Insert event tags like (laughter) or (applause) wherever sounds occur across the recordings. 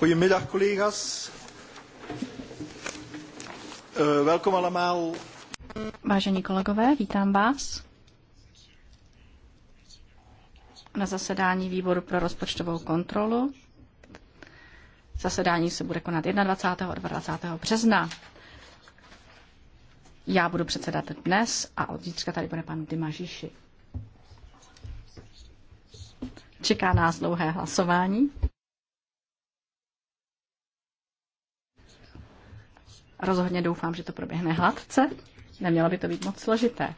Goedemiddag collega's. Eh, welkom allemaal. Vážení kolegové, vítám vás na zasedání výboru pro rozpočtovou kontrolu. Zasedání se bude konat 21. a 22. března. Já budu předsedat dnes a od zítřka tady bude pan Dimažiši. Čeká nás dlouhé hlasování. Rozhodně doufám, že to proběhne hladce. Nemělo by to být moc složité.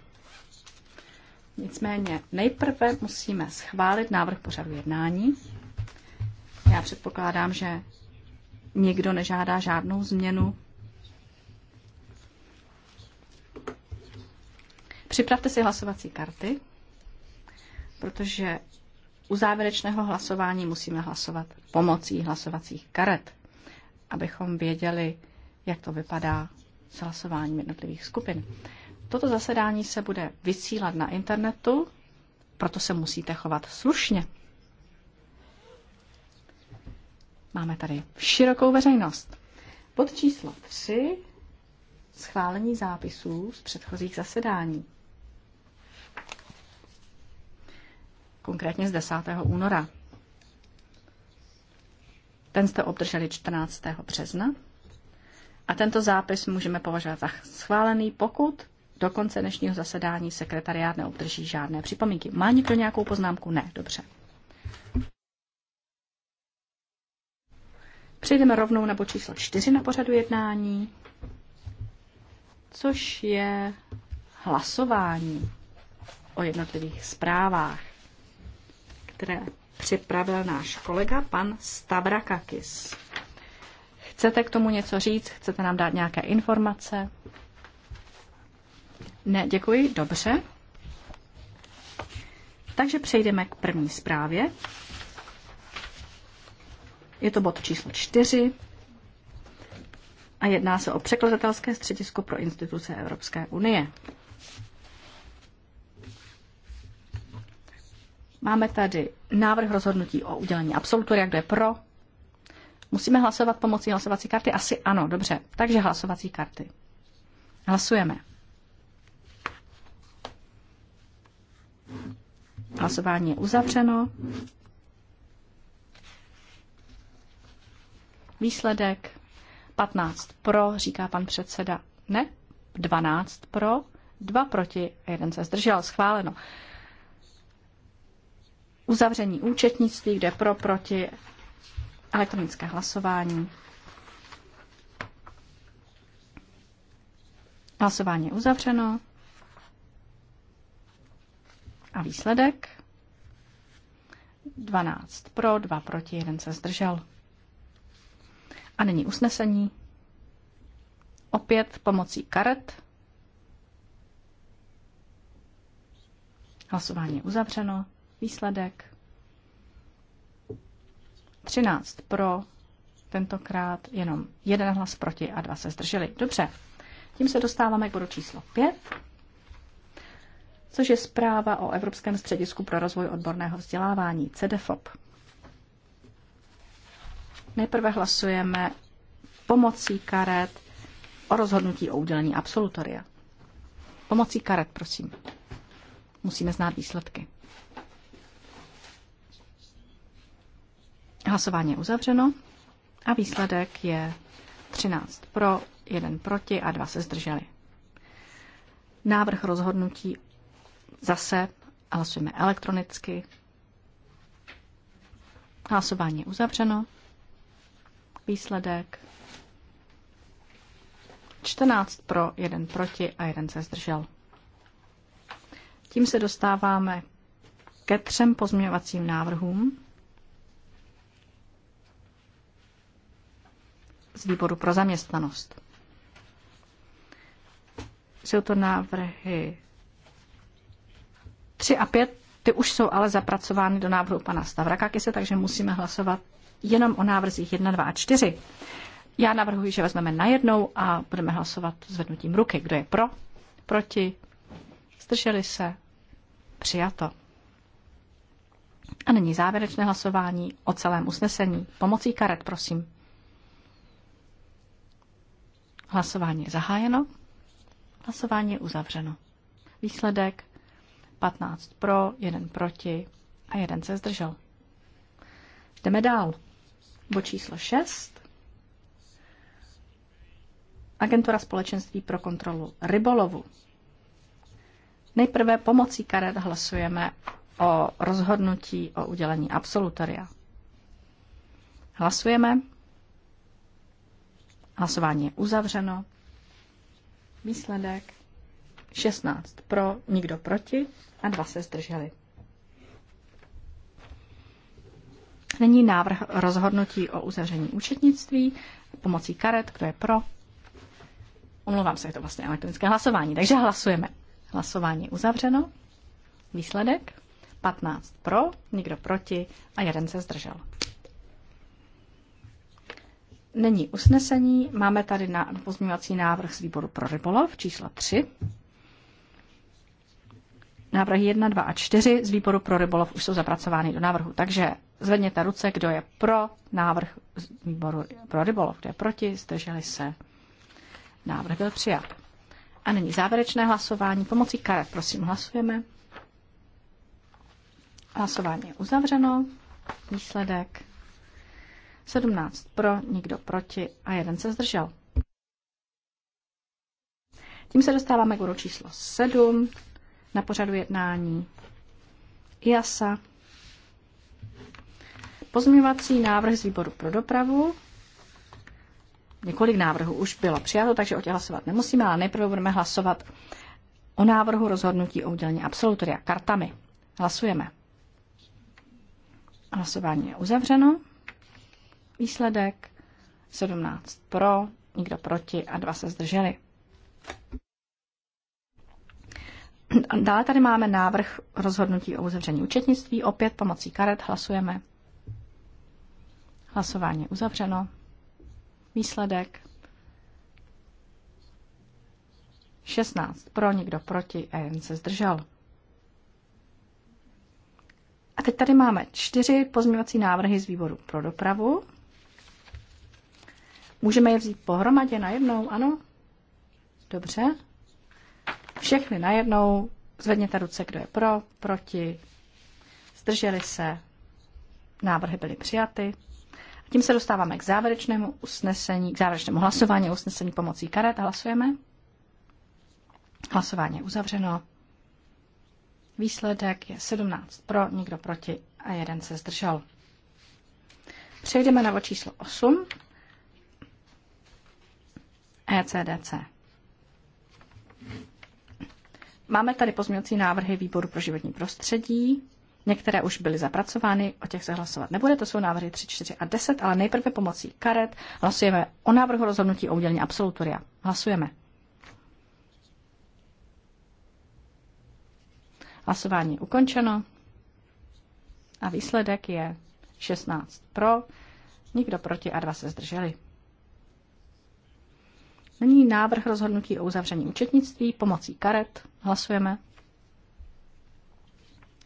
Nicméně nejprve musíme schválit návrh pořadu jednání. Já předpokládám, že nikdo nežádá žádnou změnu. Připravte si hlasovací karty, protože u závěrečného hlasování musíme hlasovat pomocí hlasovacích karet, abychom věděli, jak to vypadá s hlasováním jednotlivých skupin. Toto zasedání se bude vysílat na internetu, proto se musíte chovat slušně. Máme tady širokou veřejnost. Pod číslo 3 schválení zápisů z předchozích zasedání. Konkrétně z 10. února. Ten jste obdrželi 14. března a tento zápis můžeme považovat za schválený, pokud do konce dnešního zasedání sekretariát neobdrží žádné připomínky. Má někdo nějakou poznámku? Ne, dobře. Přejdeme rovnou na bod číslo 4 na pořadu jednání, což je hlasování o jednotlivých zprávách, které připravil náš kolega pan Stavrakakis. Chcete k tomu něco říct? Chcete nám dát nějaké informace? Ne, děkuji, dobře. Takže přejdeme k první zprávě. Je to bod číslo čtyři a jedná se o překladatelské středisko pro instituce Evropské unie. Máme tady návrh rozhodnutí o udělení absolutoria, kdo je pro, Musíme hlasovat pomocí hlasovací karty? Asi ano, dobře. Takže hlasovací karty. Hlasujeme. Hlasování je uzavřeno. Výsledek 15 pro, říká pan předseda. Ne, 12 pro, 2 proti jeden se zdržel. Schváleno. Uzavření účetnictví, kde pro, proti Elektronické hlasování. Hlasování je uzavřeno. A výsledek? 12 pro, 2 proti, 1 se zdržel. A nyní usnesení. Opět pomocí karet. Hlasování je uzavřeno. Výsledek 13 pro, tentokrát jenom jeden hlas proti a dva se zdrželi. Dobře, tím se dostáváme k bodu číslo 5, což je zpráva o Evropském středisku pro rozvoj odborného vzdělávání, CDFOP. Nejprve hlasujeme pomocí karet o rozhodnutí o udělení absolutoria. Pomocí karet, prosím. Musíme znát výsledky. Hlasování je uzavřeno a výsledek je 13 pro, 1 proti a 2 se zdrželi. Návrh rozhodnutí zase hlasujeme elektronicky. Hlasování je uzavřeno. Výsledek 14 pro, 1 proti a 1 se zdržel. Tím se dostáváme ke třem pozměňovacím návrhům. z výboru pro zaměstnanost. Jsou to návrhy 3 a 5, ty už jsou ale zapracovány do návrhu pana Stavrakakise, takže musíme hlasovat jenom o návrzích 1, 2 a 4. Já navrhuji, že vezmeme na jednou a budeme hlasovat zvednutím ruky. Kdo je pro? Proti? Zdrželi se? Přijato. A nyní závěrečné hlasování o celém usnesení. Pomocí karet, prosím. Hlasování je zahájeno. Hlasování je uzavřeno. Výsledek 15 pro, 1 proti a 1 se zdržel. Jdeme dál. Bo číslo 6. Agentura společenství pro kontrolu rybolovu. Nejprve pomocí karet hlasujeme o rozhodnutí o udělení absolutoria. Hlasujeme. Hlasování je uzavřeno. Výsledek 16 pro, nikdo proti a dva se zdrželi. Není návrh rozhodnutí o uzavření účetnictví pomocí karet, kdo je pro. Omlouvám se, je to vlastně elektronické hlasování, takže hlasujeme. Hlasování je uzavřeno. Výsledek 15 pro, nikdo proti a jeden se zdržel. Není usnesení, máme tady na pozměňovací návrh z výboru pro rybolov číslo 3. Návrhy 1, 2 a 4 z výboru pro rybolov už jsou zapracovány do návrhu. Takže zvedněte ruce, kdo je pro návrh z výboru pro rybolov, kdo je proti, zdrželi se. Návrh byl přijat. A nyní závěrečné hlasování. Pomocí karet, prosím, hlasujeme. Hlasování je uzavřeno. Výsledek 17 pro, nikdo proti a jeden se zdržel. Tím se dostáváme k bodu číslo 7 na pořadu jednání IASA. Pozměňovací návrh z výboru pro dopravu. Několik návrhů už bylo přijato, takže o těch hlasovat nemusíme, ale nejprve budeme hlasovat o návrhu rozhodnutí o udělení absolutoria kartami. Hlasujeme. Hlasování je uzavřeno. Výsledek 17 pro, nikdo proti a dva se zdrželi. Dále tady máme návrh rozhodnutí o uzavření účetnictví. Opět pomocí karet hlasujeme. Hlasování uzavřeno. Výsledek 16 pro, nikdo proti a jen se zdržel. A teď tady máme čtyři pozměňovací návrhy z výboru pro dopravu. Můžeme je vzít pohromadě najednou, ano? Dobře. Všechny najednou. Zvedněte ruce, kdo je pro, proti. Zdrželi se. Návrhy byly přijaty. A tím se dostáváme k závěrečnému usnesení, k závěrečnému hlasování usnesení pomocí karet. Hlasujeme. Hlasování je uzavřeno. Výsledek je 17 pro, nikdo proti a jeden se zdržel. Přejdeme na bod číslo 8. ECDC. Máme tady pozměňovací návrhy výboru pro životní prostředí. Některé už byly zapracovány, o těch se hlasovat nebude. To jsou návrhy 3, 4 a 10, ale nejprve pomocí karet hlasujeme o návrhu rozhodnutí o udělení absolutoria. Hlasujeme. Hlasování je ukončeno a výsledek je 16 pro, nikdo proti a dva se zdrželi. Není návrh rozhodnutí o uzavření účetnictví pomocí karet. Hlasujeme.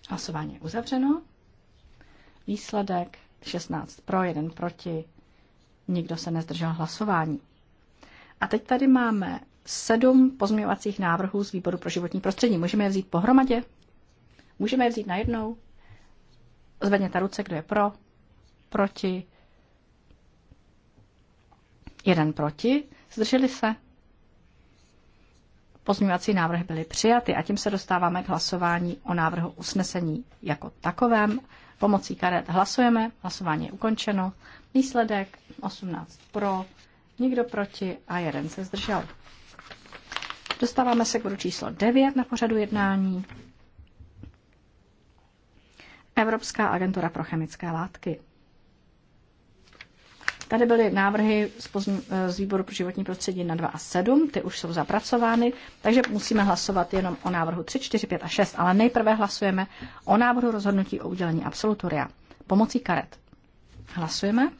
Hlasování je uzavřeno. Výsledek 16 pro, 1 proti. Nikdo se nezdržel hlasování. A teď tady máme sedm pozměňovacích návrhů z výboru pro životní prostředí. Můžeme je vzít pohromadě? Můžeme je vzít najednou? Zvedněte ruce, kdo je pro, proti, jeden proti. Zdrželi se? Pozměňovací návrhy byly přijaty a tím se dostáváme k hlasování o návrhu usnesení jako takovém. Pomocí karet hlasujeme, hlasování je ukončeno. Výsledek 18 pro, nikdo proti a jeden se zdržel. Dostáváme se k bodu číslo 9 na pořadu jednání. Evropská agentura pro chemické látky. Tady byly návrhy z, pozn- eh, z výboru pro životní prostředí na 2 a 7, ty už jsou zapracovány, takže musíme hlasovat jenom o návrhu 3, 4, 5 a 6, ale nejprve hlasujeme o návrhu rozhodnutí o udělení absolutoria pomocí karet. Hlasujeme.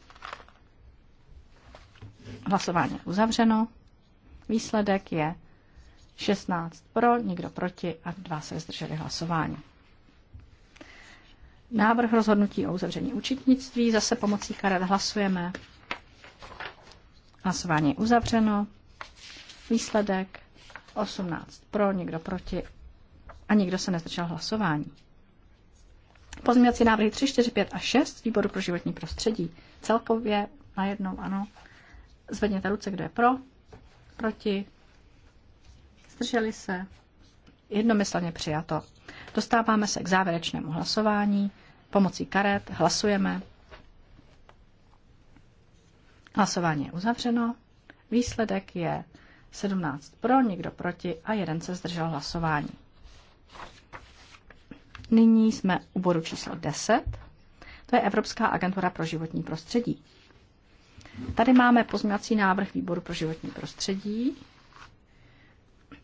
Hlasování uzavřeno. Výsledek je 16 pro, nikdo proti a dva se zdrželi hlasování. Návrh rozhodnutí o uzavření účetnictví zase pomocí karet hlasujeme. Hlasování je uzavřeno. Výsledek 18 pro, nikdo proti a nikdo se nezdržel hlasování. Pozměňovací návrhy 3, 4, 5 a 6 výboru pro životní prostředí. Celkově na najednou ano. Zvedněte ruce, kdo je pro, proti, zdrželi se, jednomyslně přijato. Dostáváme se k závěrečnému hlasování. Pomocí karet hlasujeme. Hlasování je uzavřeno. Výsledek je 17 pro, nikdo proti a jeden se zdržel hlasování. Nyní jsme u bodu číslo 10. To je Evropská agentura pro životní prostředí. Tady máme pozměňovací návrh výboru pro životní prostředí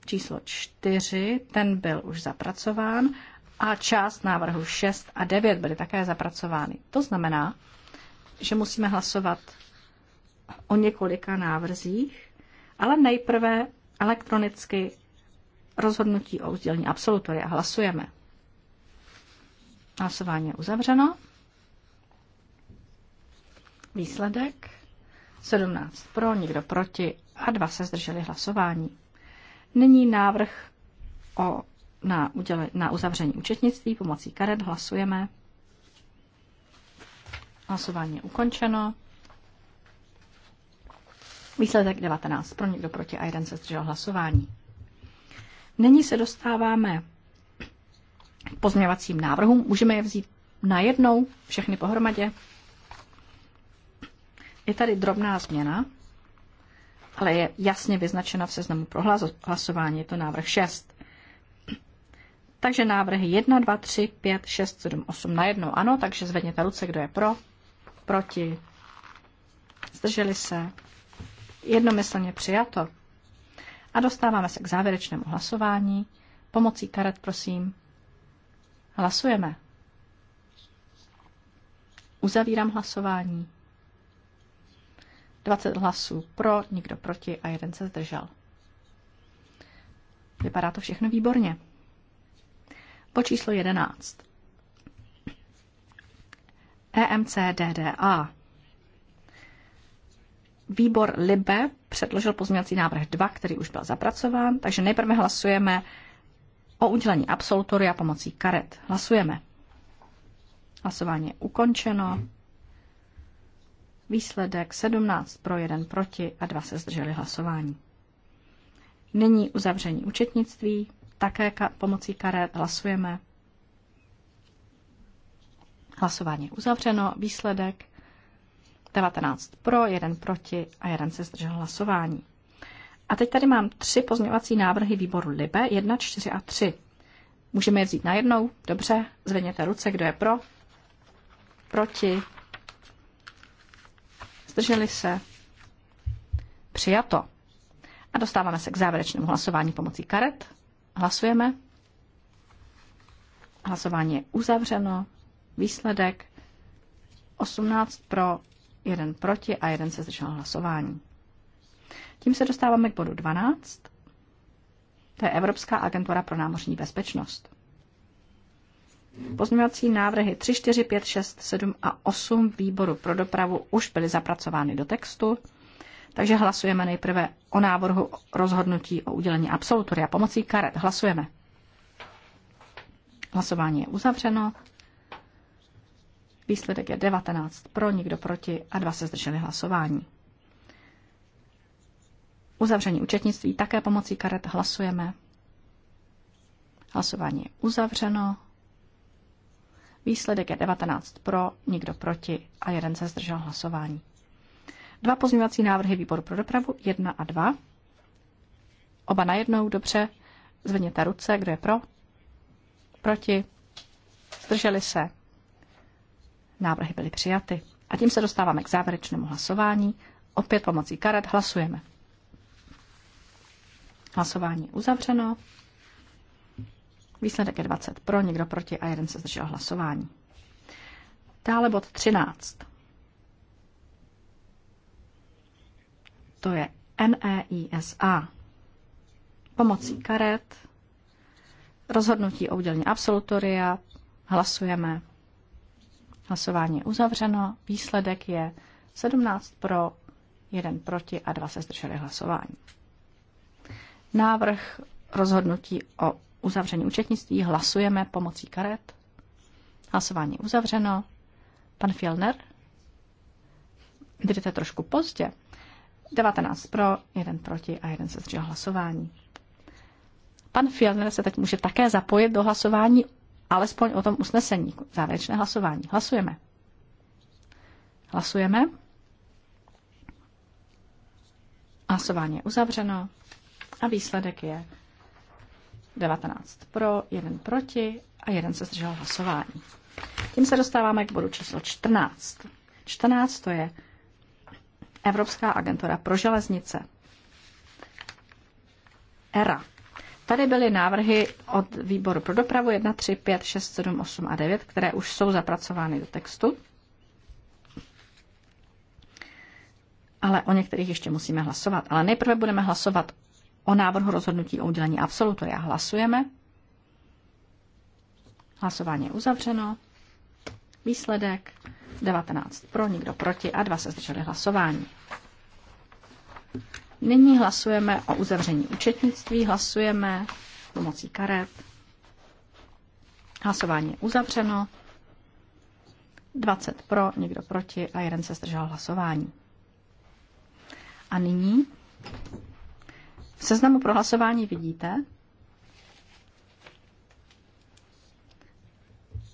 číslo 4, ten byl už zapracován a část návrhu 6 a 9 byly také zapracovány. To znamená, že musíme hlasovat o několika návrzích, ale nejprve elektronicky rozhodnutí o udělení absolutoria. Hlasujeme. Hlasování je uzavřeno. Výsledek 17 pro, nikdo proti a dva se zdrželi hlasování. Nyní návrh o, na, uděle, na uzavření účetnictví pomocí karet hlasujeme. Hlasování je ukončeno. Výsledek 19 pro, někdo proti a jeden se zdržel hlasování. Nyní se dostáváme k pozměňovacím návrhům. Můžeme je vzít najednou, všechny pohromadě. Je tady drobná změna, ale je jasně vyznačena v seznamu pro hlasování. Je to návrh 6. Takže návrhy 1, 2, 3, 5, 6, 7, 8 na jednou. Ano, takže zvedněte ruce, kdo je pro, proti, zdrželi se, jednomyslně přijato. A dostáváme se k závěrečnému hlasování. Pomocí karet, prosím. Hlasujeme. Uzavírám hlasování. 20 hlasů pro, nikdo proti a jeden se zdržel. Vypadá to všechno výborně. Po číslo 11. EMCDDA Výbor LIBE předložil pozměňovací návrh 2, který už byl zapracován, takže nejprve hlasujeme o udělení absolutoria pomocí karet. Hlasujeme. Hlasování je ukončeno. Výsledek 17 pro 1 proti a 2 se zdrželi hlasování. Nyní uzavření účetnictví, také ka- pomocí karet hlasujeme. Hlasování je uzavřeno, výsledek 19 pro, 1 proti a 1 se zdržel hlasování. A teď tady mám tři pozměňovací návrhy výboru Libe, 1, 4 a 3. Můžeme je vzít najednou? Dobře, zvedněte ruce, kdo je pro, proti, zdrželi se, přijato. A dostáváme se k závěrečnému hlasování pomocí karet. Hlasujeme. Hlasování je uzavřeno. Výsledek 18 pro, jeden proti a jeden se zdržel hlasování. Tím se dostáváme k bodu 12. To je Evropská agentura pro námořní bezpečnost. Pozměňovací návrhy 3, 4, 5, 6, 7 a 8 výboru pro dopravu už byly zapracovány do textu, takže hlasujeme nejprve o návrhu rozhodnutí o udělení absolutoria pomocí karet. Hlasujeme. Hlasování je uzavřeno. Výsledek je 19 pro, nikdo proti a dva se zdrželi hlasování. Uzavření účetnictví také pomocí karet hlasujeme. Hlasování je uzavřeno. Výsledek je 19 pro, nikdo proti a jeden se zdržel hlasování. Dva pozměňovací návrhy výboru pro dopravu, jedna a dva. Oba najednou, dobře. Zvedněte ruce, kdo je pro, proti, zdrželi se. Návrhy byly přijaty. A tím se dostáváme k závěrečnému hlasování. Opět pomocí karet hlasujeme. Hlasování uzavřeno. Výsledek je 20 pro, nikdo proti a jeden se zdržel hlasování. Dále bod 13. To je NEISA. Pomocí karet, rozhodnutí o udělení absolutoria, hlasujeme. Hlasování je uzavřeno. Výsledek je 17 pro, 1 proti a 2 se zdrželi hlasování. Návrh rozhodnutí o uzavření účetnictví hlasujeme pomocí karet. Hlasování je uzavřeno. Pan Fielner, jdete trošku pozdě. 19 pro, 1 proti a 1 se zdržel hlasování. Pan Fielner se teď může také zapojit do hlasování alespoň o tom usnesení, závěrečné hlasování. Hlasujeme. Hlasujeme. Hlasování je uzavřeno a výsledek je 19 pro, 1 proti a 1 se zdržel hlasování. Tím se dostáváme k bodu číslo 14. 14 to je Evropská agentura pro železnice. ERA. Tady byly návrhy od výboru pro dopravu 1, 3, 5, 6, 7, 8 a 9, které už jsou zapracovány do textu. Ale o některých ještě musíme hlasovat. Ale nejprve budeme hlasovat o návrhu rozhodnutí o udělení absolutoria. Hlasujeme. Hlasování je uzavřeno. Výsledek 19 pro, nikdo proti a dva se zdrželi hlasování. Nyní hlasujeme o uzavření účetnictví, hlasujeme pomocí karet. Hlasování je uzavřeno. 20 pro, někdo proti a jeden se zdržel hlasování. A nyní v seznamu pro hlasování vidíte,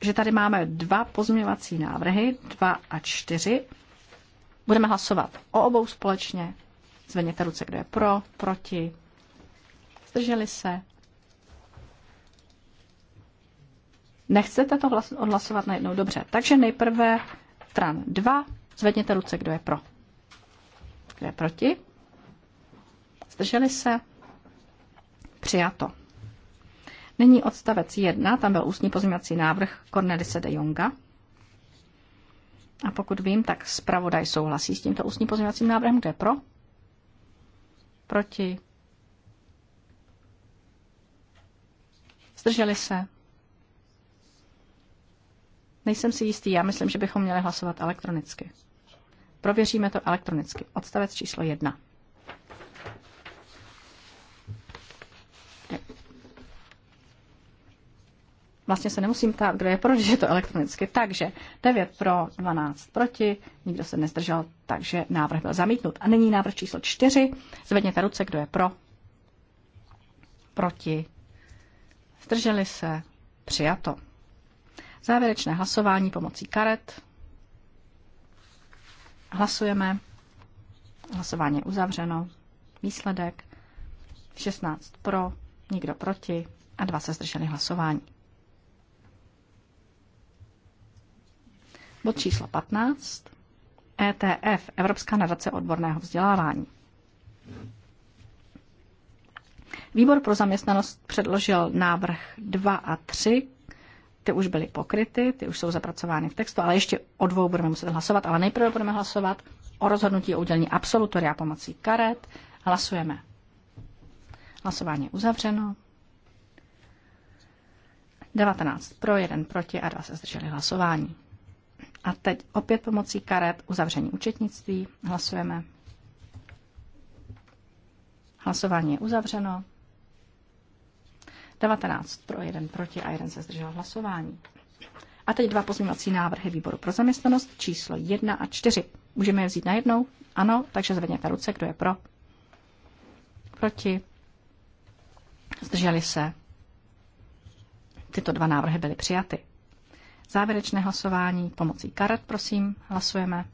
že tady máme dva pozměňovací návrhy, dva a čtyři. Budeme hlasovat o obou společně Zvedněte ruce, kdo je pro, proti. Zdrželi se. Nechcete to odhlasovat najednou? Dobře, takže nejprve stran 2. Zvedněte ruce, kdo je pro. Kdo je proti? Zdrželi se? Přijato. Nyní odstavec 1, tam byl ústní pozměňovací návrh Cornelise de Jonga. A pokud vím, tak zpravodaj souhlasí s tímto ústním pozměňovacím návrhem. Kdo je pro? Proti? Zdrželi se? Nejsem si jistý, já myslím, že bychom měli hlasovat elektronicky. Prověříme to elektronicky. Odstavec číslo jedna. Vlastně se nemusím ptát, kdo je pro, když je to elektronicky. Takže 9 pro, 12 proti, nikdo se nezdržel, takže návrh byl zamítnut. A nyní návrh číslo 4. Zvedněte ruce, kdo je pro, proti, zdrželi se, přijato. Závěrečné hlasování pomocí karet. Hlasujeme. Hlasování je uzavřeno. Výsledek 16 pro, nikdo proti a dva se zdrželi hlasování. Bod číslo 15. ETF, Evropská nadace odborného vzdělávání. Výbor pro zaměstnanost předložil návrh 2 a 3. Ty už byly pokryty, ty už jsou zapracovány v textu, ale ještě o dvou budeme muset hlasovat. Ale nejprve budeme hlasovat o rozhodnutí o udělení absolutoria pomocí karet. Hlasujeme. Hlasování uzavřeno. 19 pro, 1 proti a 2 se zdrželi hlasování. A teď opět pomocí karet uzavření účetnictví. Hlasujeme. Hlasování je uzavřeno. 19 pro, 1 proti a 1 se zdržel hlasování. A teď dva pozměňovací návrhy výboru pro zaměstnanost číslo 1 a 4. Můžeme je vzít najednou? Ano, takže zvedněte ruce, kdo je pro. Proti. Zdrželi se. Tyto dva návrhy byly přijaty. Závěrečné hlasování pomocí karet, prosím, hlasujeme.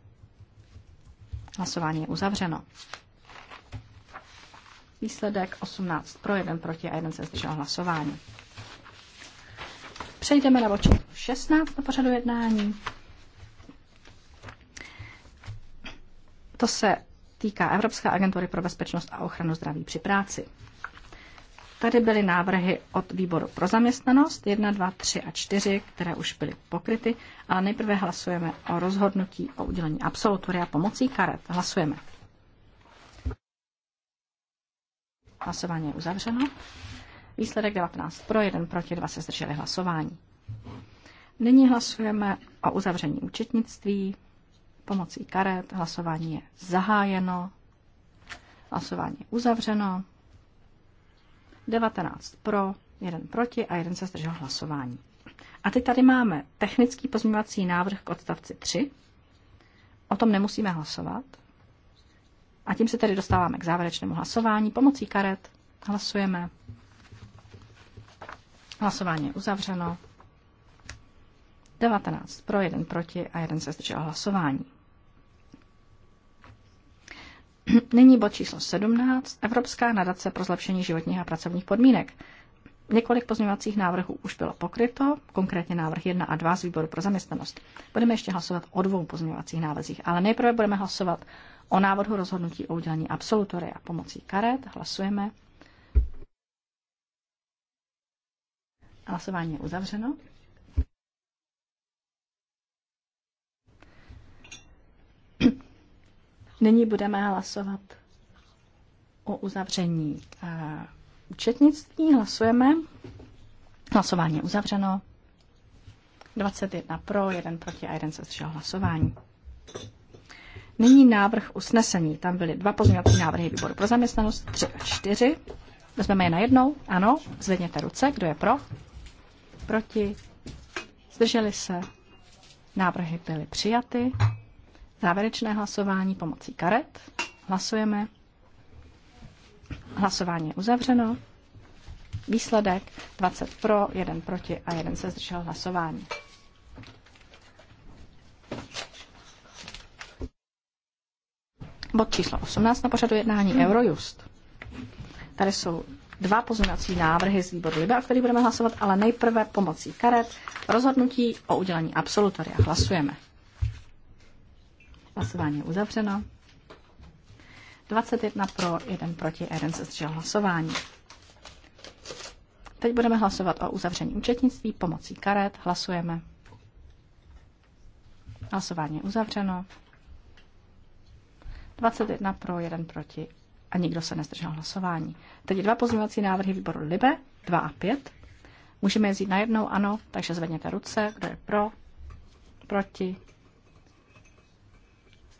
Hlasování je uzavřeno. Výsledek 18 pro, 1 proti a 1 se zdržel hlasování. Přejdeme na bod 16 na pořadu jednání. To se týká Evropské agentury pro bezpečnost a ochranu zdraví při práci. Tady byly návrhy od výboru pro zaměstnanost 1, 2, 3 a 4, které už byly pokryty, ale nejprve hlasujeme o rozhodnutí o udělení a pomocí karet. Hlasujeme. Hlasování je uzavřeno. Výsledek 19 pro, 1 proti, 2 se zdrželi hlasování. Nyní hlasujeme o uzavření účetnictví pomocí karet. Hlasování je zahájeno. Hlasování je uzavřeno. 19 pro, 1 proti a 1 se zdržel hlasování. A teď tady máme technický pozměňovací návrh k odstavci 3. O tom nemusíme hlasovat. A tím se tedy dostáváme k závěrečnému hlasování. Pomocí karet hlasujeme. Hlasování je uzavřeno. 19 pro, 1 proti a 1 se zdržel hlasování. (clears throat) Nyní bod číslo 17. Evropská nadace pro zlepšení životních a pracovních podmínek. Několik pozměňovacích návrhů už bylo pokryto, konkrétně návrh 1 a 2 z výboru pro zaměstnanost. Budeme ještě hlasovat o dvou pozměňovacích návrzích, ale nejprve budeme hlasovat o návrhu rozhodnutí o udělení absolutoria pomocí karet. Hlasujeme. Hlasování je uzavřeno. Nyní budeme hlasovat o uzavření účetnictví. Hlasujeme. Hlasování je uzavřeno. 21 pro, 1 proti a 1 se zdržel hlasování. Nyní návrh usnesení. Tam byly dva pozměňovací návrhy výboru pro zaměstnanost, 3 a 4. Vezmeme je na jednou. Ano, zvedněte ruce. Kdo je pro? Proti? Zdrželi se? Návrhy byly přijaty. Závěrečné hlasování pomocí karet. Hlasujeme. Hlasování je uzavřeno. Výsledek 20 pro, 1 proti a 1 se zdržel hlasování. Bod číslo 18 na pořadu jednání Eurojust. Tady jsou dva pozměňovací návrhy z výboru Libe, o kterých budeme hlasovat, ale nejprve pomocí karet rozhodnutí o udělení absolutoria. Hlasujeme. Hlasování je uzavřeno. 21 pro, 1 proti, 1 se zdržel hlasování. Teď budeme hlasovat o uzavření účetnictví pomocí karet. Hlasujeme. Hlasování je uzavřeno. 21 pro, 1 proti a nikdo se nezdržel hlasování. Teď dva pozměňovací návrhy výboru LIBE, 2 a 5. Můžeme jezdit najednou, ano, takže zvedněte ruce, kdo je pro, proti,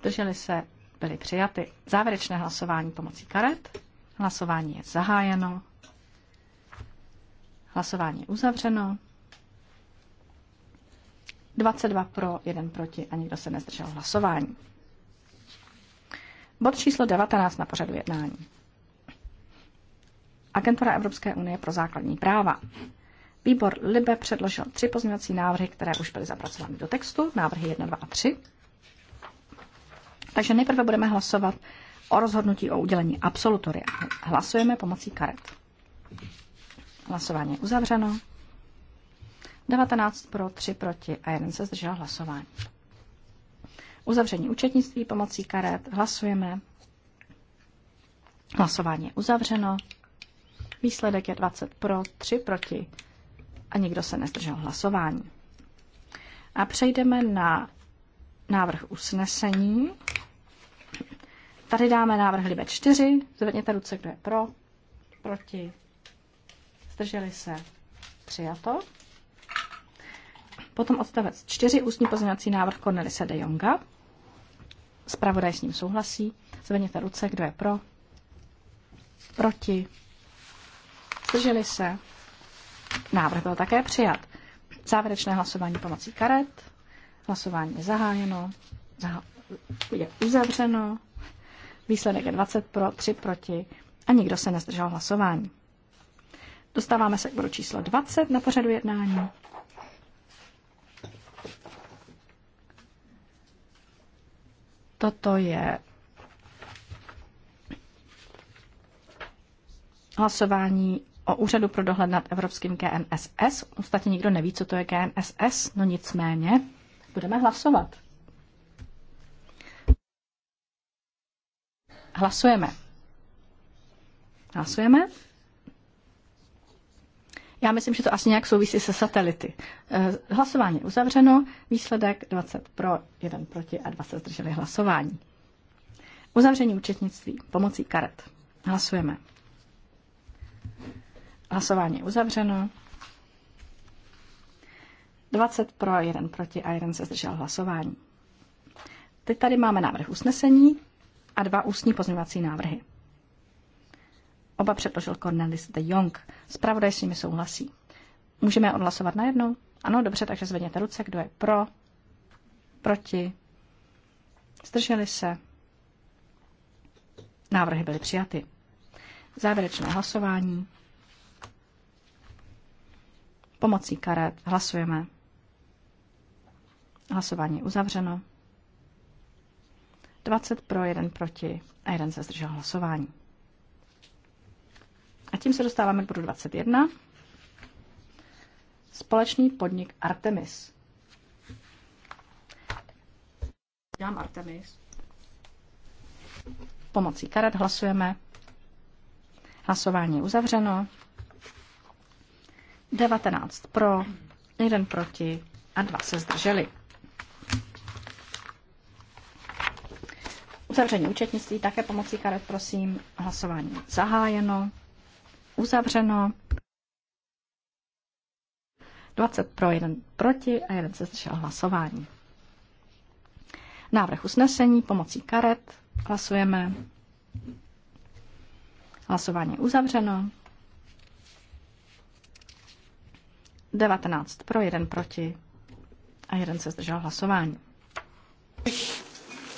zdrželi se, byly přijaty. Závěrečné hlasování pomocí karet. Hlasování je zahájeno. Hlasování je uzavřeno. 22 pro, 1 proti a nikdo se nezdržel hlasování. Bod číslo 19 na pořadu jednání. Agentura Evropské unie pro základní práva. Výbor Libe předložil tři pozměňovací návrhy, které už byly zapracovány do textu, návrhy 1, 2 a 3. Takže nejprve budeme hlasovat o rozhodnutí o udělení absolutoria. Hlasujeme pomocí karet. Hlasování je uzavřeno. 19 pro, 3 proti a jeden se zdržel hlasování. Uzavření účetnictví pomocí karet. Hlasujeme. Hlasování je uzavřeno. Výsledek je 20 pro, 3 proti a nikdo se nezdržel hlasování. A přejdeme na návrh usnesení. Tady dáme návrh Libe 4. Zvedněte ruce, kdo je pro. Proti. Zdrželi se. Přijato. Potom odstavec 4. Ústní pozměňovací návrh Cornelise de Jonga. Spravodaj s ním souhlasí. Zvedněte ruce, kdo je pro. Proti. Zdrželi se. Návrh byl také přijat. Závěrečné hlasování pomocí karet. Hlasování je zahájeno. Zah- Je uzavřeno. Výsledek je 20 pro, 3 proti a nikdo se nezdržel hlasování. Dostáváme se k bodu číslo 20 na pořadu jednání. Toto je hlasování o úřadu pro dohled nad evropským KNSS. Ostatně nikdo neví, co to je KNSS. no nicméně budeme hlasovat. Hlasujeme. Hlasujeme. Já myslím, že to asi nějak souvisí se satelity. Eh, hlasování uzavřeno, výsledek 20 pro, 1 proti a 20 zdrželi hlasování. Uzavření účetnictví pomocí karet. Hlasujeme. Hlasování uzavřeno. 20 pro, 1 proti a 1 se zdržel hlasování. Teď tady máme návrh usnesení a dva ústní pozměňovací návrhy. Oba předložil Cornelis de Jong. Spravodaj s nimi souhlasí. Můžeme je odhlasovat najednou? Ano, dobře, takže zvedněte ruce, kdo je pro, proti, zdrželi se. Návrhy byly přijaty. Závěrečné hlasování. Pomocí karet hlasujeme. Hlasování uzavřeno. 20 pro, 1 proti a 1 se zdržel hlasování. A tím se dostáváme k bodu 21. Společný podnik Artemis. Dám Artemis. Pomocí karet hlasujeme. Hlasování je uzavřeno. 19 pro, 1 proti a 2 se zdrželi. Uzavření účetnictví také pomocí karet, prosím. Hlasování zahájeno. Uzavřeno. 20 pro, 1 proti a 1 se zdržel hlasování. Návrh usnesení pomocí karet. Hlasujeme. Hlasování uzavřeno. 19 pro, 1 proti a 1 se zdržel hlasování.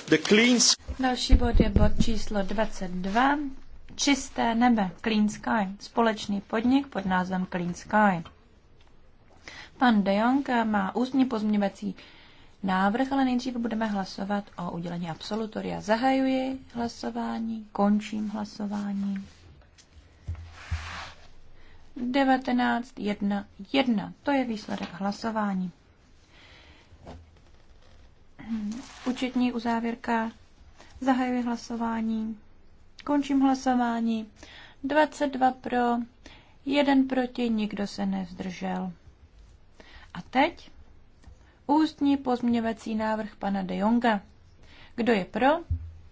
The cleans. Další bod je bod číslo 22. Čisté nebe, Clean Sky, společný podnik pod názvem Clean Sky. Pan De Jong má ústní pozměňovací návrh, ale nejdříve budeme hlasovat o udělení absolutoria. Zahajuji hlasování, končím hlasování. 1. To je výsledek hlasování. Účetní uzávěrka Zahajuji hlasování. Končím hlasování. 22 pro, 1 proti, nikdo se nezdržel. A teď ústní pozměňovací návrh pana de Jonga. Kdo je pro?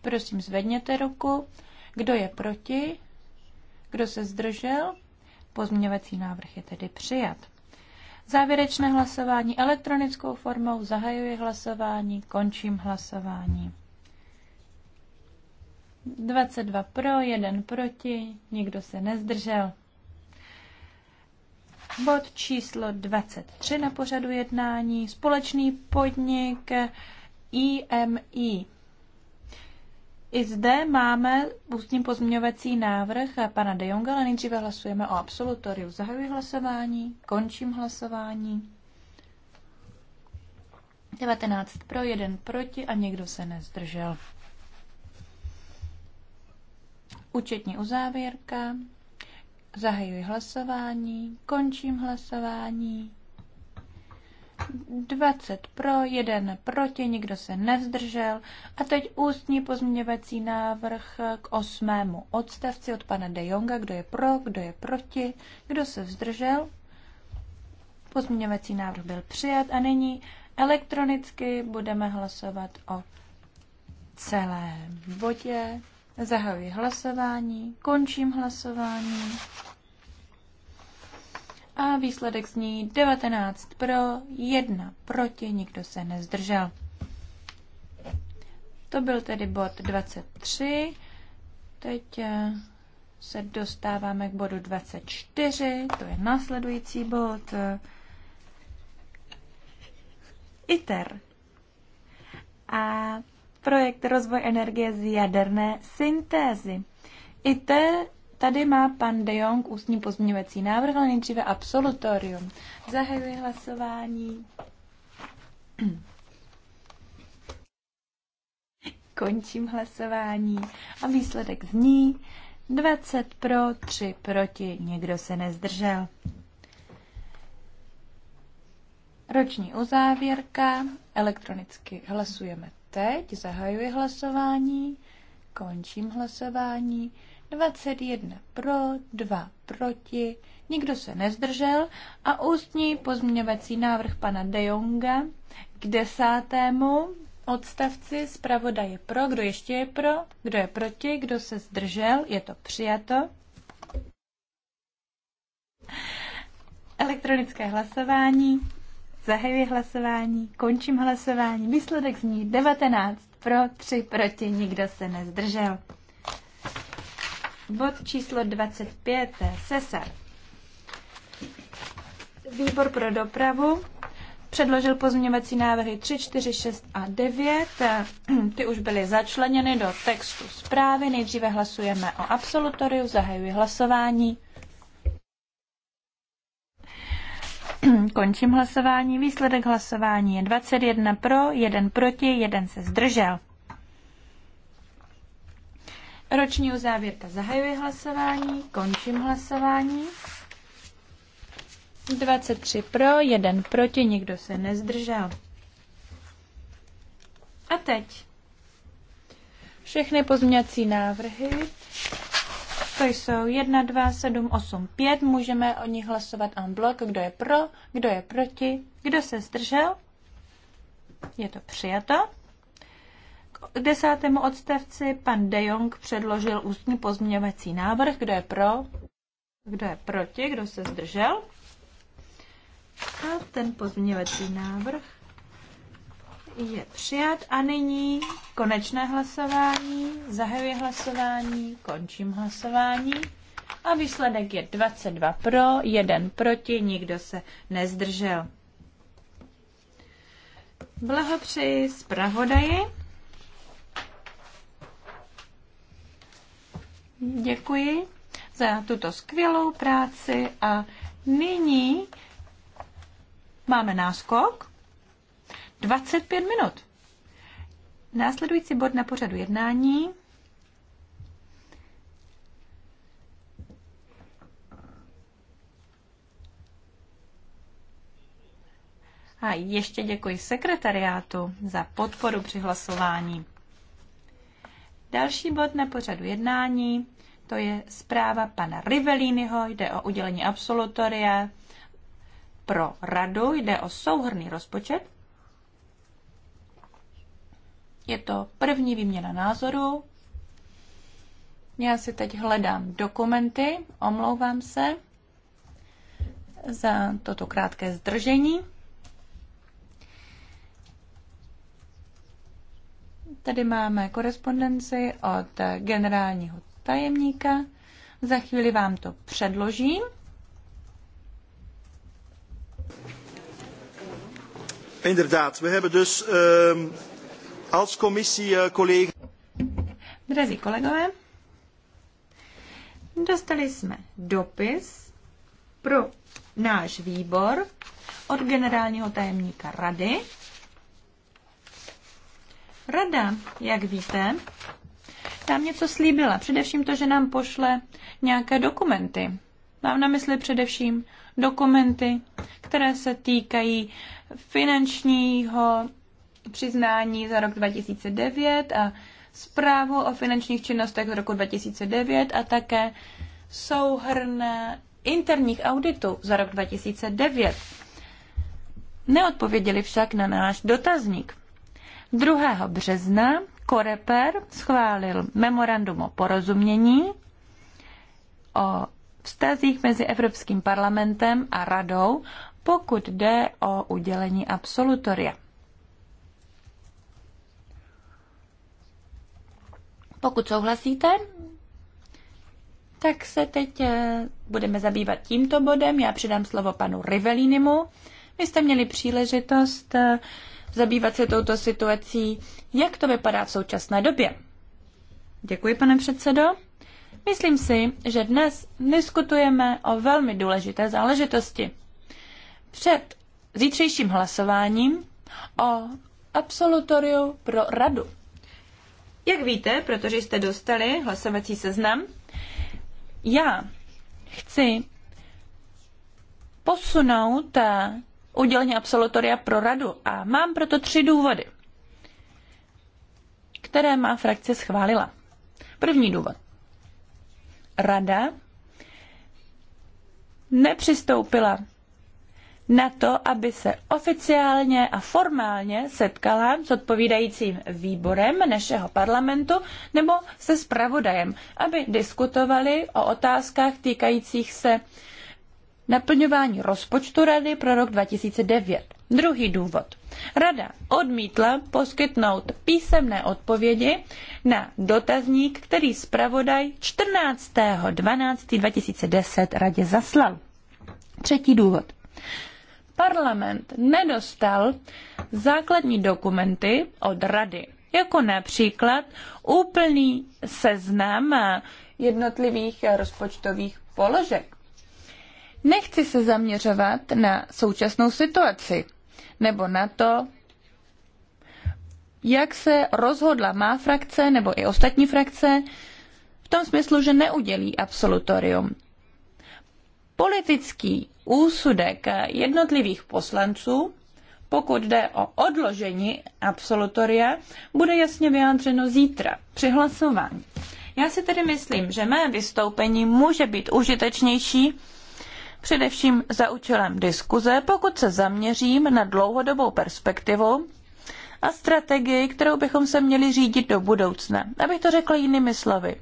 Prosím, zvedněte ruku. Kdo je proti? Kdo se zdržel? Pozměňovací návrh je tedy přijat. Závěrečné hlasování elektronickou formou zahajuji hlasování, končím hlasování. 22 pro, 1 proti, nikdo se nezdržel. Bod číslo 23 na pořadu jednání, společný podnik IMI. I zde máme ústní pozměňovací návrh pana De Jonga, ale nejdříve hlasujeme o absolutoriu. Zahajuji hlasování, končím hlasování. 19 pro, 1 proti a někdo se nezdržel. Účetní uzávěrka. Zahajuji hlasování. Končím hlasování. 20 pro, 1 proti, nikdo se nezdržel. A teď ústní pozměňovací návrh k osmému odstavci od pana De Jonga. Kdo je pro, kdo je proti, kdo se zdržel. Pozměňovací návrh byl přijat a nyní elektronicky budeme hlasovat o celém bodě. Zahajuji hlasování, končím hlasování. A výsledek zní 19 pro, 1 proti, nikdo se nezdržel. To byl tedy bod 23. Teď eh, se dostáváme k bodu 24, to je následující bod. ITER. A projekt Rozvoj energie z jaderné syntézy. I te, tady má pan De Jong ústní pozměňovací návrh, ale nejdříve absolutorium. Zahajuji hlasování. (clears throat) Končím hlasování a výsledek zní 20 pro, 3 proti, Někdo se nezdržel. Roční uzávěrka, elektronicky hlasujeme teď zahajuji hlasování, končím hlasování. 21 pro, 2 proti, nikdo se nezdržel a ústní pozměňovací návrh pana De Jonga k desátému odstavci zpravodaje pro, kdo ještě je pro, kdo je proti, kdo se zdržel, je to přijato. Elektronické hlasování. Zahajuji hlasování, končím hlasování. Výsledek zní 19 pro, 3 proti, nikdo se nezdržel. Bod číslo 25. Sesar. Výbor pro dopravu předložil pozměňovací návrhy 3, 4, 6 a 9. Ty už byly začleněny do textu zprávy. Nejdříve hlasujeme o absolutoriu, zahajuji hlasování. (clears throat) Končím hlasování. Výsledek hlasování je 21 pro, 1 proti, 1 se zdržel. Roční uzávěrka zahajuje hlasování, končím hlasování. 23 pro, 1 proti, nikdo se nezdržel. A teď všechny pozměňovací návrhy to jsou 1, 2, 7, 8, 5. Můžeme o nich hlasovat en blok. Kdo je pro, kdo je proti, kdo se zdržel. Je to přijato. K desátému odstavci pan De Jong předložil ústní pozměňovací návrh. Kdo je pro, kdo je proti, kdo se zdržel. A ten pozměňovací návrh je přijat a nyní konečné hlasování. Zahajuji hlasování, končím hlasování a výsledek je 22 pro, 1 proti, nikdo se nezdržel. Blahopřeji zpravodaji. Děkuji za tuto skvělou práci a nyní máme náskok. 25 minut. Následující bod na pořadu jednání A ještě děkuji sekretariátu za podporu při hlasování. Další bod na pořadu jednání, to je zpráva pana Rivelínyho, jde o udělení absolutoria pro radu, jde o souhrný rozpočet je to první výměna názoru. Já si teď hledám dokumenty, omlouvám se za toto krátké zdržení. Tady máme korespondenci od generálního tajemníka. Za chvíli vám to předložím. Inderdaad, we hebben dus um, als komisí kolegy. Eh, Drazí kolegové, dostali jsme dopis pro náš výbor od generálního tajemníka rady. Rada, jak víte, tam něco slíbila. Především to, že nám pošle nějaké dokumenty. Mám na mysli především dokumenty, které se týkají finančního přiznání za rok 2009 a zprávu o finančních činnostech z roku 2009 a také souhrn interních auditů za rok 2009. Neodpověděli však na náš dotazník. 2. března Koreper schválil memorandum o porozumění o vztazích mezi Evropským parlamentem a radou, pokud jde o udělení absolutoria. Pokud souhlasíte, tak se teď eh, budeme zabývat tímto bodem. Já předám slovo panu Rivelinimu. Vy jste měli příležitost eh, zabývat se touto situací. Jak to vypadá v současné době? Děkuji, pane předsedo. Myslím si, že dnes diskutujeme o velmi důležité záležitosti. Před zítřejším hlasováním o absolutoriu pro radu jak víte, protože jste dostali hlasovací seznam, já chci posunout eh, udělení absolutoria pro radu a mám proto tři důvody, které má frakce schválila. První důvod. Rada nepřistoupila na to, aby se oficiálně a formálně setkala s odpovídajícím výborem našeho parlamentu nebo se spravodajem, aby diskutovali o otázkách týkajících se naplňování rozpočtu Rady pro rok 2009. Druhý důvod. Rada odmítla poskytnout písemné odpovědi na dotazník, který zpravodaj 14.12.2010 radě zaslal. Třetí důvod parlament nedostal základní dokumenty od rady, jako například úplný seznam jednotlivých rozpočtových položek. Nechci se zaměřovat na současnou situaci nebo na to, jak se rozhodla má frakce nebo i ostatní frakce v tom smyslu, že neudělí absolutorium politický úsudek jednotlivých poslanců, pokud jde o odložení absolutoria, bude jasně vyjádřeno zítra při hlasování. Já si tedy myslím, že mé vystoupení může být užitečnější především za účelem diskuze, pokud se zaměřím na dlouhodobou perspektivu a strategii, kterou bychom se měli řídit do budoucna. Abych to řekla jinými slovy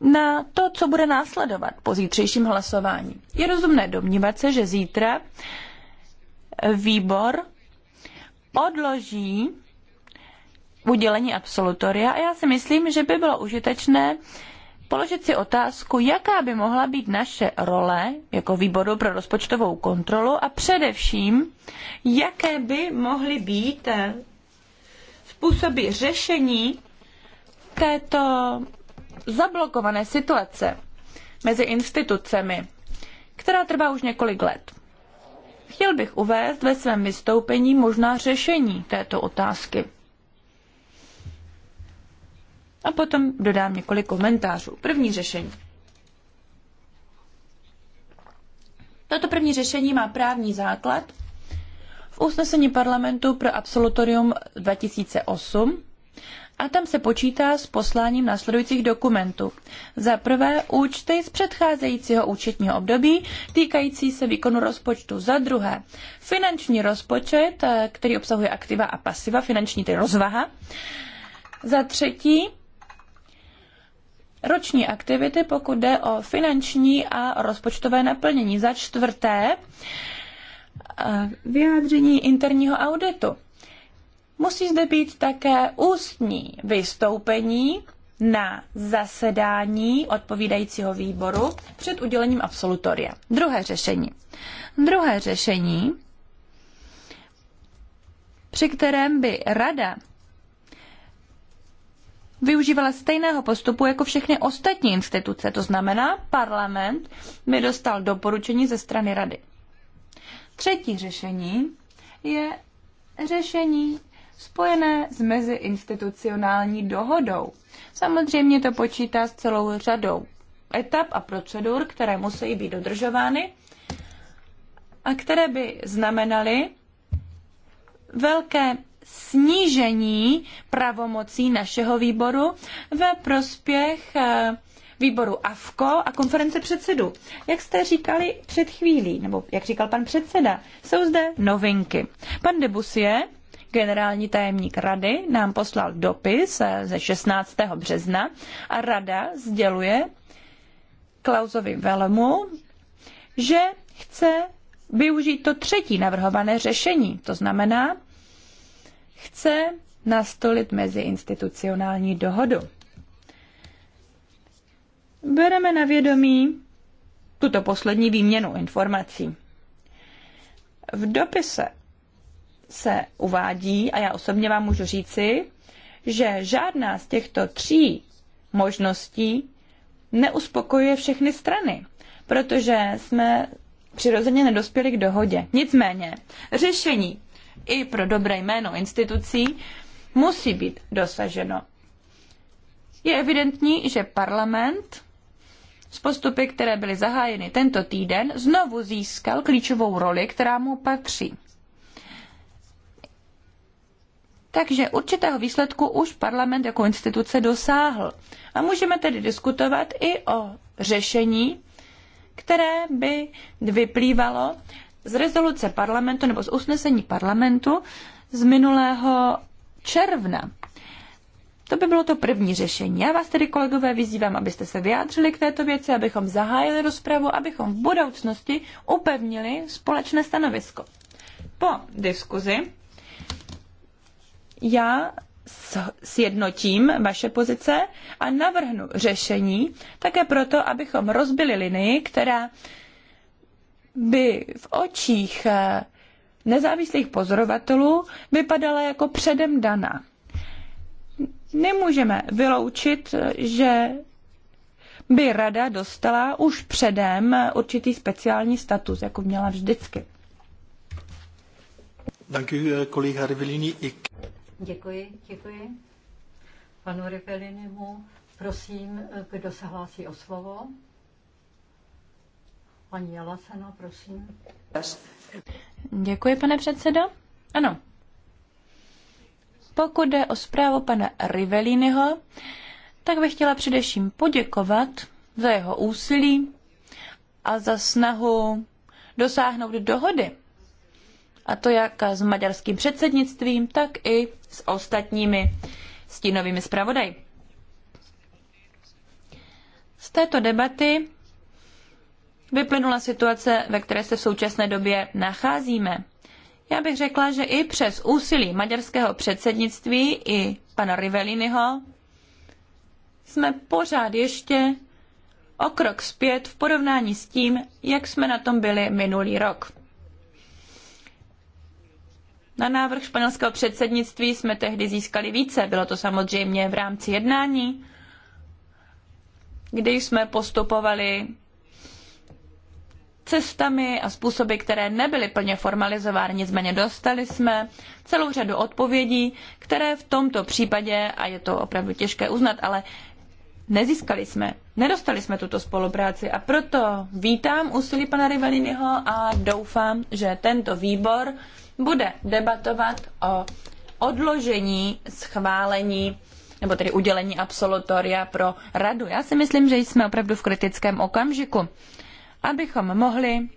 na to, co bude následovat po zítřejším hlasování. Je rozumné domnívat se, že zítra výbor odloží udělení absolutoria a já si myslím, že by bylo užitečné položit si otázku, jaká by mohla být naše role jako výboru pro rozpočtovou kontrolu a především, jaké by mohly být způsoby řešení této zablokované situace mezi institucemi, která trvá už několik let. Chtěl bych uvést ve svém vystoupení možná řešení této otázky. A potom dodám několik komentářů. První řešení. Toto první řešení má právní základ v usnesení parlamentu pro absolutorium 2008 a tam se počítá s posláním následujících dokumentů. Za prvé účty z předcházejícího účetního období týkající se výkonu rozpočtu. Za druhé finanční rozpočet, eh, který obsahuje aktiva a pasiva, finanční tedy rozvaha. Za třetí roční aktivity, pokud jde o finanční a rozpočtové naplnění. Za čtvrté eh, vyjádření interního auditu musí zde být také ústní vystoupení na zasedání odpovídajícího výboru před udělením absolutoria. Druhé řešení. Druhé řešení, při kterém by rada využívala stejného postupu jako všechny ostatní instituce. To znamená, parlament by dostal doporučení ze strany rady. Třetí řešení je řešení spojené s meziinstitucionální dohodou. Samozřejmě to počítá s celou řadou etap a procedur, které musí být dodržovány a které by znamenaly velké snížení pravomocí našeho výboru ve prospěch eh, výboru AFKO a konference předsedů. Jak jste říkali před chvílí, nebo jak říkal pan předseda, jsou zde novinky. Pan Debusie Generální tajemník rady nám poslal dopis eh, ze 16. března a rada sděluje Klausovi Velmu, že chce využít to třetí navrhované řešení. To znamená, chce nastolit meziinstitucionální dohodu. Bereme na vědomí tuto poslední výměnu informací. V dopise se uvádí, a já osobně vám můžu říci, že žádná z těchto tří možností neuspokojuje všechny strany, protože jsme přirozeně nedospěli k dohodě. Nicméně, řešení i pro dobré jméno institucí musí být dosaženo. Je evidentní, že parlament z postupy, které byly zahájeny tento týden, znovu získal klíčovou roli, která mu patří. Takže určitého výsledku už parlament jako instituce dosáhl. A můžeme tedy diskutovat i o řešení, které by vyplývalo z rezoluce parlamentu nebo z usnesení parlamentu z minulého června. To by bylo to první řešení. Já vás tedy, kolegové, vyzývám, abyste se vyjádřili k této věci, abychom zahájili rozpravu, abychom v budoucnosti upevnili společné stanovisko. Po diskuzi já sjednotím vaše pozice a navrhnu řešení také proto, abychom rozbili linii, která by v očích eh, nezávislých pozorovatelů vypadala jako předem daná. Nemůžeme vyloučit, že by rada dostala už předem určitý speciální status, jako měla vždycky. Děkuji, u, eh, Rivellini. Děkuji, děkuji. Panu Ripelinimu, prosím, kdo se hlásí o slovo? Paní Jalasena, prosím. Děkuji, pane předsedo. Ano. Pokud jde o zprávu pana Riveliniho, tak bych chtěla především poděkovat za jeho úsilí a za snahu dosáhnout dohody a to jak s maďarským předsednictvím, tak i s ostatními stínovými zpravodaji. Z této debaty vyplynula situace, ve které se v současné době nacházíme. Já bych řekla, že i přes úsilí maďarského předsednictví i pana Riveliniho jsme pořád ještě o krok zpět v porovnání s tím, jak jsme na tom byli minulý rok. Na návrh španělského předsednictví jsme tehdy získali více. Bylo to samozřejmě v rámci jednání, kdy jsme postupovali cestami a způsoby, které nebyly plně formalizovány, nicméně dostali jsme celou řadu odpovědí, které v tomto případě, a je to opravdu těžké uznat, ale nezískali jsme, nedostali jsme tuto spolupráci a proto vítám úsilí pana Riveliniho a doufám, že tento výbor bude debatovat o odložení schválení nebo tedy udělení absolutoria pro radu. Já si myslím, že jsme opravdu v kritickém okamžiku, abychom mohli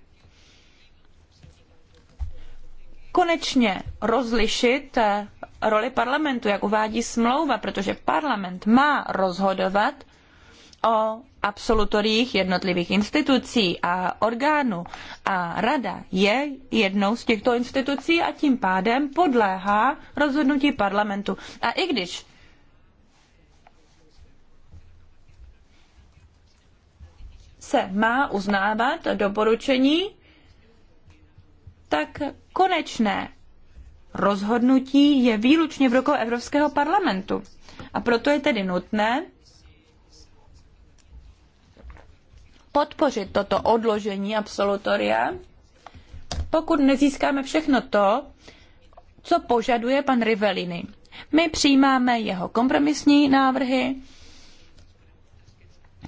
konečně rozlišit eh, roli parlamentu, jak uvádí smlouva, protože parlament má rozhodovat o absolutoriích jednotlivých institucí a orgánů. A rada je jednou z těchto institucí a tím pádem podléhá rozhodnutí parlamentu. A i když se má uznávat doporučení, tak konečné rozhodnutí je výlučně v rukou Evropského parlamentu. A proto je tedy nutné, podpořit toto odložení absolutoria, pokud nezískáme všechno to, co požaduje pan Rivelini. My přijímáme jeho kompromisní návrhy,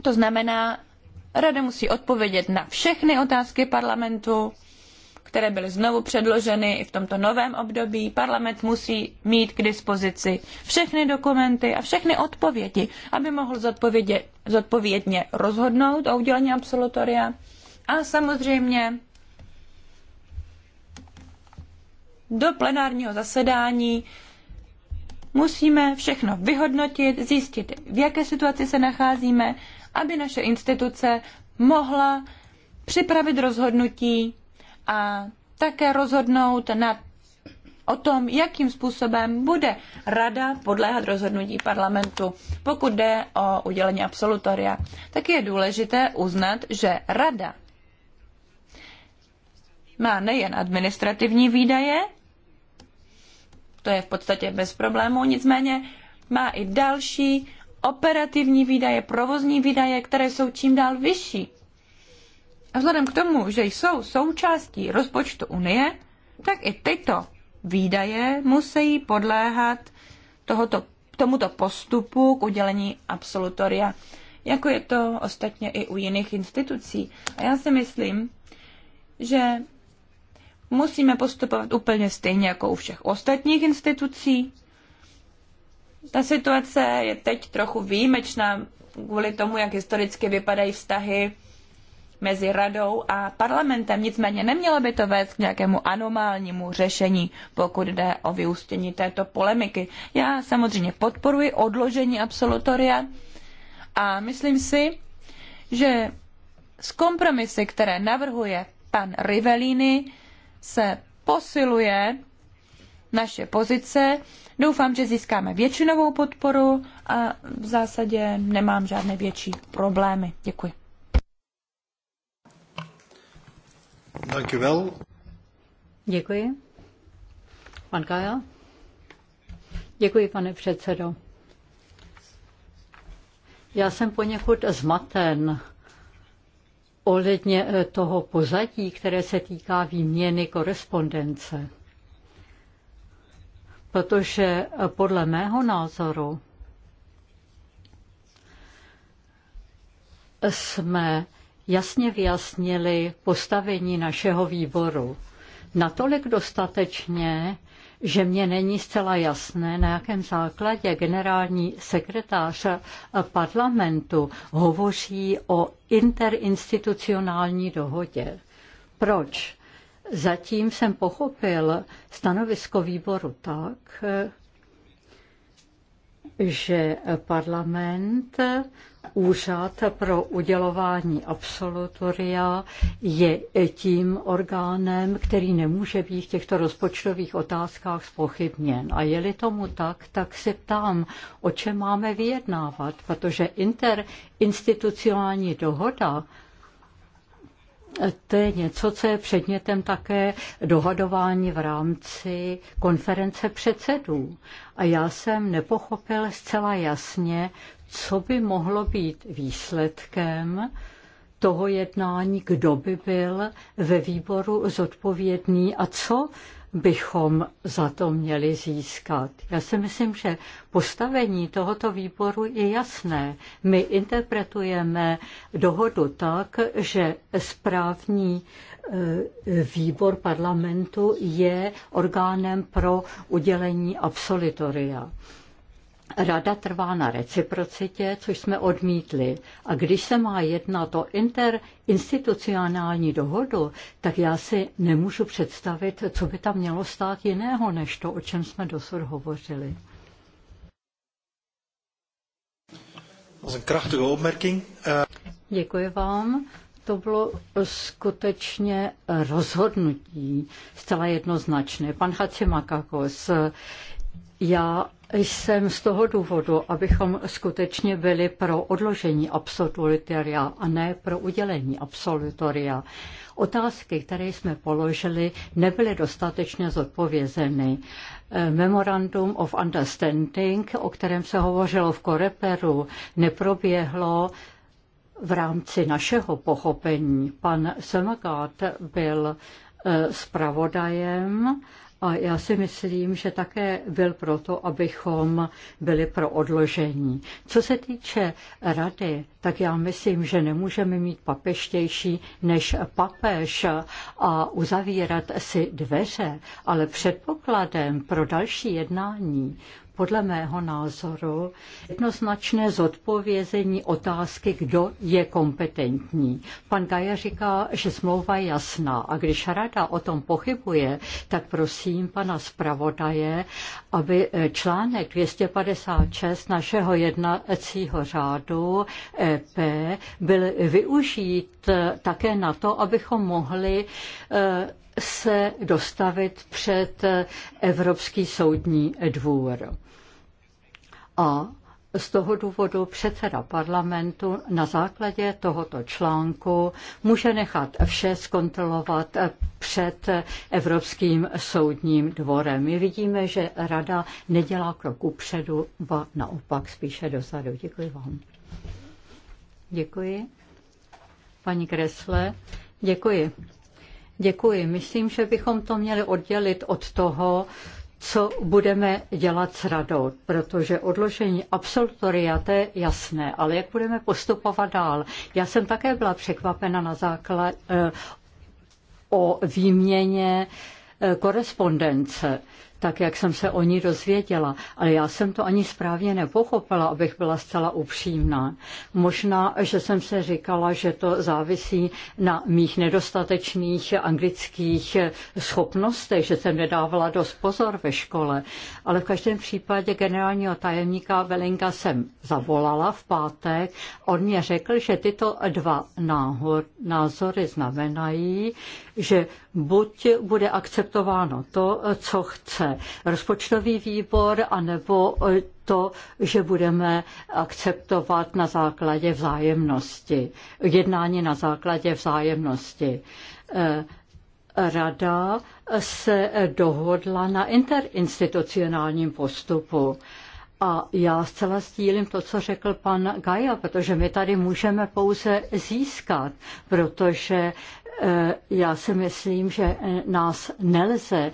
to znamená, Rada musí odpovědět na všechny otázky parlamentu, které byly znovu předloženy i v tomto novém období. Parlament musí mít k dispozici všechny dokumenty a všechny odpovědi, aby mohl zodpovědně rozhodnout o udělení absolutoria. A samozřejmě do plenárního zasedání musíme všechno vyhodnotit, zjistit, v jaké situaci se nacházíme, aby naše instituce mohla připravit rozhodnutí a také rozhodnout na o tom, jakým způsobem bude rada podléhat rozhodnutí parlamentu, pokud jde o udělení absolutoria. Tak je důležité uznat, že rada má nejen administrativní výdaje, to je v podstatě bez problémů, nicméně má i další operativní výdaje, provozní výdaje, které jsou čím dál vyšší. A vzhledem k tomu, že jsou součástí rozpočtu Unie, tak i tyto výdaje musí podléhat tohoto, tomuto postupu k udělení absolutoria, jako je to ostatně i u jiných institucí. A já si myslím, že musíme postupovat úplně stejně jako u všech ostatních institucí. Ta situace je teď trochu výjimečná kvůli tomu, jak historicky vypadají vztahy mezi radou a parlamentem. Nicméně nemělo by to vést k nějakému anomálnímu řešení, pokud jde o vyústění této polemiky. Já samozřejmě podporuji odložení absolutoria a myslím si, že z kompromisy, které navrhuje pan Rivellini, se posiluje naše pozice. Doufám, že získáme většinovou podporu a v zásadě nemám žádné větší problémy. Děkuji. Děkuji. Pan Kaja? Děkuji, pane předsedo. Já jsem poněkud zmaten ohledně eh, toho pozadí, které se týká výměny korespondence. Protože eh, podle mého názoru jsme jasně vyjasnili postavení našeho výboru. Natolik dostatečně, že mě není zcela jasné, na jakém základě generální sekretář parlamentu hovoří o interinstitucionální dohodě. Proč? Zatím jsem pochopil stanovisko výboru tak, že parlament Úřad pro udělování absolutoria je tím orgánem, který nemůže být v těchto rozpočtových otázkách spochybněn. A je-li tomu tak, tak se ptám, o čem máme vyjednávat, protože interinstitucionální dohoda to je něco, co je předmětem také dohadování v rámci konference předsedů. A já jsem nepochopil zcela jasně, co by mohlo být výsledkem toho jednání, kdo by byl ve výboru zodpovědný a co bychom za to měli získat. Já si myslím, že postavení tohoto výboru je jasné. My interpretujeme dohodu tak, že správní e, výbor parlamentu je orgánem pro udělení absolitoria. Rada trvá na reciprocitě, což jsme odmítli. A když se má jednat o interinstitucionální dohodu, tak já si nemůžu představit, co by tam mělo stát jiného, než to, o čem jsme dosud hovořili. Eh, Děkuji vám. To bylo skutečně rozhodnutí, zcela jednoznačné. Pan Hacimakakos, já jsem z toho důvodu, abychom skutečně byli pro odložení absolutoria a ne pro udělení absolutoria. Otázky, které jsme položili, nebyly dostatečně zodpovězeny. Eh, Memorandum of Understanding, o kterém se hovořilo v Koreperu, neproběhlo v rámci našeho pochopení. Pan Semagát byl eh, zpravodajem a já si myslím, že také byl proto, abychom byli pro odložení. Co se týče rady, tak já myslím, že nemůžeme mít papeštější než papež a uzavírat si dveře, ale předpokladem pro další jednání podle mého názoru jednoznačné zodpovězení otázky, kdo je kompetentní. Pan Gaja říká, že smlouva je jasná a když rada o tom pochybuje, tak prosím pana zpravodaje, aby eh, článek 256 našeho jednacího řádu EP byl využít eh, také na to, abychom mohli eh, se dostavit před Evropský soudní dvůr. A z toho důvodu předseda parlamentu na základě tohoto článku může nechat vše zkontrolovat před Evropským soudním dvorem. My vidíme, že rada nedělá kroku předu, ba naopak spíše dozadu. Děkuji vám. Děkuji. Paní Kresle, děkuji. Děkuji. Myslím, že bychom to měli oddělit od toho, co budeme dělat s radou, protože odložení absolutoria, to je jasné, ale jak budeme postupovat dál. Já jsem také byla překvapena na základ eh, o výměně eh, korespondence tak jak jsem se o ní dozvěděla. Ale já jsem to ani správně nepochopila, abych byla zcela upřímná. Možná, že jsem se říkala, že to závisí na mých nedostatečných anglických schopnostech, že jsem nedávala dost pozor ve škole. Ale v každém případě generálního tajemníka Velinka jsem zavolala v pátek. On mě řekl, že tyto dva náhor, názory znamenají, že buď bude akceptováno to, co chce rozpočtový výbor anebo e, to, že budeme akceptovat na základě vzájemnosti, jednání na základě vzájemnosti. E, Rada se dohodla na interinstitucionálním postupu. A já zcela sdílím to, co řekl pan Gaja, protože my tady můžeme pouze získat, protože e, já si myslím, že nás nelze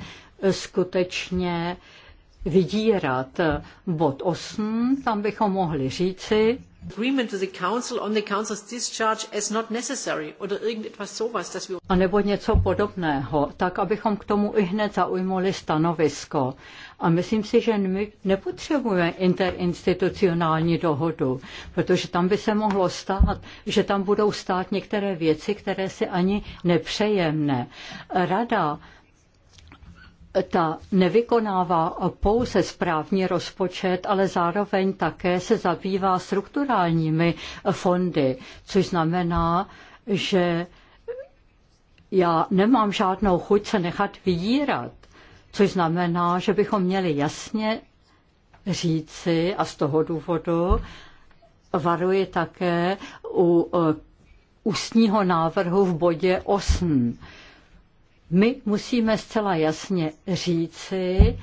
skutečně vydírat. Bod 8, tam bychom mohli říci, agreement with the council on the council's discharge as not necessary oder irgendetwas sowas, wir... A nebo něco podobného, tak abychom k tomu i hned zaujmuli stanovisko. A myslím si, že my nepotřebujeme interinstitucionální dohodu, protože tam by se mohlo stát, že tam budou stát některé věci, které si ani nepřejemné. Rada ta nevykonává pouze správní rozpočet, ale zároveň také se zabývá strukturálními fondy, což znamená, že já nemám žádnou chuť se nechat vydírat, což znamená, že bychom měli jasně říci a z toho důvodu varuji také u eh, ústního návrhu v bodě 8 my musíme zcela jasně říci,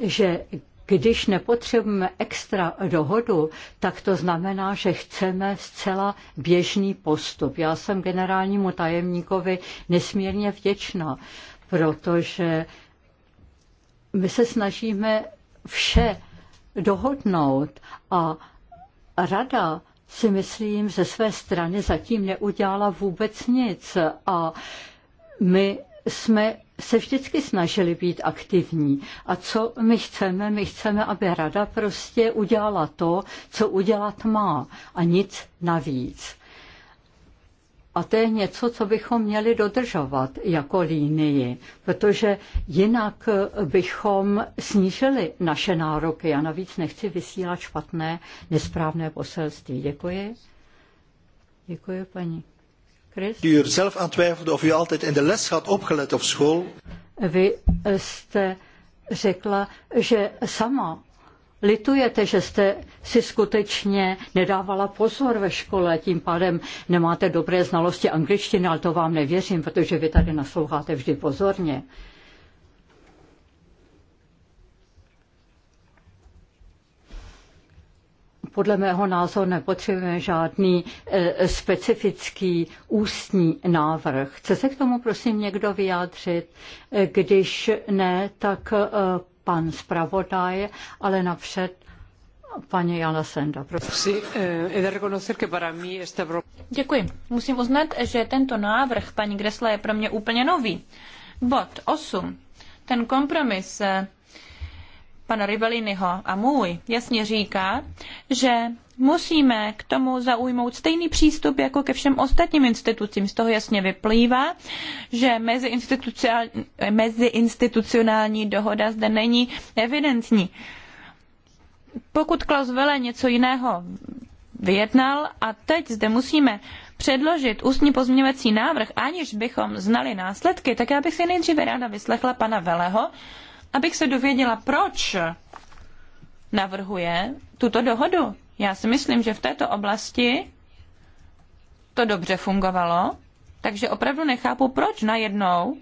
že když nepotřebujeme extra dohodu, tak to znamená, že chceme zcela běžný postup. Já jsem generálnímu tajemníkovi nesmírně vděčná, protože my se snažíme vše dohodnout a rada si myslím ze své strany zatím neudělala vůbec nic a my jsme se vždycky snažili být aktivní. A co my chceme? My chceme, aby rada prostě udělala to, co udělat má a nic navíc. A to je něco, co bychom měli dodržovat jako línii, protože jinak bychom snížili naše nároky. Já navíc nechci vysílat špatné, nesprávné poselství. Děkuji. Děkuji, paní Chris? Die u er zelf aan twijfelde of u altijd in de les had opgelet op school. Vy jste řekla, že sama litujete, že jste si skutečně nedávala pozor ve škole, tím pádem nemáte dobré znalosti angličtiny, ale to vám nevěřím, protože vy tady nasloucháte vždy pozorně. podle mého názoru nepotřebujeme žádný e, specifický ústní návrh. Chce se k tomu prosím někdo vyjádřit? E, když ne, tak e, pan zpravodaj, ale napřed paní Jana Senda. Prosím. Eh, Děkuji. Musím uznat, že tento návrh paní Gresla je pro mě úplně nový. Bod 8. Ten kompromis eh, pana Riveliniho a můj jasně říká, že musíme k tomu zaujmout stejný přístup jako ke všem ostatním institucím. Z toho jasně vyplývá, že meziinstitucionální dohoda zde není evidentní. Pokud Klaus Vele něco jiného vyjednal a teď zde musíme předložit ústní pozměňovací návrh, aniž bychom znali následky, tak já bych si nejdříve ráda vyslechla pana Veleho, abych se dověděla, proč navrhuje tuto dohodu. Já si myslím, že v této oblasti to dobře fungovalo, takže opravdu nechápu, proč najednou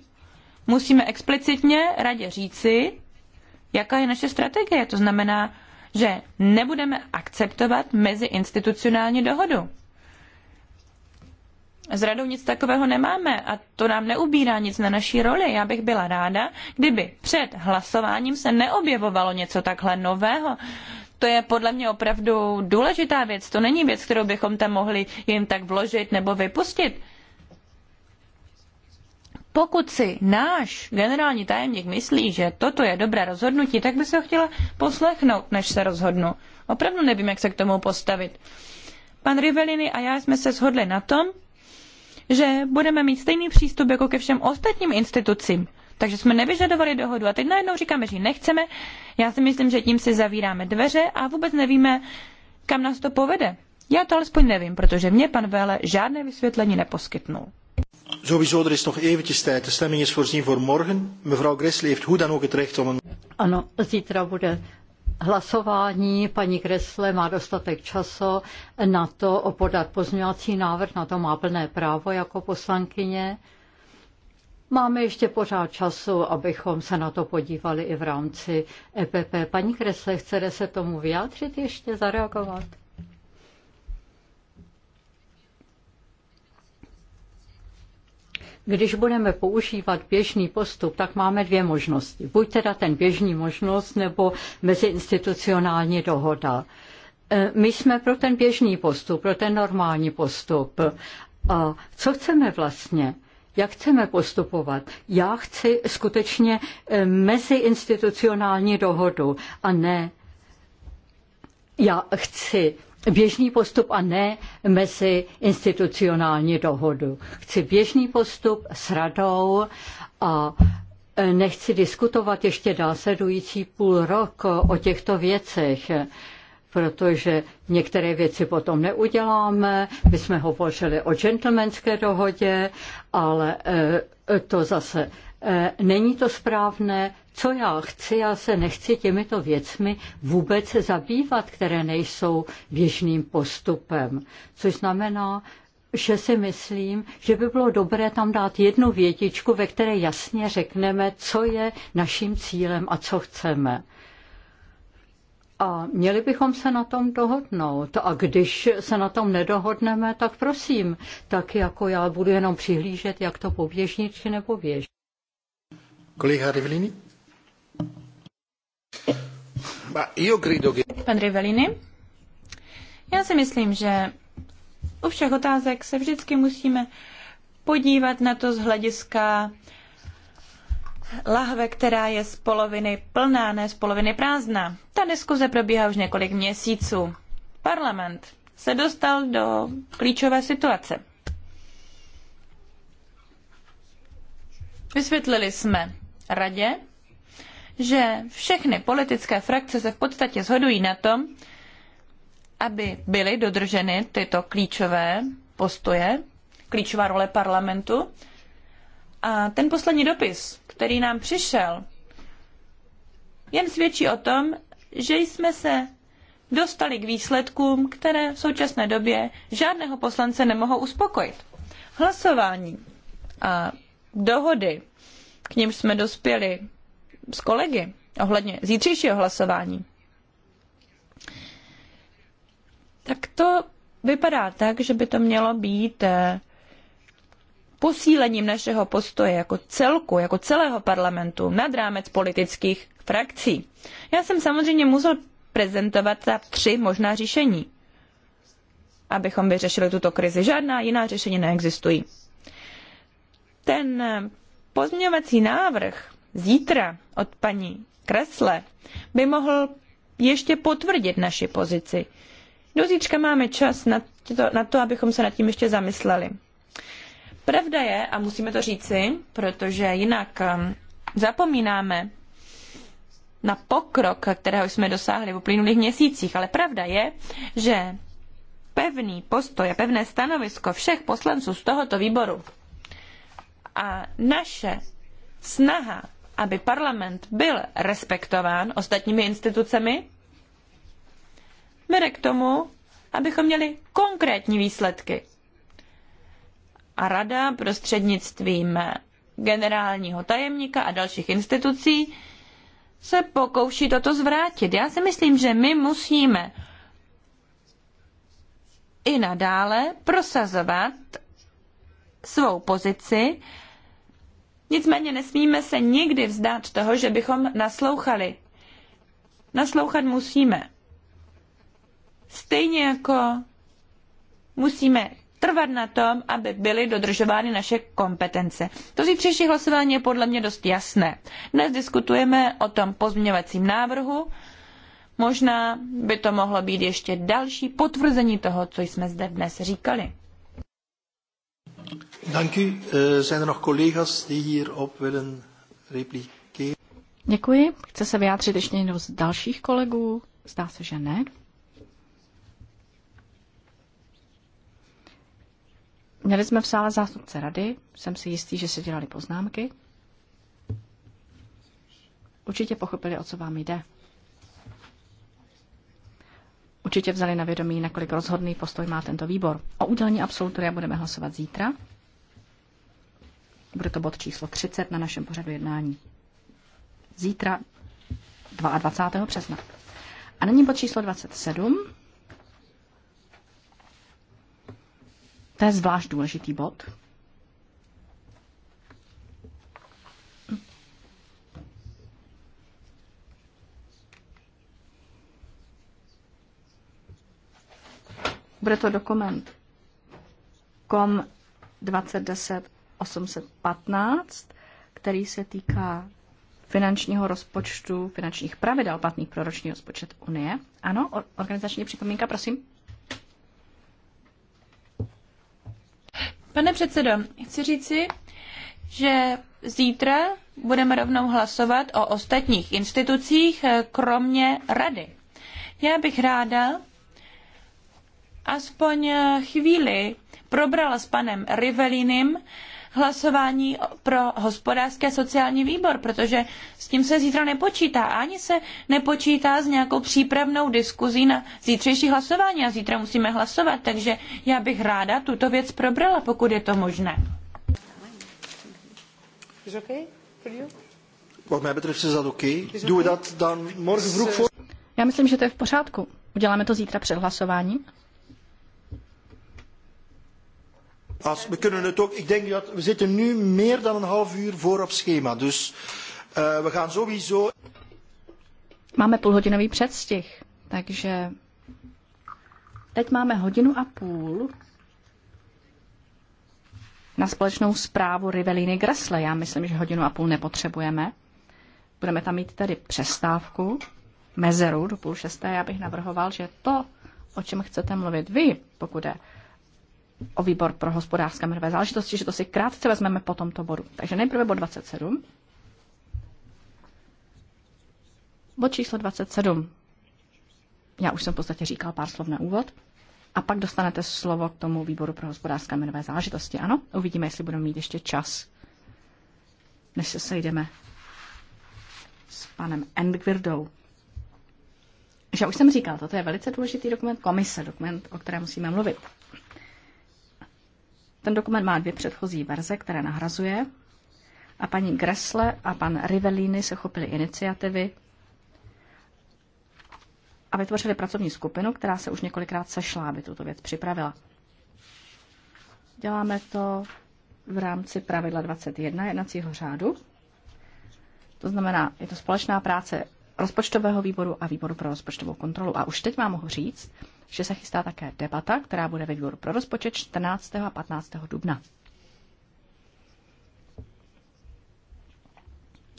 musíme explicitně radě říci, jaká je naše strategie. To znamená, že nebudeme akceptovat meziinstitucionální dohodu. S radou nic takového nemáme a to nám neubírá nic na naší roli. Já bych byla ráda, kdyby před hlasováním se neobjevovalo něco takhle nového. To je podle mě opravdu důležitá věc. To není věc, kterou bychom tam mohli jim tak vložit nebo vypustit. Pokud si náš generální tajemník myslí, že toto je dobré rozhodnutí, tak by se ho chtěla poslechnout, než se rozhodnu. Opravdu nevím, jak se k tomu postavit. Pan Rivelini a já jsme se shodli na tom, že budeme mít stejný přístup jako ke všem ostatním institucím. Takže jsme nevyžadovali dohodu a teď najednou říkáme, že ji nechceme. Já si myslím, že tím si zavíráme dveře a vůbec nevíme, kam nás to povede. Já to alespoň nevím, protože mě pan Vele žádné vysvětlení neposkytnul. Sowieso, er is nog eventjes tijd. De stemming is voorzien voor morgen. Mevrouw Gressel heeft hoe dan ook het recht om een... Ano, zítra bude hlasování. Paní Kresle má dostatek času na to podat pozměňovací návrh, na to má plné právo jako poslankyně. Máme ještě pořád času, abychom se na to podívali i v rámci EPP. Paní Kresle, chcete se tomu vyjádřit ještě, zareagovat? Když budeme používat běžný postup, tak máme dvě možnosti. Buď teda ten běžný možnost, nebo meziinstitucionální dohoda. E, my jsme pro ten běžný postup, pro ten normální postup. A co chceme vlastně? Jak chceme postupovat? Já chci skutečně e, meziinstitucionální dohodu a ne já chci běžný postup a ne mezi institucionální dohodu. Chci běžný postup s radou a e, nechci diskutovat ještě následující půl rok o těchto věcech protože některé věci potom neuděláme. My jsme hovořili o gentlemanské dohodě, ale e, to zase E, není to správné, co já chci, já se nechci těmito věcmi vůbec zabývat, které nejsou běžným postupem. Což znamená, že si myslím, že by bylo dobré tam dát jednu větičku, ve které jasně řekneme, co je naším cílem a co chceme. A měli bychom se na tom dohodnout. A když se na tom nedohodneme, tak prosím, tak jako já budu jenom přihlížet, jak to poběží či nepoběží. Collega Rivellini. Pan Rivellini. Já si myslím, že u všech otázek se vždycky musíme podívat na to z hlediska lahve, která je z poloviny plná, ne z poloviny prázdná. Ta diskuze probíhá už několik měsíců. Parlament se dostal do klíčové situace. Vysvětlili jsme, radě, že všechny politické frakce se v podstatě shodují na tom, aby byly dodrženy tyto klíčové postoje, klíčová role parlamentu. A ten poslední dopis, který nám přišel, jen svědčí o tom, že jsme se dostali k výsledkům, které v současné době žádného poslance nemohou uspokojit. Hlasování a dohody k nímž jsme dospěli s kolegy ohledně zítřejšího hlasování, tak to vypadá tak, že by to mělo být eh, posílením našeho postoje jako celku, jako celého parlamentu nad rámec politických frakcí. Já jsem samozřejmě musel prezentovat ta tři možná řešení, abychom vyřešili tuto krizi. Žádná jiná řešení neexistují. Ten eh, pozměňovací návrh zítra od paní Kresle by mohl ještě potvrdit naši pozici. Do zítřka máme čas na to, na to, abychom se nad tím ještě zamysleli. Pravda je, a musíme to říci, protože jinak um, zapomínáme na pokrok, kterého jsme dosáhli v uplynulých měsících, ale pravda je, že pevný postoj a pevné stanovisko všech poslanců z tohoto výboru a naše snaha, aby parlament byl respektován ostatními institucemi, vede k tomu, abychom měli konkrétní výsledky. A rada prostřednictvím generálního tajemníka a dalších institucí se pokouší toto zvrátit. Já si myslím, že my musíme i nadále prosazovat svou pozici, nicméně nesmíme se nikdy vzdát toho, že bychom naslouchali. Naslouchat musíme. Stejně jako musíme trvat na tom, aby byly dodržovány naše kompetence. To zítřejší hlasování je podle mě dost jasné. Dnes diskutujeme o tom pozměňovacím návrhu. Možná by to mohlo být ještě další potvrzení toho, co jsme zde dnes říkali. Dank u. Eh, zijn er nog collega's die hierop willen Děkuji. Chce se vyjádřit ještě někdo z dalších kolegů? Zdá se, že ne. Měli jsme v sále zástupce rady, jsem si jistý, že si dělali poznámky. Určitě pochopili, o co vám jde. Určitě vzali na vědomí, nakolik rozhodný postoj má tento výbor. O udělení absolutoria budeme hlasovat zítra. Bude to bod číslo 30 na našem pořadu jednání. Zítra 22. března. A nyní bod číslo 27. To je zvlášť důležitý bod. Bude to dokument kom 2010 815, který se týká finančního rozpočtu, finančních pravidel platných pro roční rozpočet Unie. Ano, organizační připomínka, prosím. Pane předsedo, chci říci, že zítra budeme rovnou hlasovat o ostatních institucích, eh, kromě rady. Já bych ráda aspoň eh, chvíli probrala s panem Rivelinem hlasování pro hospodářský a sociální výbor, protože s tím se zítra nepočítá. Ani se nepočítá s nějakou přípravnou diskuzí na zítřejší hlasování a zítra musíme hlasovat, takže já bych ráda tuto věc probrala, pokud je to možné. Já myslím, že to je v pořádku. Uděláme to zítra před hlasováním. Als, we kunnen het ook, ik denk dat we zitten nu meer dan een half uur voor op schema, dus uh, we gaan sowieso... Máme půlhodinový předstih, takže teď máme hodinu a půl na společnou zprávu Riveliny Gresle. Já myslím, že hodinu a půl nepotřebujeme. Budeme tam mít tady přestávku, mezeru do půl šesté. Já bych navrhoval, že to, o čem chcete mluvit vy, pokud je o výbor pro hospodářské mrvé záležitosti, že to si krátce vezmeme po tomto bodu. Takže nejprve bod 27. Bod číslo 27. Já už jsem v podstatě říkal pár slov na úvod. A pak dostanete slovo k tomu výboru pro hospodářské mrvé záležitosti. Ano, uvidíme, jestli budeme mít ještě čas, než se sejdeme s panem Endgvirdou. Já už jsem říkal, toto je velice důležitý dokument komise, dokument, o kterém musíme mluvit. Ten dokument má dvě předchozí verze, které nahrazuje. A paní Gressle a pan Rivellini se chopili iniciativy a vytvořili pracovní skupinu, která se už několikrát sešla, aby tuto věc připravila. Děláme to v rámci pravidla 21 jednacího řádu. To znamená, je to společná práce rozpočtového výboru a výboru pro rozpočtovou kontrolu. A už teď vám mohu říct, že se chystá také debata, která bude ve výboru pro rozpočet 14. a 15. dubna.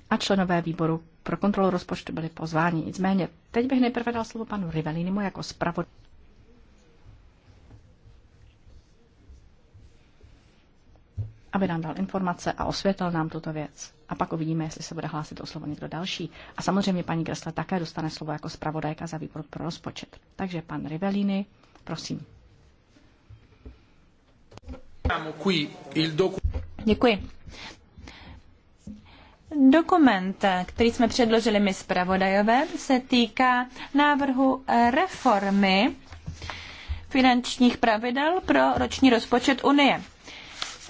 A členové výboru pro kontrolu rozpočtu byli pozváni. Nicméně, teď bych nejprve dal slovo panu Rivelinimu jako zpravodaj. aby nám dal informace a osvětlil nám tuto věc. A pak uvidíme, jestli se bude hlásit o slovo někdo další. A samozřejmě paní Gresle také dostane slovo jako zpravodajka za výbor pro rozpočet. Takže pan Rivellini, prosím. Děkuji. Dokument, který jsme předložili my zpravodajové, se týká návrhu reformy finančních pravidel pro roční rozpočet Unie.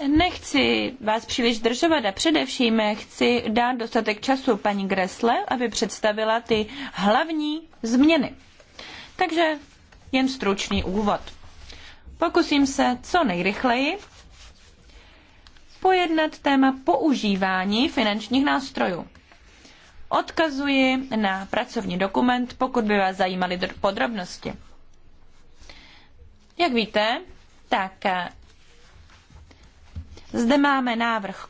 Nechci vás příliš zdržovat a především chci dát dostatek času paní Gresle, aby představila ty hlavní změny. Takže jen stručný úvod. Pokusím se co nejrychleji pojednat téma používání finančních nástrojů. Odkazuji na pracovní dokument, pokud by vás zajímaly podrobnosti. Jak víte, tak zde máme návrh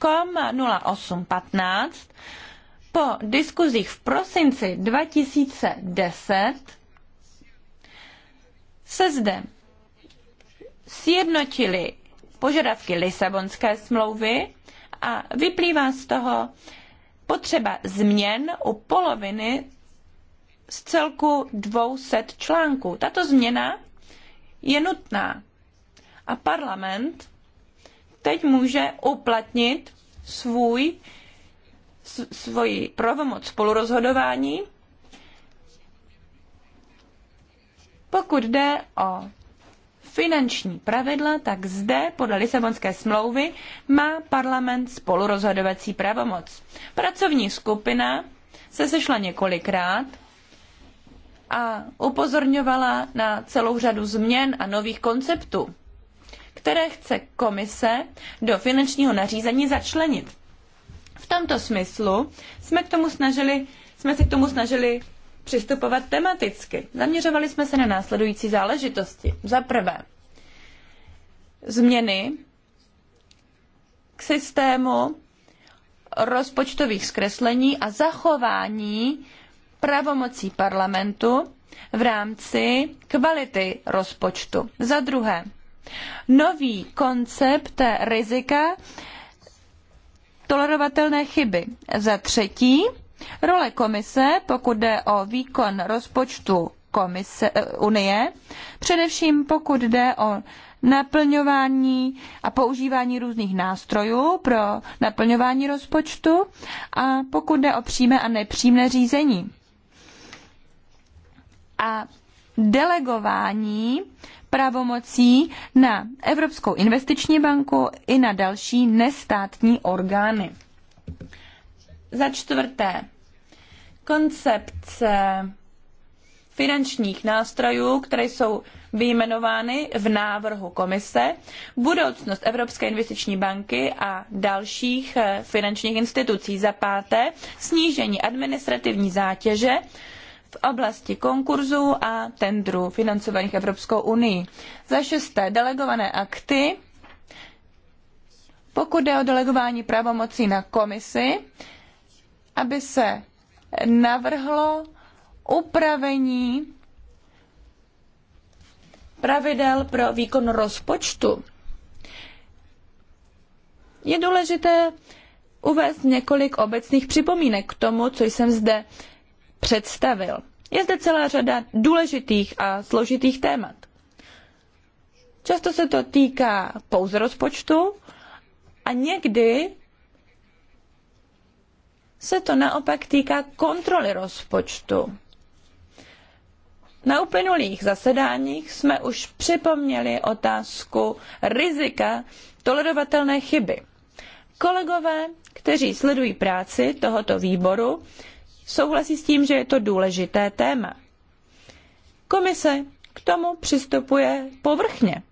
KOM 0815. Po diskuzích v prosinci 2010 se zde sjednotili požadavky Lisabonské smlouvy a vyplývá z toho potřeba změn u poloviny z celku 200 článků. Tato změna je nutná a parlament teď může uplatnit svůj, svoji pravomoc spolurozhodování, pokud jde o finanční pravidla, tak zde podle Lisabonské smlouvy má parlament spolurozhodovací pravomoc. Pracovní skupina se sešla několikrát a upozorňovala na celou řadu změn a nových konceptů které chce komise do finančního nařízení začlenit. V tomto smyslu jsme, k tomu snažili, jsme se k tomu snažili přistupovat tematicky. Zaměřovali jsme se na následující záležitosti. Za prvé, změny k systému rozpočtových zkreslení a zachování pravomocí parlamentu v rámci kvality rozpočtu. Za druhé, nový koncept rizika tolerovatelné chyby. Za třetí, role komise, pokud jde o výkon rozpočtu komise, eh, Unie, především pokud jde o naplňování a používání různých nástrojů pro naplňování rozpočtu a pokud jde o přímé a nepřímé řízení. A delegování pravomocí na Evropskou investiční banku i na další nestátní orgány. Za čtvrté, koncepce finančních nástrojů, které jsou vyjmenovány v návrhu komise, budoucnost Evropské investiční banky a dalších eh, finančních institucí. Za páté, snížení administrativní zátěže v oblasti konkurzů a tendrů financovaných Evropskou unii. Za šesté, delegované akty. Pokud jde o delegování pravomocí na komisi, aby se navrhlo upravení pravidel pro výkon rozpočtu. Je důležité uvést několik obecných připomínek k tomu, co jsem zde představil. Je zde celá řada důležitých a složitých témat. Často se to týká pouze rozpočtu a někdy se to naopak týká kontroly rozpočtu. Na uplynulých zasedáních jsme už připomněli otázku rizika tolerovatelné chyby. Kolegové, kteří sledují práci tohoto výboru, souhlasí s tím, že je to důležité téma. Komise k tomu přistupuje povrchně.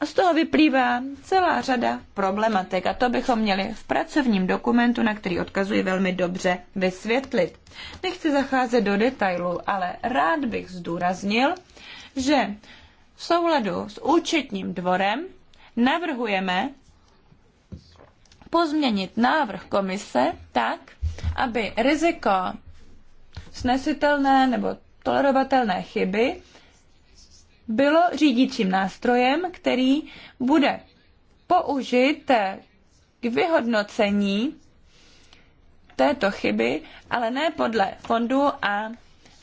A z toho vyplývá celá řada problematik a to bychom měli v pracovním dokumentu, na který odkazuji velmi dobře, vysvětlit. Nechci zacházet do detailů, ale rád bych zdůraznil, že v souladu s účetním dvorem navrhujeme pozměnit návrh komise tak, aby riziko snesitelné nebo tolerovatelné chyby bylo řídícím nástrojem, který bude použit k vyhodnocení této chyby, ale ne podle fondu a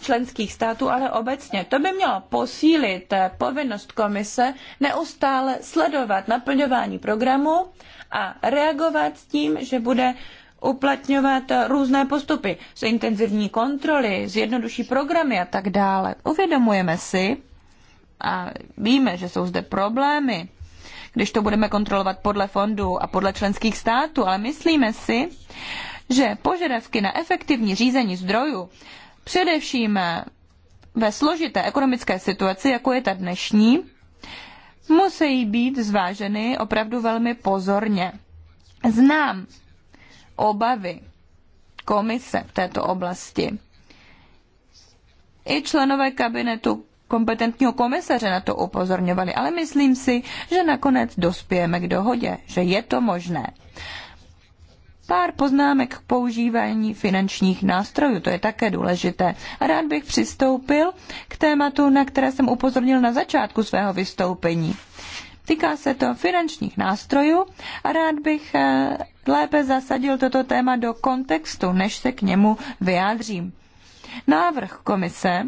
členských států, ale obecně. To by mělo posílit povinnost komise neustále sledovat naplňování programu a reagovat s tím, že bude uplatňovat různé postupy, zintenzivní kontroly, zjednoduší programy a tak dále. Uvědomujeme si a víme, že jsou zde problémy, když to budeme kontrolovat podle fondů a podle členských států, ale myslíme si, že požadavky na efektivní řízení zdrojů Především eh, ve složité ekonomické situaci, jako je ta dnešní, musí být zváženy opravdu velmi pozorně. Znám obavy komise v této oblasti. I členové kabinetu kompetentního komisaře na to upozorňovali, ale myslím si, že nakonec dospějeme k dohodě, že je to možné. Pár poznámek k používání finančních nástrojů, to je také důležité. A rád bych přistoupil k tématu, na které jsem upozornil na začátku svého vystoupení. Týká se to finančních nástrojů a rád bych eh, lépe zasadil toto téma do kontextu, než se k němu vyjádřím. Návrh komise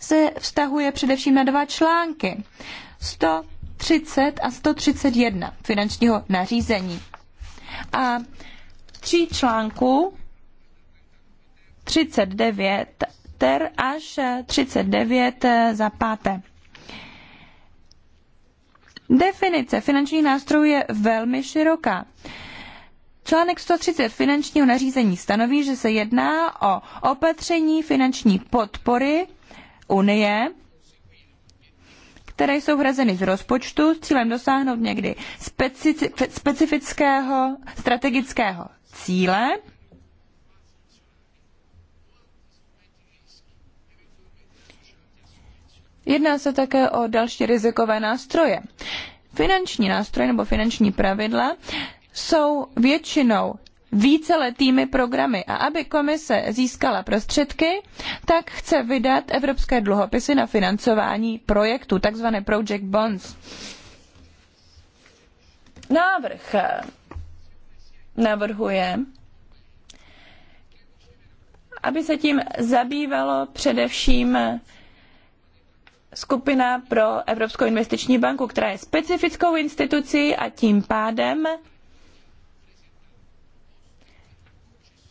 se vztahuje především na dva články. 100 30 a 131 finančního nařízení. A tří článků 39 ter až 39 za páté. Definice finančních nástrojů je velmi široká. Článek 130 finančního nařízení stanoví, že se jedná o opatření finanční podpory Unie které jsou hrazeny z rozpočtu s cílem dosáhnout někdy specifického strategického cíle. Jedná se také o další rizikové nástroje. Finanční nástroje nebo finanční pravidla jsou většinou víceletými programy. A aby komise získala prostředky, tak chce vydat evropské dluhopisy na financování projektu, takzvané Project Bonds. Návrh eh, navrhuje, aby se tím zabývalo především eh, skupina pro Evropskou investiční banku, která je specifickou institucí a tím pádem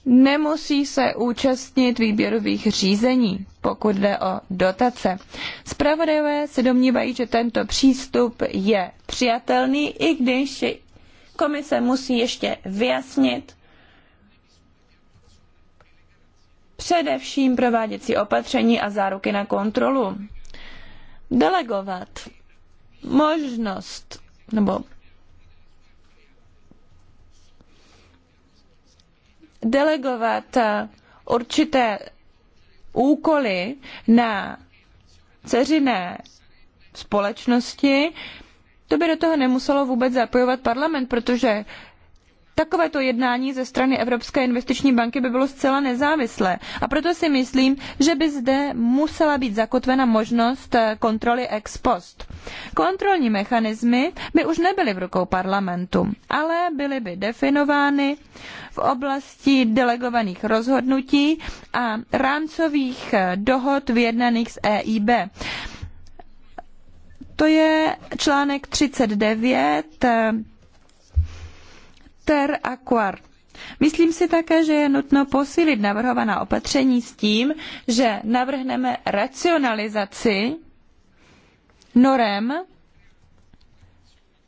nemusí se účastnit výběrových řízení, pokud jde o dotace. Zpravodajové se domnívají, že tento přístup je přijatelný, i když komise musí ještě vyjasnit především prováděcí opatření a záruky na kontrolu. Delegovat možnost nebo delegovat eh, určité úkoly na ceřiné společnosti, to by do toho nemuselo vůbec zapojovat parlament, protože Takovéto jednání ze strany Evropské investiční banky by bylo zcela nezávislé. A proto si myslím, že by zde musela být zakotvena možnost eh, kontroly ex post. Kontrolní mechanismy by už nebyly v rukou parlamentu, ale byly by definovány v oblasti delegovaných rozhodnutí a rámcových eh, dohod vyjednaných s EIB. To je článek 39 Ter Aquar. Myslím si také, že je nutno posílit navrhovaná opatření s tím, že navrhneme racionalizaci norem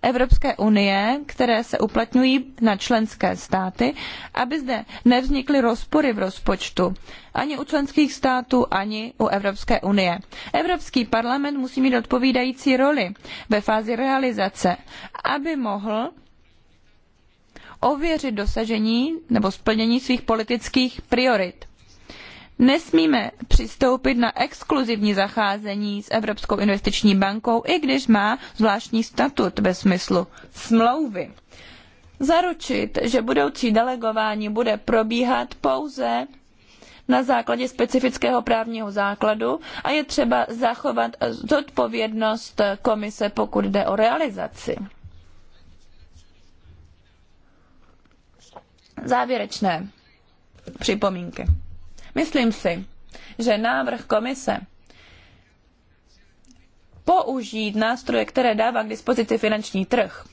Evropské unie, které se uplatňují na členské státy, aby zde nevznikly rozpory v rozpočtu ani u členských států, ani u Evropské unie. Evropský parlament musí mít odpovídající roli ve fázi realizace, aby mohl ověřit dosažení nebo splnění svých politických priorit. Nesmíme přistoupit na exkluzivní zacházení s Evropskou investiční bankou, i když má zvláštní statut ve smyslu smlouvy. Zaručit, že budoucí delegování bude probíhat pouze na základě specifického právního základu a je třeba zachovat zodpovědnost komise, pokud jde o realizaci. závěrečné připomínky. Myslím si, že návrh komise použít nástroje, které dává k dispozici finanční trh,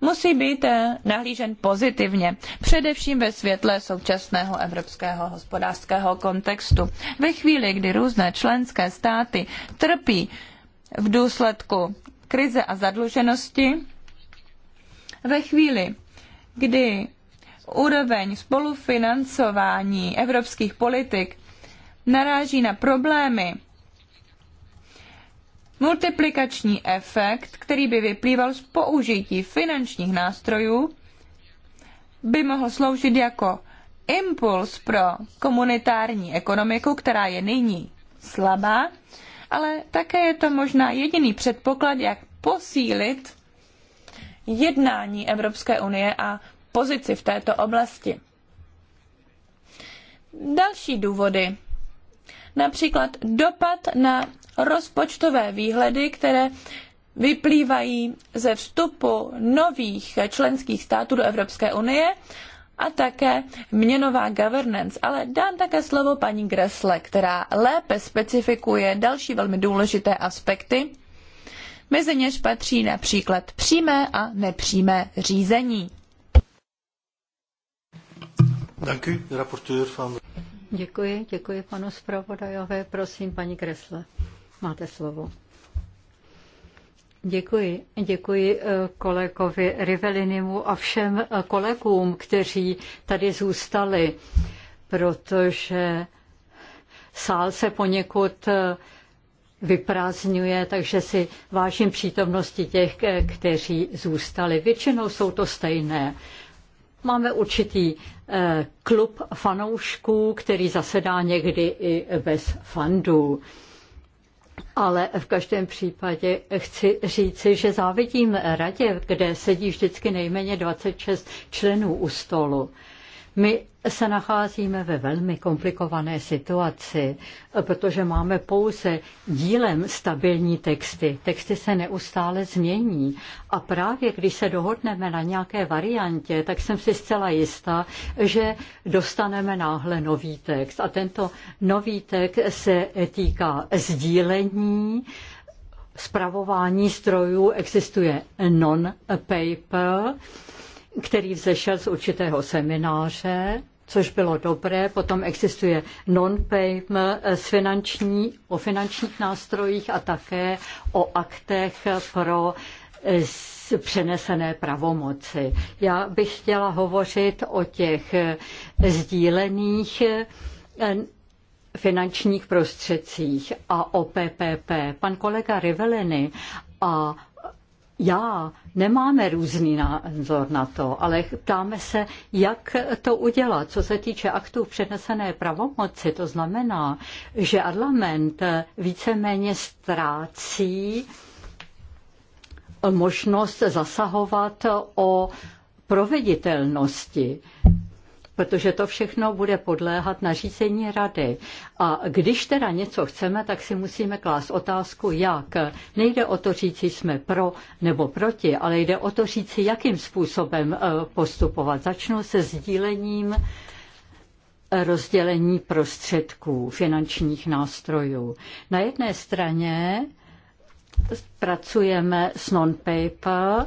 musí být eh, nahlížen pozitivně, především ve světle současného evropského hospodářského kontextu. Ve chvíli, kdy různé členské státy trpí v důsledku krize a zadluženosti, ve chvíli, kdy úroveň spolufinancování evropských politik naráží na problémy, multiplikační efekt, který by vyplýval z použití finančních nástrojů, by mohl sloužit jako impuls pro komunitární ekonomiku, která je nyní slabá, ale také je to možná jediný předpoklad, jak posílit jednání Evropské unie a pozici v této oblasti. Další důvody. Například dopad na rozpočtové výhledy, které vyplývají ze vstupu nových členských států do Evropské unie a také měnová governance. Ale dám také slovo paní Gressle, která lépe specifikuje další velmi důležité aspekty. Mezi něž patří například přímé a nepřímé řízení. Děkuji, děkuji panu zpravodajové. Prosím, paní Kresle, máte slovo. Děkuji. Děkuji eh, kolegovi Rivelinimu a všem eh, kolegům, kteří tady zůstali, protože sál se poněkud eh, vyprázdňuje, takže si vážím přítomnosti těch, kteří zůstali. Většinou jsou to stejné Máme určitý eh, klub fanoušků, který zasedá někdy i bez fandů. Ale v každém případě chci říci, že závidím radě, kde sedí vždycky nejméně 26 členů u stolu. My se nacházíme ve velmi komplikované situaci, protože máme pouze dílem stabilní texty. Texty se neustále změní a právě když se dohodneme na nějaké variantě, tak jsem si zcela jistá, že dostaneme náhle nový text. A tento nový text se týká sdílení, zpravování strojů, existuje non-paper, který vzešel z určitého semináře, což bylo dobré. Potom existuje non-payment eh, s finanční, o finančních nástrojích a také o aktech pro eh, přenesené pravomoci. Já bych chtěla hovořit o těch eh, sdílených finančních prostředcích a o PPP. Pan kolega Rivelini a já nemáme různý názor na to, ale ptáme se, jak to udělat. Co se týče aktů přenesené pravomoci, to znamená, že parlament víceméně ztrácí možnost zasahovat o proveditelnosti protože to všechno bude podléhat nařízení rady. A když teda něco chceme, tak si musíme klást otázku, jak. Nejde o to říci, jsme pro nebo proti, ale jde o to říci, jakým způsobem eh, postupovat. Začnu se sdílením eh, rozdělení prostředků, finančních nástrojů. Na jedné straně pracujeme s non-paper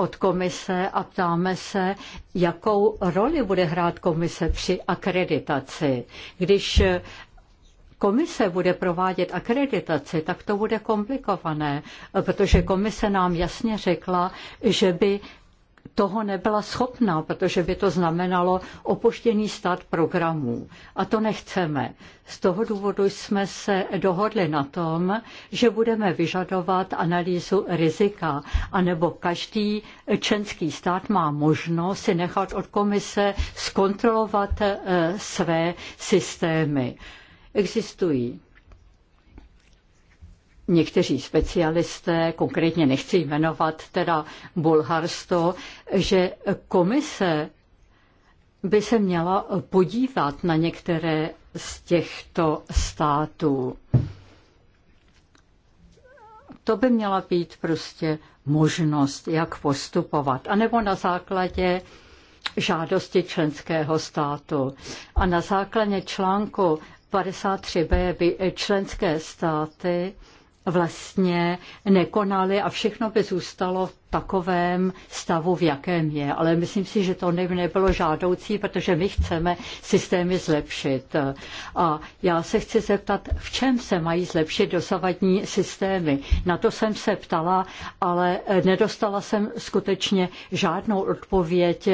od komise a ptáme se, jakou roli bude hrát komise při akreditaci. Když komise bude provádět akreditaci, tak to bude komplikované, protože komise nám jasně řekla, že by toho nebyla schopná, protože by to znamenalo opuštěný stát programů. A to nechceme. Z toho důvodu jsme se dohodli na tom, že budeme vyžadovat analýzu rizika, anebo každý členský stát má možnost si nechat od komise zkontrolovat eh, své systémy. Existují někteří specialisté, konkrétně nechci jmenovat teda Bulharsto, že komise by se měla podívat na některé z těchto států. To by měla být prostě možnost, jak postupovat. A nebo na základě žádosti členského státu. A na základě článku 53b by členské státy vlastně nekonali a všechno by zůstalo v takovém stavu, v jakém je. Ale myslím si, že to nebylo žádoucí, protože my chceme systémy zlepšit. A já se chci zeptat, v čem se mají zlepšit dosavadní systémy. Na to jsem se ptala, ale nedostala jsem skutečně žádnou odpověď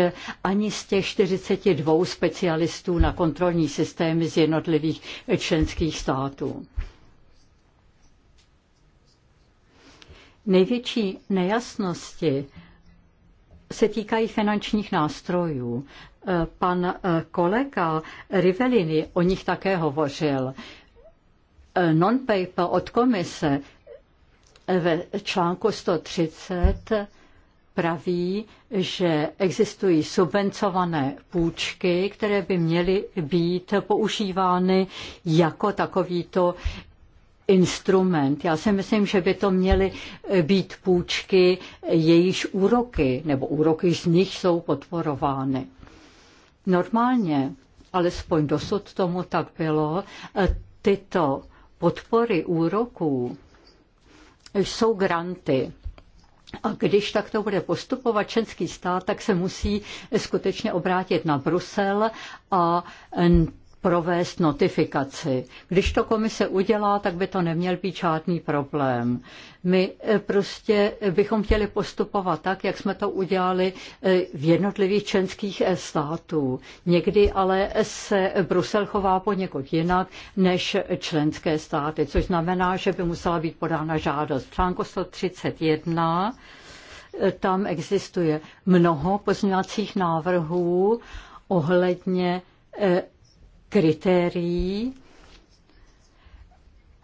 ani z těch 42 specialistů na kontrolní systémy z jednotlivých členských států. Největší nejasnosti se týkají finančních nástrojů. Pan eh, kolega Rivelini o nich také hovořil. Eh, non-paper od komise eh, ve článku 130 praví, že existují subvencované půjčky, které by měly být používány jako takovýto instrument. Já si myslím, že by to měly eh, být půjčky, eh, jejíž úroky, nebo úroky z nich jsou podporovány. Normálně, alespoň dosud tomu tak bylo, eh, tyto podpory úroků jsou granty. A když takto bude postupovat Český stát, tak se musí skutečně obrátit na Brusel a provést notifikaci. Když to komise udělá, tak by to neměl být žádný problém. My eh, prostě eh, bychom chtěli postupovat tak, jak jsme to udělali eh, v jednotlivých členských států. Někdy ale se Brusel chová poněkud jinak než členské státy, což znamená, že by musela být podána žádost. Článko 131 tam existuje mnoho pozměňovacích návrhů ohledně kritérií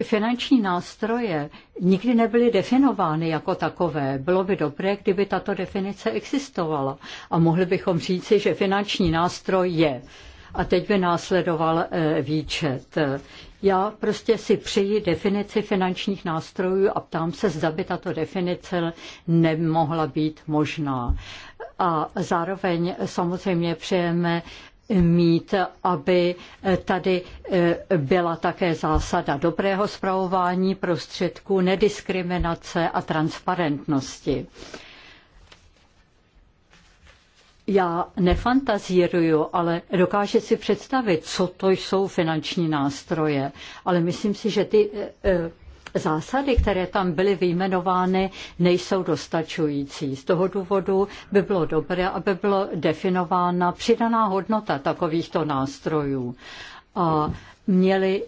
finanční nástroje nikdy nebyly definovány jako takové. Bylo by dobré, kdyby tato definice existovala. A mohli bychom říci, že finanční nástroj je. A teď by následoval eh, výčet. Já prostě si přeji definici finančních nástrojů a ptám se, zda by tato definice nemohla být možná. A zároveň samozřejmě přejeme mít, aby eh, tady eh, byla také zásada dobrého zpravování prostředků, nediskriminace a transparentnosti. Já nefantazíruju, ale dokáže si představit, co to jsou finanční nástroje. Ale myslím si, že ty eh, zásady, které tam byly vyjmenovány, nejsou dostačující. Z toho důvodu by bylo dobré, aby byla definována přidaná hodnota takovýchto nástrojů. A měli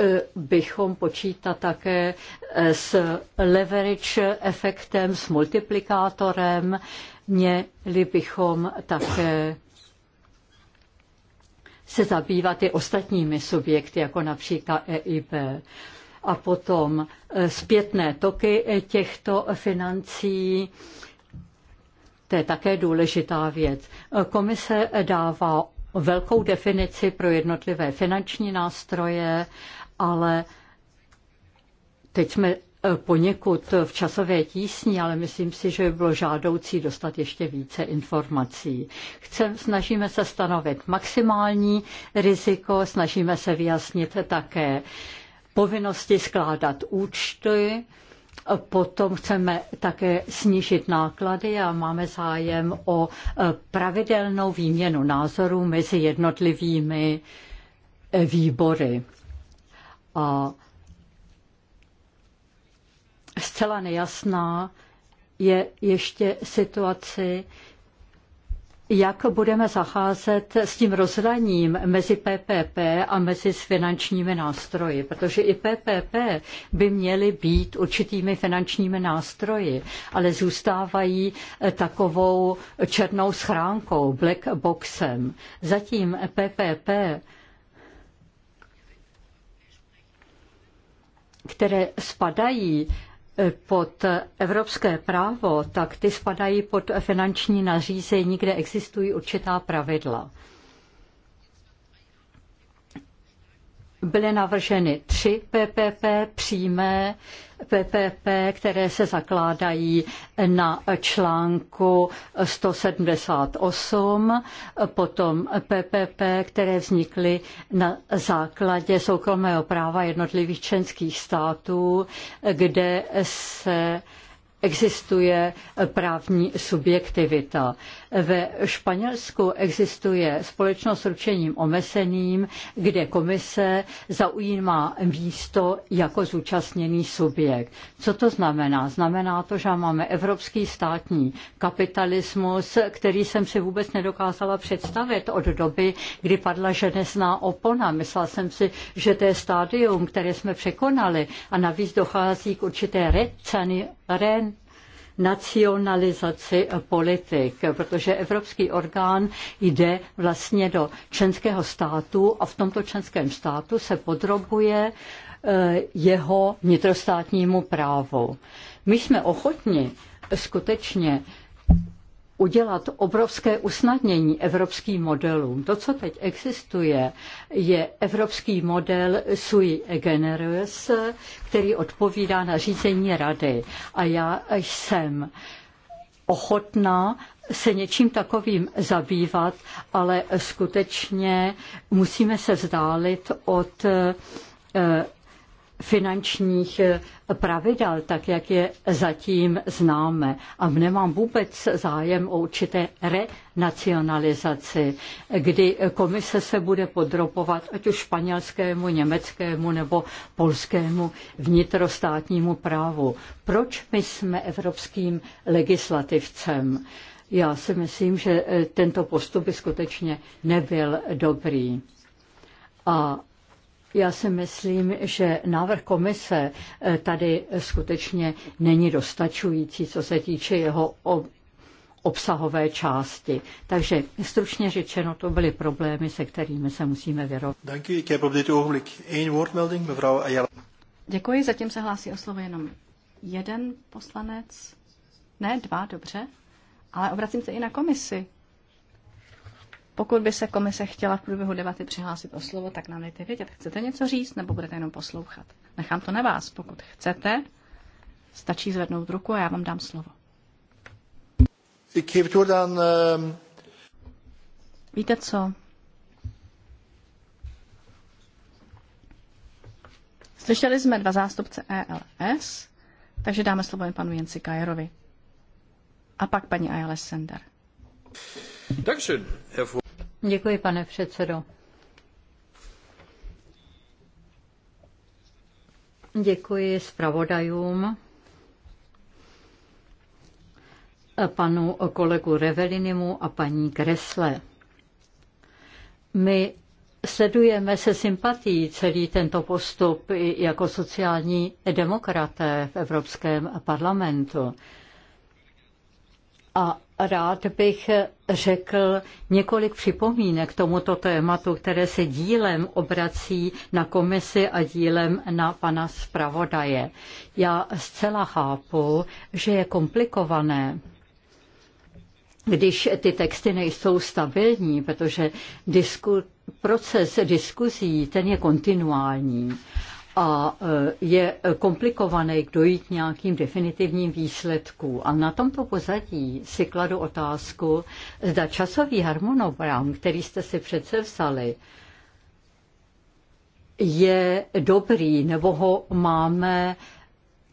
e, bychom počítat také e, s leverage efektem, s multiplikátorem, měli bychom také se zabývat i ostatními subjekty, jako například EIB a potom eh, zpětné toky eh, těchto financí. To je také důležitá věc. Eh, komise dává velkou definici pro jednotlivé finanční nástroje, ale teď jsme poněkud v časové tísni, ale myslím si, že by bylo žádoucí dostat ještě více informací. Chcem, snažíme se stanovit maximální riziko, snažíme se vyjasnit také povinnosti skládat účty, Potom chceme také snížit náklady a máme zájem o e, pravidelnou výměnu názorů mezi jednotlivými e, výbory. A zcela nejasná je ještě situaci, jak budeme zacházet s tím rozhraním mezi PPP a mezi s finančními nástroji, protože i PPP by měly být určitými finančními nástroji, ale zůstávají eh, takovou černou schránkou, black boxem. Zatím PPP které spadají pod evropské právo, tak ty spadají pod finanční nařízení, kde existují určitá pravidla. Byly navrženy tři PPP, přímé, PPP, které se zakládají na článku 178, potom PPP, které vznikly na základě soukromého práva jednotlivých členských států, kde se existuje právní subjektivita. Ve Španělsku existuje společnost s ručením omezeným, kde komise zaujímá místo jako zúčastněný subjekt. Co to znamená? Znamená to, že máme evropský státní kapitalismus, který jsem si vůbec nedokázala představit od doby, kdy padla ženesná opona. Myslela jsem si, že to je stádium, které jsme překonali a navíc dochází k určité recenzi. ren, nacionalizaci politik, protože evropský orgán jde vlastně do členského státu a v tomto členském státu se podrobuje eh, jeho vnitrostátnímu právu. My jsme ochotni skutečně udělat obrovské usnadnění evropským modelům. To, co teď existuje, je evropský model sui generis, který odpovídá na řízení rady. A já jsem ochotná se něčím takovým zabývat, ale skutečně musíme se vzdálit od eh, finančních eh, pravidel, tak jak je zatím známe. A nemám vůbec zájem o určité renacionalizaci, kdy komise se bude podrobovat ať už španělskému, německému nebo polskému vnitrostátnímu právu. Proč my jsme evropským legislativcem? Já si myslím, že eh, tento postup by skutečně nebyl dobrý. A já si myslím, že návrh komise eh, tady skutečně není dostačující, co se týče jeho obsahové části. Takže stručně řečeno, to byly problémy, se kterými se musíme věrovat. Děkuji, zatím se hlásí o slovo jenom jeden poslanec. Ne, dva, dobře. Ale obracím se i na komisi. Pokud by se komise chtěla v průběhu debaty přihlásit o slovo, tak nám dejte vědět. Chcete něco říct nebo budete jenom poslouchat? Nechám to na vás. Pokud chcete, stačí zvednout ruku a já vám dám slovo. Eh, Víte co? Slyšeli jsme dva zástupce ELS, takže dáme slovo jen panu Jenci Kajerovi. A pak paní Ayala Sender. Takže, Děkuji, pane předsedo. Děkuji zpravodajům, panu kolegu Revelinimu a paní Kresle. My sledujeme se sympatí celý tento postup jako sociální demokraté v Evropském parlamentu a rád bych řekl několik připomínek k tomuto tématu, které se dílem obrací na komisi a dílem na pana zpravodaje. Já zcela chápu, že je komplikované když ty texty nejsou stabilní, protože disku, proces diskuzí, ten je kontinuální a e, je komplikované k dojít nějakým definitivním výsledku. A na tomto pozadí si kladu otázku, zda časový harmonogram, který jste si přece vzali, je dobrý, nebo ho máme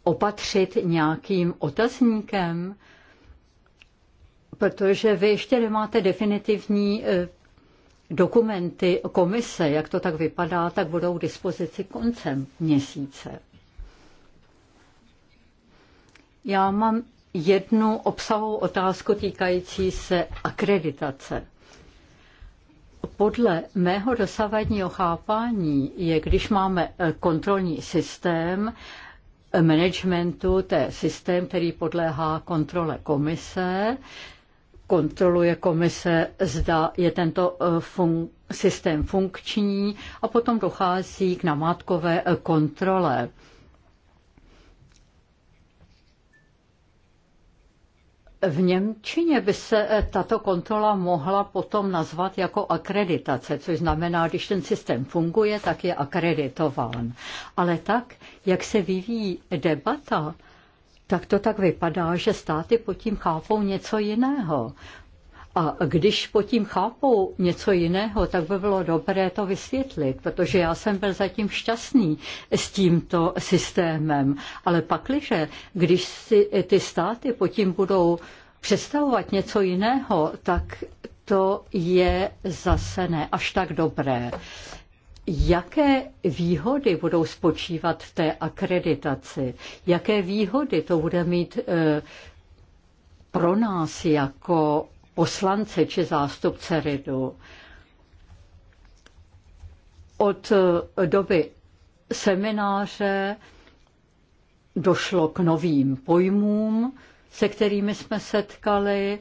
opatřit nějakým otazníkem, protože vy ještě nemáte definitivní e, dokumenty komise, jak to tak vypadá, tak budou k dispozici koncem měsíce. Já mám jednu obsahovou otázku týkající se akreditace. Podle mého dosavadního chápání je, když máme kontrolní systém managementu, to je systém, který podléhá kontrole komise, kontroluje komise, zda je tento eh, fun- systém funkční a potom dochází k namátkové eh, kontrole. V Němčině by se eh, tato kontrola mohla potom nazvat jako akreditace, což znamená, když ten systém funguje, tak je akreditován. Ale tak, jak se vyvíjí debata, tak to tak vypadá, že státy pod tím chápou něco jiného. A když po tím chápou něco jiného, tak by bylo dobré to vysvětlit, protože já jsem byl zatím šťastný s tímto systémem. Ale pakliže, když si ty státy po tím budou představovat něco jiného, tak to je zase ne až tak dobré. Jaké výhody budou spočívat v té akreditaci? Jaké výhody to bude mít eh, pro nás jako poslance či zástupce RIDu? Od eh, doby semináře došlo k novým pojmům, se kterými jsme setkali,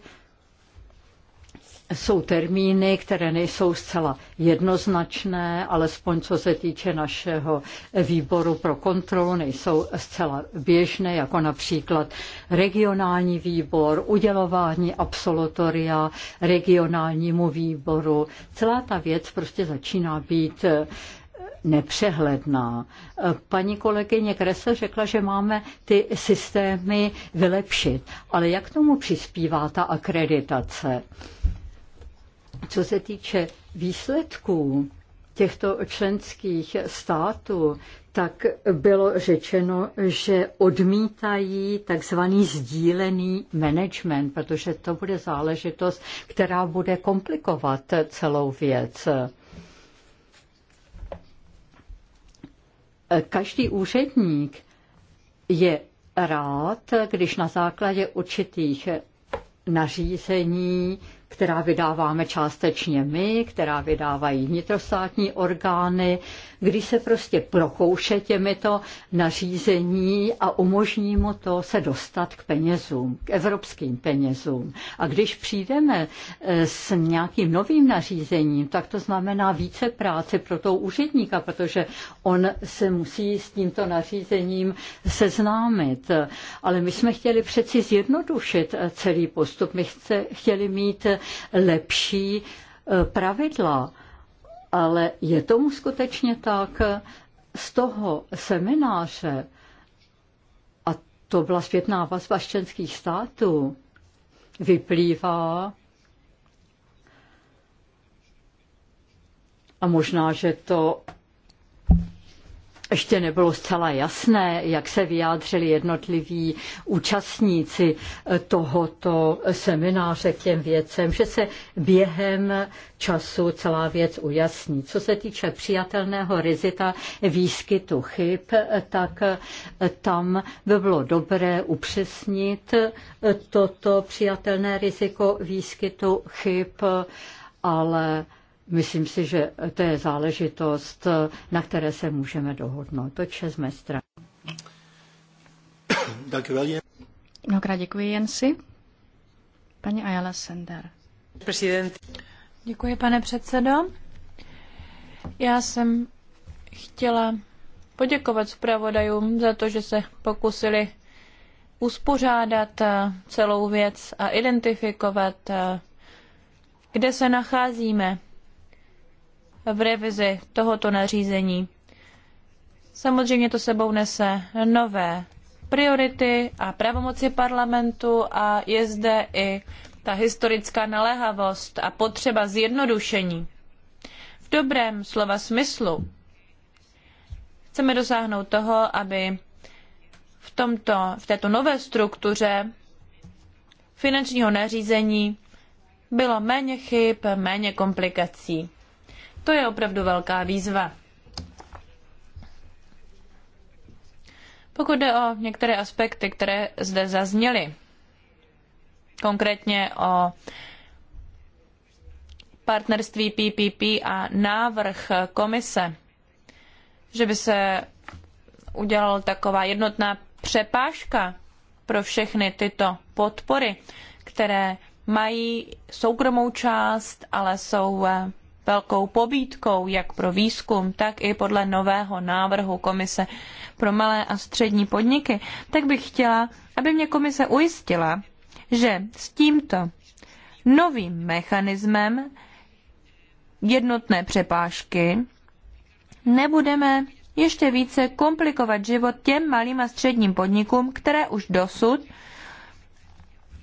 jsou termíny, které nejsou zcela jednoznačné, alespoň co se týče našeho výboru pro kontrolu, nejsou zcela běžné, jako například regionální výbor, udělování absolutoria regionálnímu výboru. Celá ta věc prostě začíná být eh, nepřehledná. Paní kolegyně Kresa řekla, že máme ty systémy vylepšit, ale jak tomu přispívá ta akreditace? Co se týče výsledků těchto členských států, tak bylo řečeno, že odmítají takzvaný sdílený management, protože to bude záležitost, která bude komplikovat celou věc. Každý úředník je rád, když na základě určitých nařízení která vydáváme částečně my, která vydávají vnitrostátní orgány, kdy se prostě prokouše těmito nařízení a umožní mu to se dostat k penězům, k evropským penězům. A když přijdeme eh, s nějakým novým nařízením, tak to znamená více práce pro toho úředníka, protože on se musí s tímto nařízením seznámit. Ale my jsme chtěli přeci zjednodušit eh, celý postup. My chce, chtěli mít eh, lepší eh, pravidla. Ale je tomu skutečně tak? Z toho semináře, a to byla zpětná vazba z členských států, vyplývá, a možná, že to ještě nebylo zcela jasné, jak se vyjádřili jednotliví účastníci eh, tohoto semináře k těm věcem, že se během času celá věc ujasní. Co se týče přijatelného rizika výskytu chyb, eh, tak eh, tam by bylo dobré upřesnit toto přijatelné riziko výskytu chyb, ale Myslím si, že to je záležitost, na které se můžeme dohodnout. To je z mé strany. Mnohokrát děkuji, Jensi. Paní Ayala Sender. Prezident. Děkuji, pane předsedo. Já jsem chtěla poděkovat zpravodajům za to, že se pokusili uspořádat eh, celou věc a identifikovat, eh, kde se nacházíme v revizi tohoto nařízení. Samozřejmě to sebou nese nové priority a pravomoci parlamentu a je zde i ta historická naléhavost a potřeba zjednodušení. V dobrém slova smyslu chceme dosáhnout toho, aby v, tomto, v této nové struktuře finančního nařízení bylo méně chyb, méně komplikací. To je opravdu velká výzva. Pokud jde o některé aspekty, které zde zazněly, konkrétně o partnerství PPP a návrh komise, že by se udělala taková jednotná přepážka pro všechny tyto podpory, které mají soukromou část, ale jsou eh, velkou pobídkou jak pro výzkum, tak i podle nového návrhu komise pro malé a střední podniky, tak bych chtěla, aby mě komise ujistila, že s tímto novým mechanismem jednotné přepážky nebudeme ještě více komplikovat život těm malým a středním podnikům, které už dosud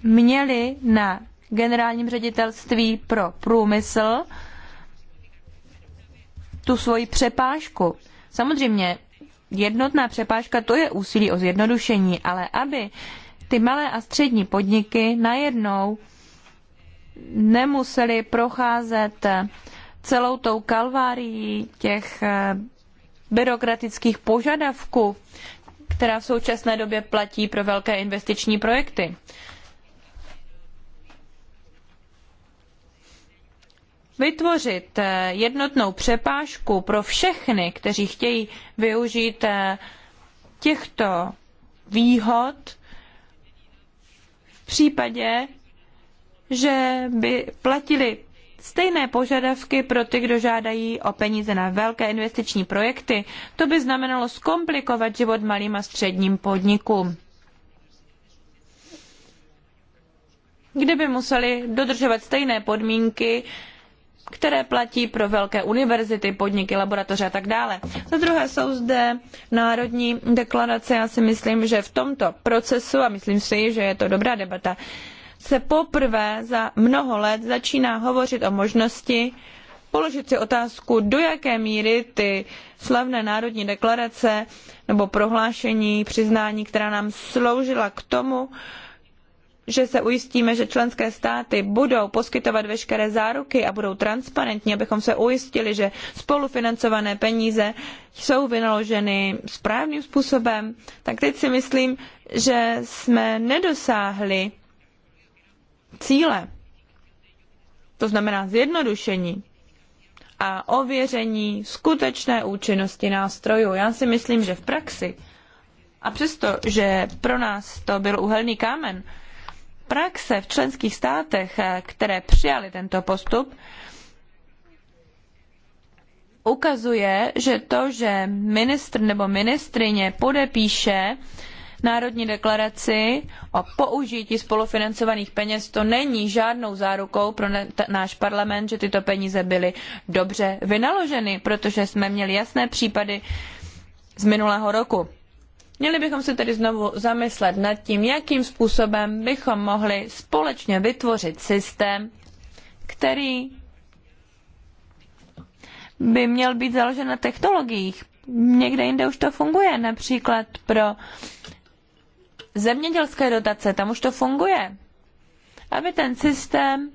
měly na generálním ředitelství pro průmysl tu svoji přepážku. Samozřejmě jednotná přepážka to je úsilí o zjednodušení, ale aby ty malé a střední podniky najednou nemuseli procházet celou tou kalvárií těch eh, byrokratických požadavků, která v současné době platí pro velké investiční projekty. vytvořit eh, jednotnou přepážku pro všechny, kteří chtějí využít eh, těchto výhod v případě, že by platili stejné požadavky pro ty, kdo žádají o peníze na velké investiční projekty. To by znamenalo zkomplikovat život malým a středním podnikům. Kdyby museli dodržovat stejné podmínky které platí pro velké univerzity, podniky, laboratoře a tak dále. Za druhé jsou zde národní deklarace. Já si myslím, že v tomto procesu, a myslím si, že je to dobrá debata, se poprvé za mnoho let začíná hovořit o možnosti položit si otázku, do jaké míry ty slavné národní deklarace nebo prohlášení, přiznání, která nám sloužila k tomu, že se ujistíme, že členské státy budou poskytovat veškeré záruky a budou transparentní, abychom se ujistili, že spolufinancované peníze jsou vynaloženy správným způsobem, tak teď si myslím, že jsme nedosáhli cíle. To znamená zjednodušení a ověření skutečné účinnosti nástrojů. Já si myslím, že v praxi a přesto, že pro nás to byl uhelný kámen, praxe v členských státech, eh, které přijali tento postup, ukazuje, že to, že ministr nebo ministrině podepíše Národní deklaraci o použití spolufinancovaných peněz, to není žádnou zárukou pro náš parlament, že tyto peníze byly dobře vynaloženy, protože jsme měli jasné případy z minulého roku. Měli bychom se tedy znovu zamyslet nad tím, jakým způsobem bychom mohli společně vytvořit systém, který by měl být založen na technologiích. Někde jinde už to funguje, například pro zemědělské dotace, tam už to funguje. Aby ten systém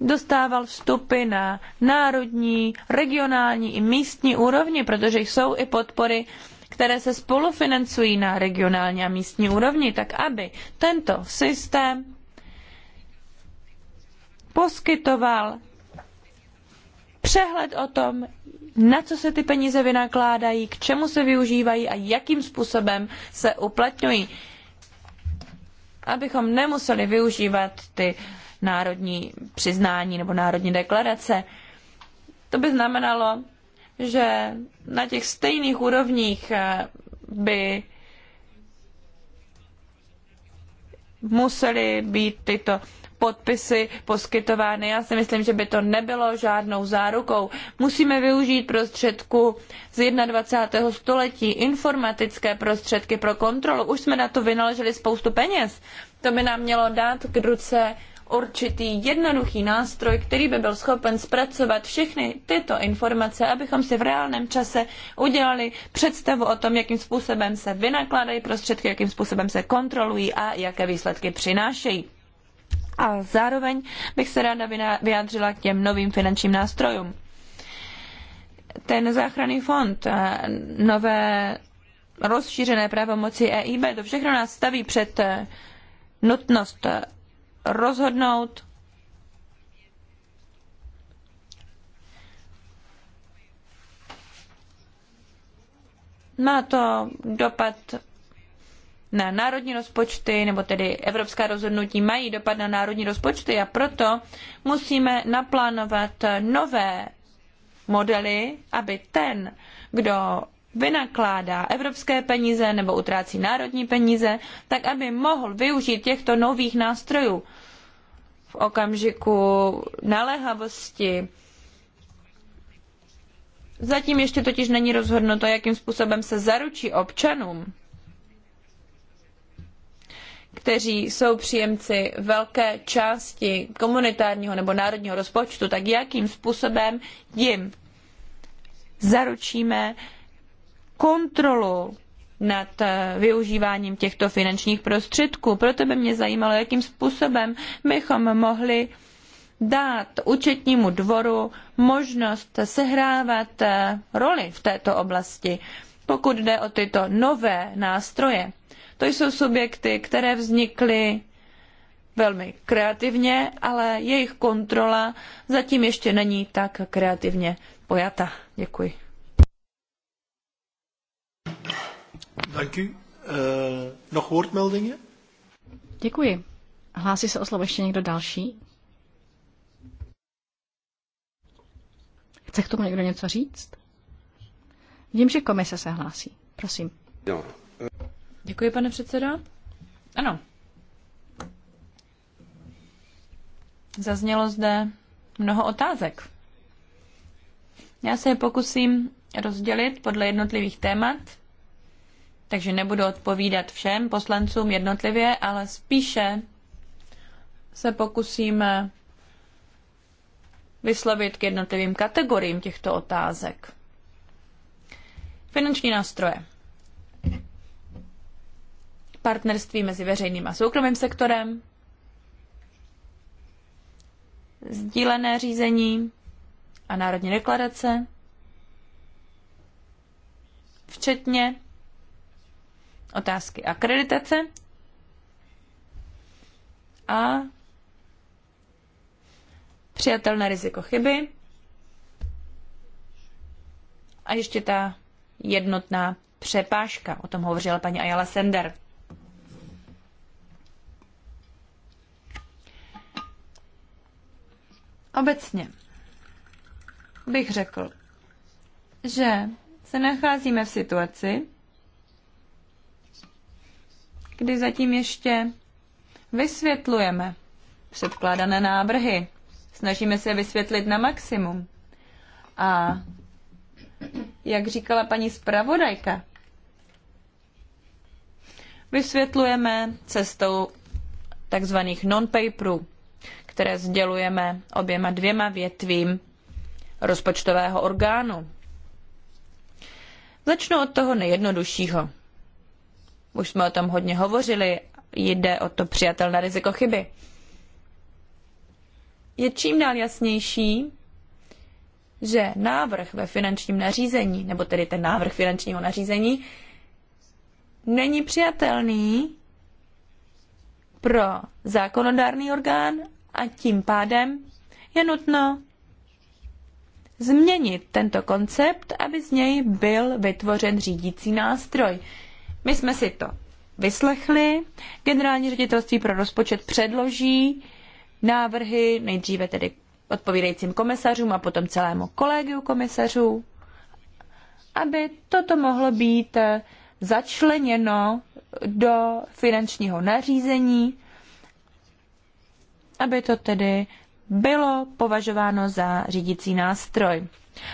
dostával vstupy na národní, regionální i místní úrovni, protože jsou i podpory, které se spolufinancují na regionální a místní úrovni, tak aby tento systém poskytoval přehled o tom, na co se ty peníze vynakládají, k čemu se využívají a jakým způsobem se uplatňují, abychom nemuseli využívat ty národní přiznání nebo národní deklarace. To by znamenalo, že na těch stejných úrovních eh, by musely být tyto podpisy poskytovány. Já si myslím, že by to nebylo žádnou zárukou. Musíme využít prostředku z 21. století, informatické prostředky pro kontrolu. Už jsme na to vynaložili spoustu peněz. To by nám mělo dát k ruce určitý jednoduchý nástroj, který by byl schopen zpracovat všechny tyto informace, abychom si v reálném čase udělali představu o tom, jakým způsobem se vynakládají prostředky, jakým způsobem se kontrolují a jaké výsledky přinášejí. A zároveň bych se ráda vyjádřila k těm novým finančním nástrojům. Ten záchranný fond, eh, nové rozšířené pravomoci EIB, to všechno nás staví před eh, nutnost eh, rozhodnout Má to dopad na národní rozpočty, nebo tedy evropská rozhodnutí mají dopad na národní rozpočty a proto musíme naplánovat nové modely, aby ten, kdo vynakládá evropské peníze nebo utrácí národní peníze, tak aby mohl využít těchto nových nástrojů v okamžiku naléhavosti. Zatím ještě totiž není rozhodnuto, jakým způsobem se zaručí občanům, kteří jsou příjemci velké části komunitárního nebo národního rozpočtu, tak jakým způsobem jim zaručíme, kontrolu nad eh, využíváním těchto finančních prostředků. Proto by mě zajímalo, jakým způsobem bychom mohli dát účetnímu dvoru možnost sehrávat eh, roli v této oblasti, pokud jde o tyto nové nástroje. To jsou subjekty, které vznikly velmi kreativně, ale jejich kontrola zatím ještě není tak kreativně pojata. Děkuji. Dank u. Eh, nog woordmeldingen? Děkuji. Hlásí se o slovo ještě někdo další? Chce k tomu někdo něco říct? Vím, že komise se hlásí. Prosím. No. Děkuji, pane předsedo. Ano. Zaznělo zde mnoho otázek. Já se je pokusím rozdělit podle jednotlivých témat takže nebudu odpovídat všem poslancům jednotlivě, ale spíše se pokusíme vyslovit k jednotlivým kategoriím těchto otázek. Finanční nástroje. Partnerství mezi veřejným a soukromým sektorem. Sdílené řízení a národní deklarace. Včetně otázky akreditace a přijatelné riziko chyby a ještě ta jednotná přepážka. O tom hovořila paní Ayala Sender. Obecně bych řekl, že se nacházíme v situaci, kdy zatím ještě vysvětlujeme předkládané návrhy. Snažíme se vysvětlit na maximum. A jak říkala paní zpravodajka, vysvětlujeme cestou takzvaných non-paperů, které sdělujeme oběma dvěma větvím rozpočtového orgánu. Začnu od toho nejjednoduššího. Už jsme o tom hodně hovořili. Jde o to přijatelné riziko chyby. Je čím dál jasnější, že návrh ve finančním nařízení, nebo tedy ten návrh finančního nařízení, není přijatelný pro zákonodárný orgán a tím pádem je nutno změnit tento koncept, aby z něj byl vytvořen řídící nástroj. My jsme si to vyslechli. Generální ředitelství pro rozpočet předloží návrhy, nejdříve tedy odpovídajícím komisařům a potom celému kolegiu komisařů, aby toto mohlo být začleněno do finančního nařízení, aby to tedy bylo považováno za řídící nástroj.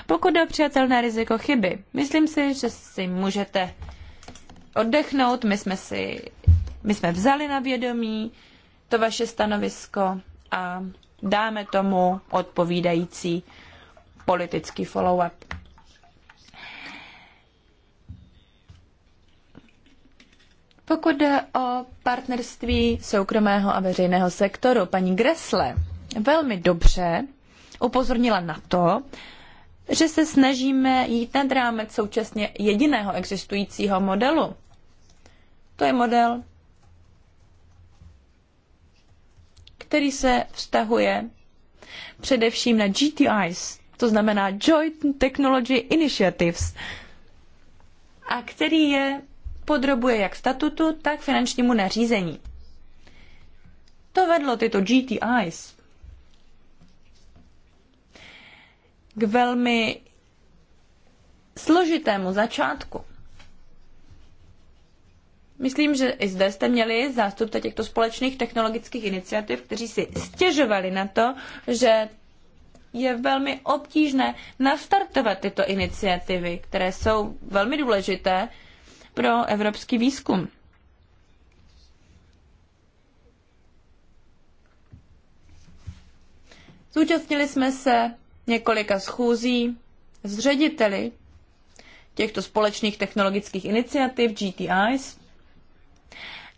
Pokud je přijatelné riziko chyby, myslím si, že si můžete oddechnout. My jsme, si, my jsme vzali na vědomí to vaše stanovisko a dáme tomu odpovídající politický follow-up. Pokud jde o partnerství soukromého a veřejného sektoru, paní Gressle velmi dobře upozornila na to, že se snažíme jít nad rámec současně jediného existujícího modelu. To je model, který se vztahuje především na GTIs, to znamená Joint Technology Initiatives, a který je podrobuje jak statutu, tak finančnímu nařízení. To vedlo tyto GTIs k velmi složitému začátku. Myslím, že i zde jste měli zástupce těchto společných technologických iniciativ, kteří si stěžovali na to, že je velmi obtížné nastartovat tyto iniciativy, které jsou velmi důležité pro evropský výzkum. Zúčastnili jsme se několika schůzí s řediteli těchto společných technologických iniciativ GTIs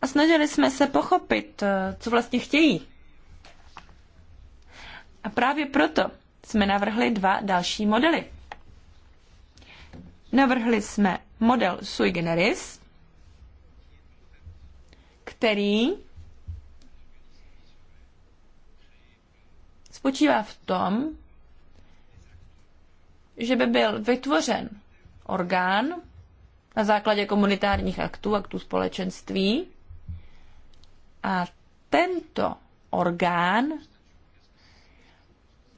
a snažili jsme se pochopit, eh, co vlastně chtějí. A právě proto jsme navrhli dva další modely. Navrhli jsme model sui generis, který spočívá v tom, že by byl vytvořen orgán na základě komunitárních aktů, aktů společenství, a tento orgán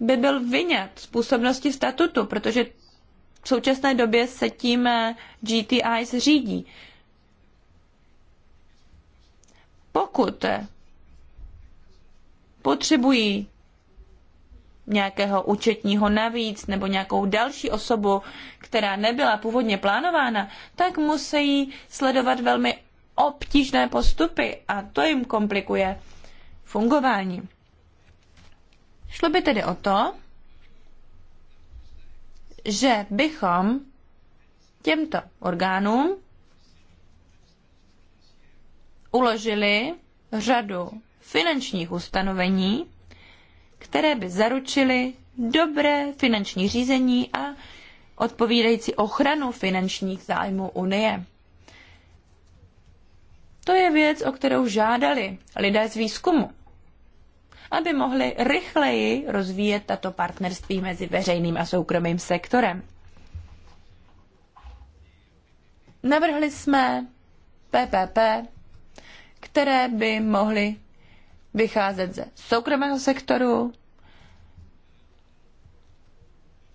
by byl vyňat z působnosti statutu, protože v současné době se tím eh, GTI řídí. Pokud eh, potřebují nějakého účetního navíc nebo nějakou další osobu, která nebyla původně plánována, tak musí sledovat velmi obtížné postupy a to jim komplikuje fungování. Šlo by tedy o to, že bychom těmto orgánům uložili řadu finančních ustanovení, které by zaručily dobré finanční řízení a odpovídající ochranu finančních zájmů Unie. To je věc, o kterou žádali lidé z výzkumu, aby mohli rychleji rozvíjet tato partnerství mezi veřejným a soukromým sektorem. Navrhli jsme PPP, které by mohly vycházet ze soukromého sektoru,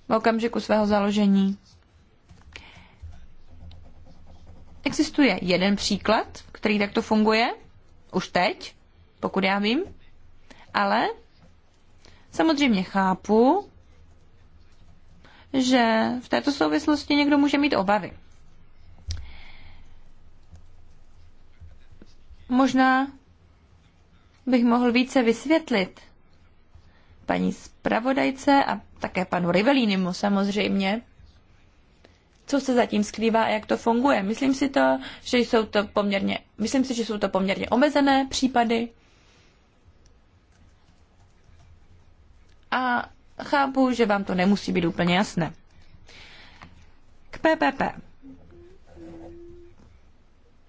v okamžiku svého založení. Existuje jeden příklad, který takto funguje, už teď, pokud já vím, ale samozřejmě chápu, že v této souvislosti někdo může mít obavy. Možná bych mohl více vysvětlit paní zpravodajce a také panu Rivelínimu samozřejmě, co se zatím skrývá a jak to funguje. Myslím si to, že jsou to poměrně, myslím si, že jsou to poměrně omezené případy. A chápu, že vám to nemusí být úplně jasné. K PPP.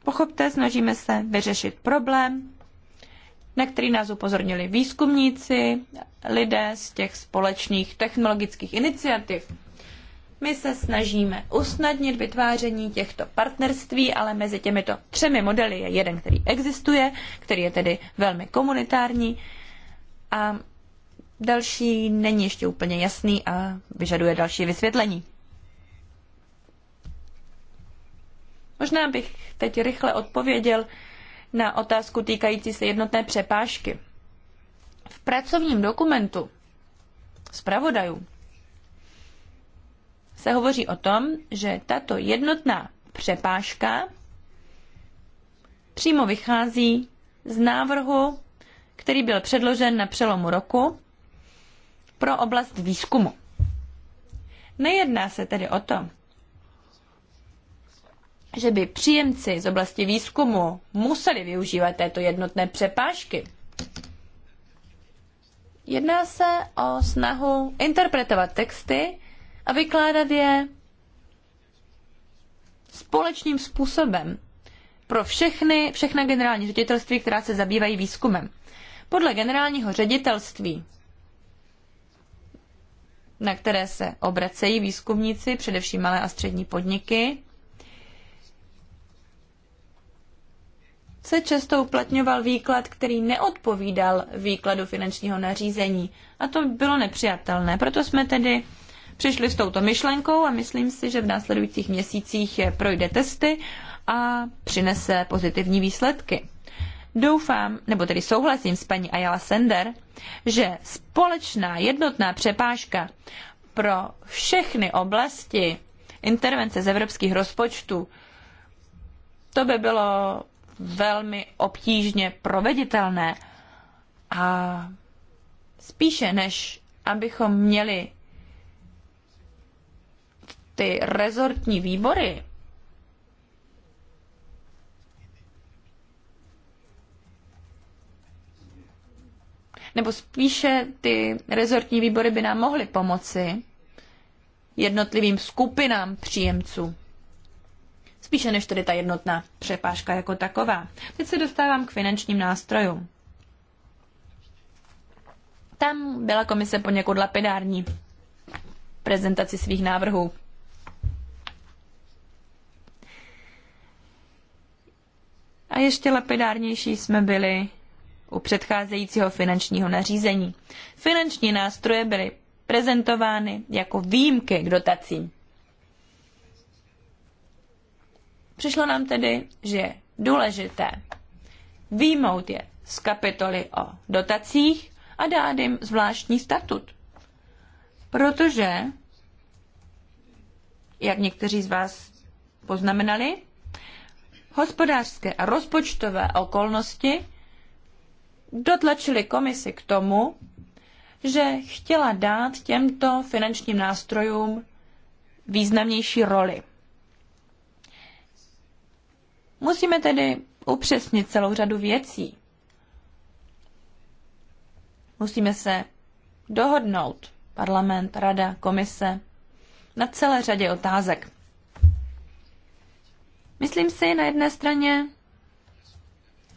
Pochopte, snažíme se vyřešit problém, na který nás upozornili výzkumníci, lidé z těch společných technologických iniciativ. My se snažíme usnadnit vytváření těchto partnerství, ale mezi těmito třemi modely je jeden, který existuje, který je tedy velmi komunitární a další není ještě úplně jasný a vyžaduje další vysvětlení. Možná bych teď rychle odpověděl na otázku týkající se jednotné přepážky. V pracovním dokumentu zpravodajů se hovoří o tom, že tato jednotná přepážka přímo vychází z návrhu, který byl předložen na přelomu roku pro oblast výzkumu. Nejedná se tedy o to, že by příjemci z oblasti výzkumu museli využívat této jednotné přepážky. Jedná se o snahu interpretovat texty a vykládat je společným způsobem pro všechny, všechna generální ředitelství, která se zabývají výzkumem. Podle generálního ředitelství, na které se obracejí výzkumníci, především malé a střední podniky, se často uplatňoval výklad, který neodpovídal výkladu finančního nařízení. A to bylo nepřijatelné. Proto jsme tedy přišli s touto myšlenkou a myslím si, že v následujících měsících projde testy a přinese pozitivní výsledky. Doufám, nebo tedy souhlasím s paní Ayala Sender, že společná jednotná přepážka pro všechny oblasti intervence z evropských rozpočtů, to by bylo velmi obtížně proveditelné. A spíše než abychom měli ty rezortní výbory, nebo spíše ty rezortní výbory by nám mohly pomoci jednotlivým skupinám příjemců spíše než tedy ta jednotná přepážka jako taková. Teď se dostávám k finančním nástrojům. Tam byla komise poněkud lapidární prezentaci svých návrhů. A ještě lapidárnější jsme byli u předcházejícího finančního nařízení. Finanční nástroje byly prezentovány jako výjimky k dotacím. Přišlo nám tedy, že je důležité výmout je z kapitoly o dotacích a dát jim zvláštní statut. Protože, jak někteří z vás poznamenali, hospodářské a rozpočtové okolnosti dotlačily komisi k tomu, že chtěla dát těmto finančním nástrojům významnější roli. Musíme tedy upřesnit celou řadu věcí. Musíme se dohodnout, parlament, rada, komise, na celé řadě otázek. Myslím si na jedné straně,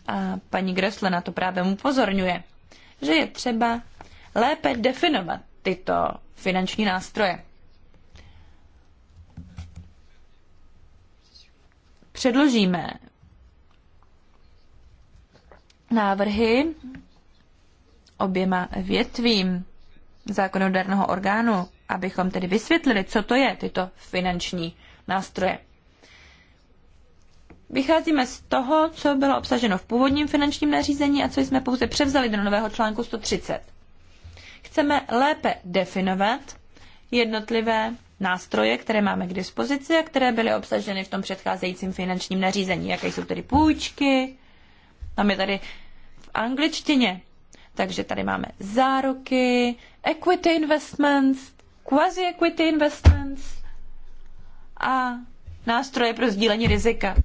a paní Gressle na to právě mu pozorňuje, že je třeba lépe definovat tyto finanční nástroje. předložíme návrhy oběma větvím zákonodárného orgánu, abychom tedy vysvětlili, co to je tyto finanční nástroje. Vycházíme z toho, co bylo obsaženo v původním finančním nařízení a co jsme pouze převzali do nového článku 130. Chceme lépe definovat jednotlivé nástroje, které máme k dispozici a které byly obsaženy v tom předcházejícím finančním nařízení. Jaké jsou tedy půjčky? Tam je tady v angličtině. Takže tady máme záruky, equity investments, quasi equity investments a nástroje pro sdílení rizika.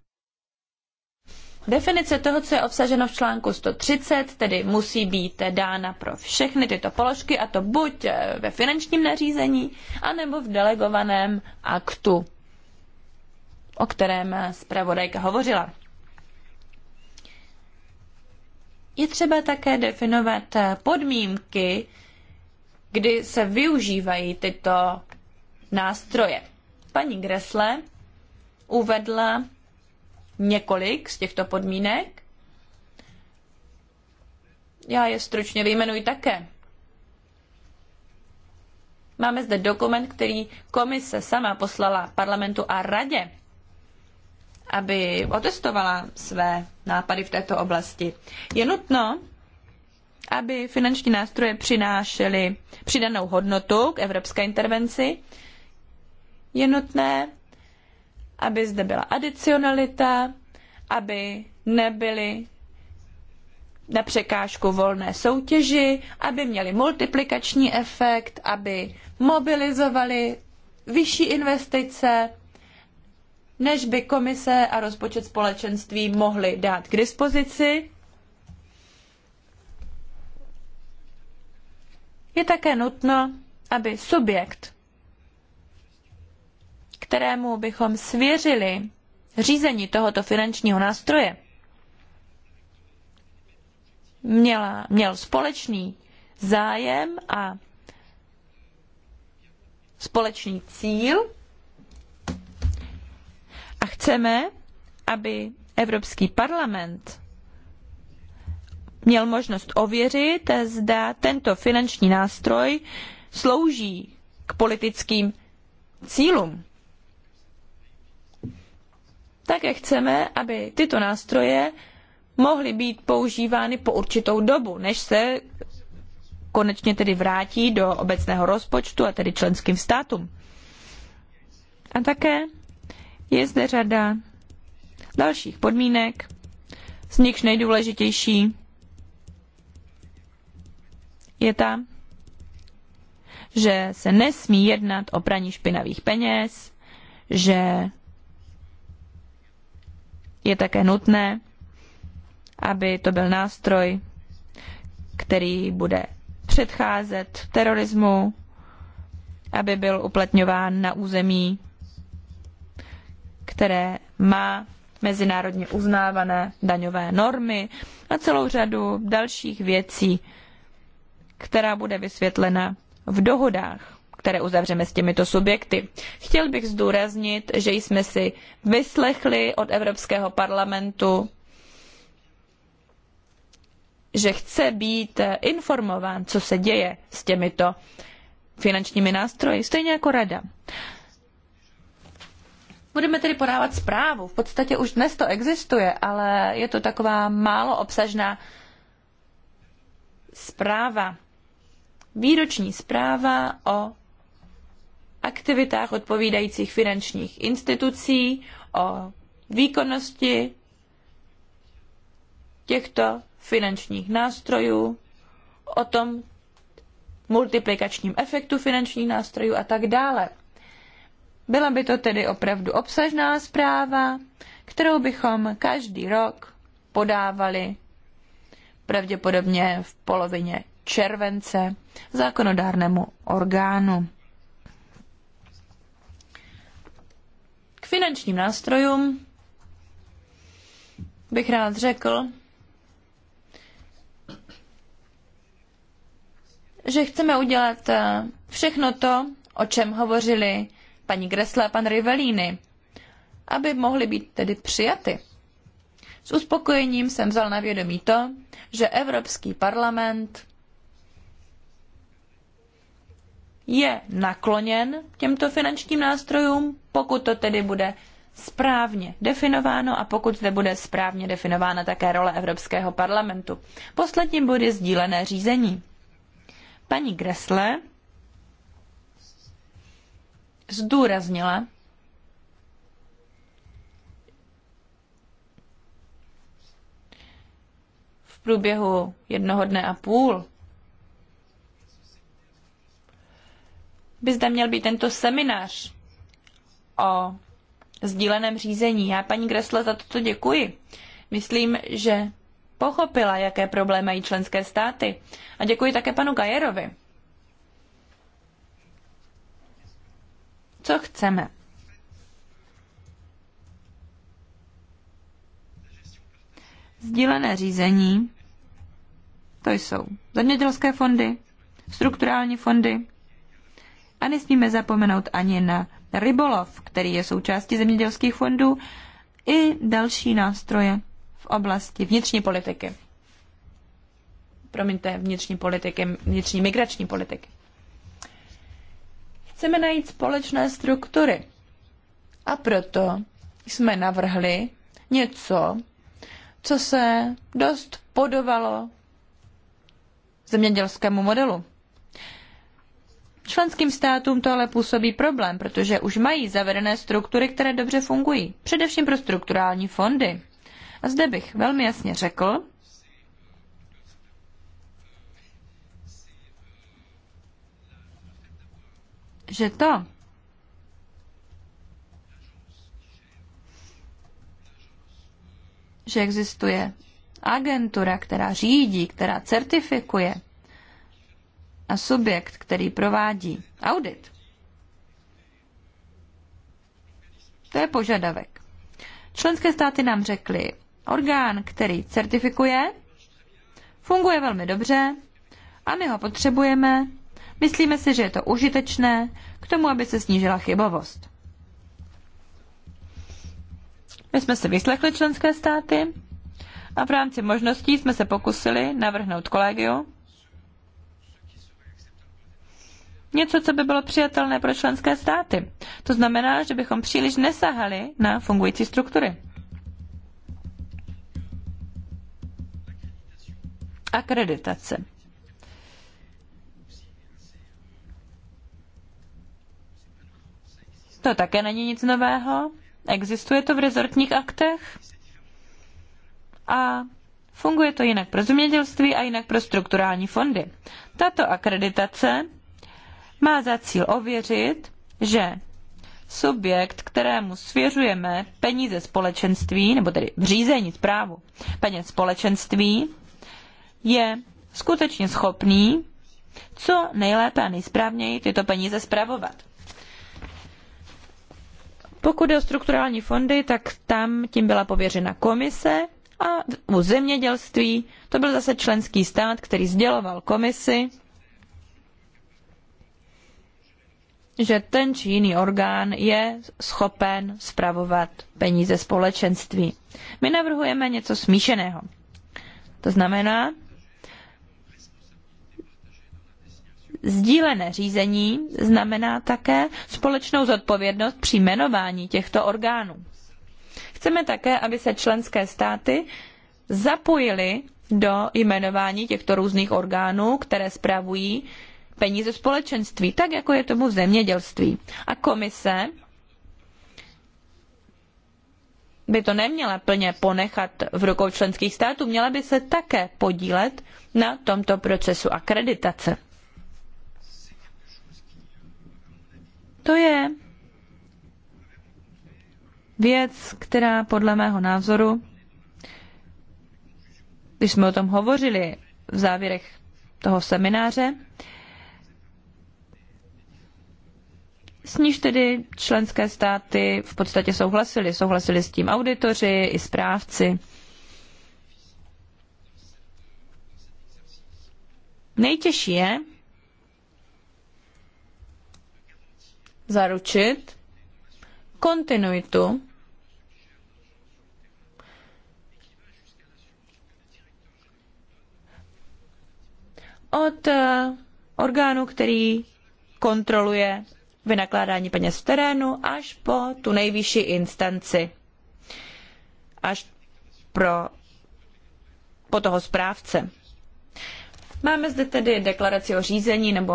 Definice toho, co je obsaženo v článku 130, tedy musí být dána pro všechny tyto položky, a to buď eh, ve finančním nařízení, anebo v delegovaném aktu, o kterém eh, zpravodajka hovořila. Je třeba také definovat eh, podmínky, kdy se využívají tyto nástroje. Paní Gresle uvedla několik z těchto podmínek. Já je stručně vyjmenuji také. Máme zde dokument, který komise sama poslala parlamentu a radě, aby otestovala své nápady v této oblasti. Je nutno, aby finanční nástroje přinášely přidanou hodnotu k evropské intervenci. Je nutné, aby zde byla adicionalita, aby nebyly na překážku volné soutěži, aby měli multiplikační efekt, aby mobilizovali vyšší investice, než by komise a rozpočet společenství mohly dát k dispozici. Je také nutno, aby subjekt, kterému bychom svěřili řízení tohoto finančního nástroje, měla, měl společný zájem a společný cíl a chceme, aby Evropský parlament měl možnost ověřit, zda tento finanční nástroj slouží k politickým cílům také chceme, aby tyto nástroje mohly být používány po určitou dobu, než se konečně tedy vrátí do obecného rozpočtu a tedy členským státům. A také je zde řada dalších podmínek, z nichž nejdůležitější je ta, že se nesmí jednat o praní špinavých peněz, že je také nutné, aby to byl nástroj, který bude předcházet terorismu, aby byl uplatňován na území, které má mezinárodně uznávané daňové normy a celou řadu dalších věcí, která bude vysvětlena v dohodách které uzavřeme s těmito subjekty. Chtěl bych zdůraznit, že jsme si vyslechli od Evropského parlamentu, že chce být informován, co se děje s těmito finančními nástroji, stejně jako rada. Budeme tedy podávat zprávu. V podstatě už dnes to existuje, ale je to taková málo obsažná zpráva. Výroční zpráva o aktivitách odpovídajících finančních institucí, o výkonnosti těchto finančních nástrojů, o tom multiplikačním efektu finančních nástrojů a tak dále. Byla by to tedy opravdu obsažná zpráva, kterou bychom každý rok podávali pravděpodobně v polovině července zákonodárnému orgánu. finančním nástrojům bych rád řekl, že chceme udělat eh, všechno to, o čem hovořili paní Gressle a pan Rivelíny, aby mohly být tedy přijaty. S uspokojením jsem vzal na vědomí to, že Evropský parlament je nakloněn těmto finančním nástrojům, pokud to tedy bude správně definováno a pokud zde bude správně definována také role Evropského parlamentu. Posledním bude sdílené řízení. Paní Gressle zdůraznila, v průběhu jednoho dne a půl by zde měl být tento seminář o sdíleném řízení. Já paní Gresle za toto děkuji. Myslím, že pochopila, jaké problémy mají členské státy. A děkuji také panu Gajerovi. Co chceme? Sdílené řízení, to jsou zemědělské fondy, strukturální fondy, a nesmíme zapomenout ani na rybolov, který je součástí zemědělských fondů, i další nástroje v oblasti vnitřní politiky. Promiňte, vnitřní politiky, vnitřní migrační politiky. Chceme najít společné struktury. A proto jsme navrhli něco, co se dost podobalo zemědělskému modelu. Členským státům to ale působí problém, protože už mají zavedené struktury, které dobře fungují, především pro strukturální fondy. A zde bych velmi jasně řekl, že to, že existuje agentura, která řídí, která certifikuje a subjekt, který provádí audit, to je požadavek. Členské státy nám řekly, orgán, který certifikuje, funguje velmi dobře a my ho potřebujeme. Myslíme si, že je to užitečné k tomu, aby se snížila chybovost. My jsme se vyslechli členské státy a v rámci možností jsme se pokusili navrhnout kolegiu, něco, co by bylo přijatelné pro členské státy. To znamená, že bychom příliš nesahali na fungující struktury. Akreditace. To také není nic nového. Existuje to v rezortních aktech a funguje to jinak pro zemědělství a jinak pro strukturální fondy. Tato akreditace má za cíl ověřit, že subjekt, kterému svěřujeme peníze společenství, nebo tedy řízení zprávu peněz společenství, je skutečně schopný co nejlépe a nejsprávněji tyto peníze zpravovat. Pokud je o strukturální fondy, tak tam tím byla pověřena komise a u zemědělství to byl zase členský stát, který sděloval komisi, že ten či jiný orgán je schopen spravovat peníze společenství. My navrhujeme něco smíšeného. To znamená, Sdílené řízení znamená také společnou zodpovědnost při jmenování těchto orgánů. Chceme také, aby se členské státy zapojily do jmenování těchto různých orgánů, které spravují peníze společenství, tak jako je tomu v zemědělství. A komise by to neměla plně ponechat v rukou členských států, měla by se také podílet na tomto procesu akreditace. To je věc, která podle mého názoru, když jsme o tom hovořili v závěrech toho semináře, s níž tedy členské státy v podstatě souhlasili. Souhlasili s tím auditoři i správci. Nejtěžší je zaručit kontinuitu od eh, orgánu, který kontroluje vynakládání peněz v terénu až po tu nejvyšší instanci, až pro, po toho správce. Máme zde tedy deklaraci o řízení nebo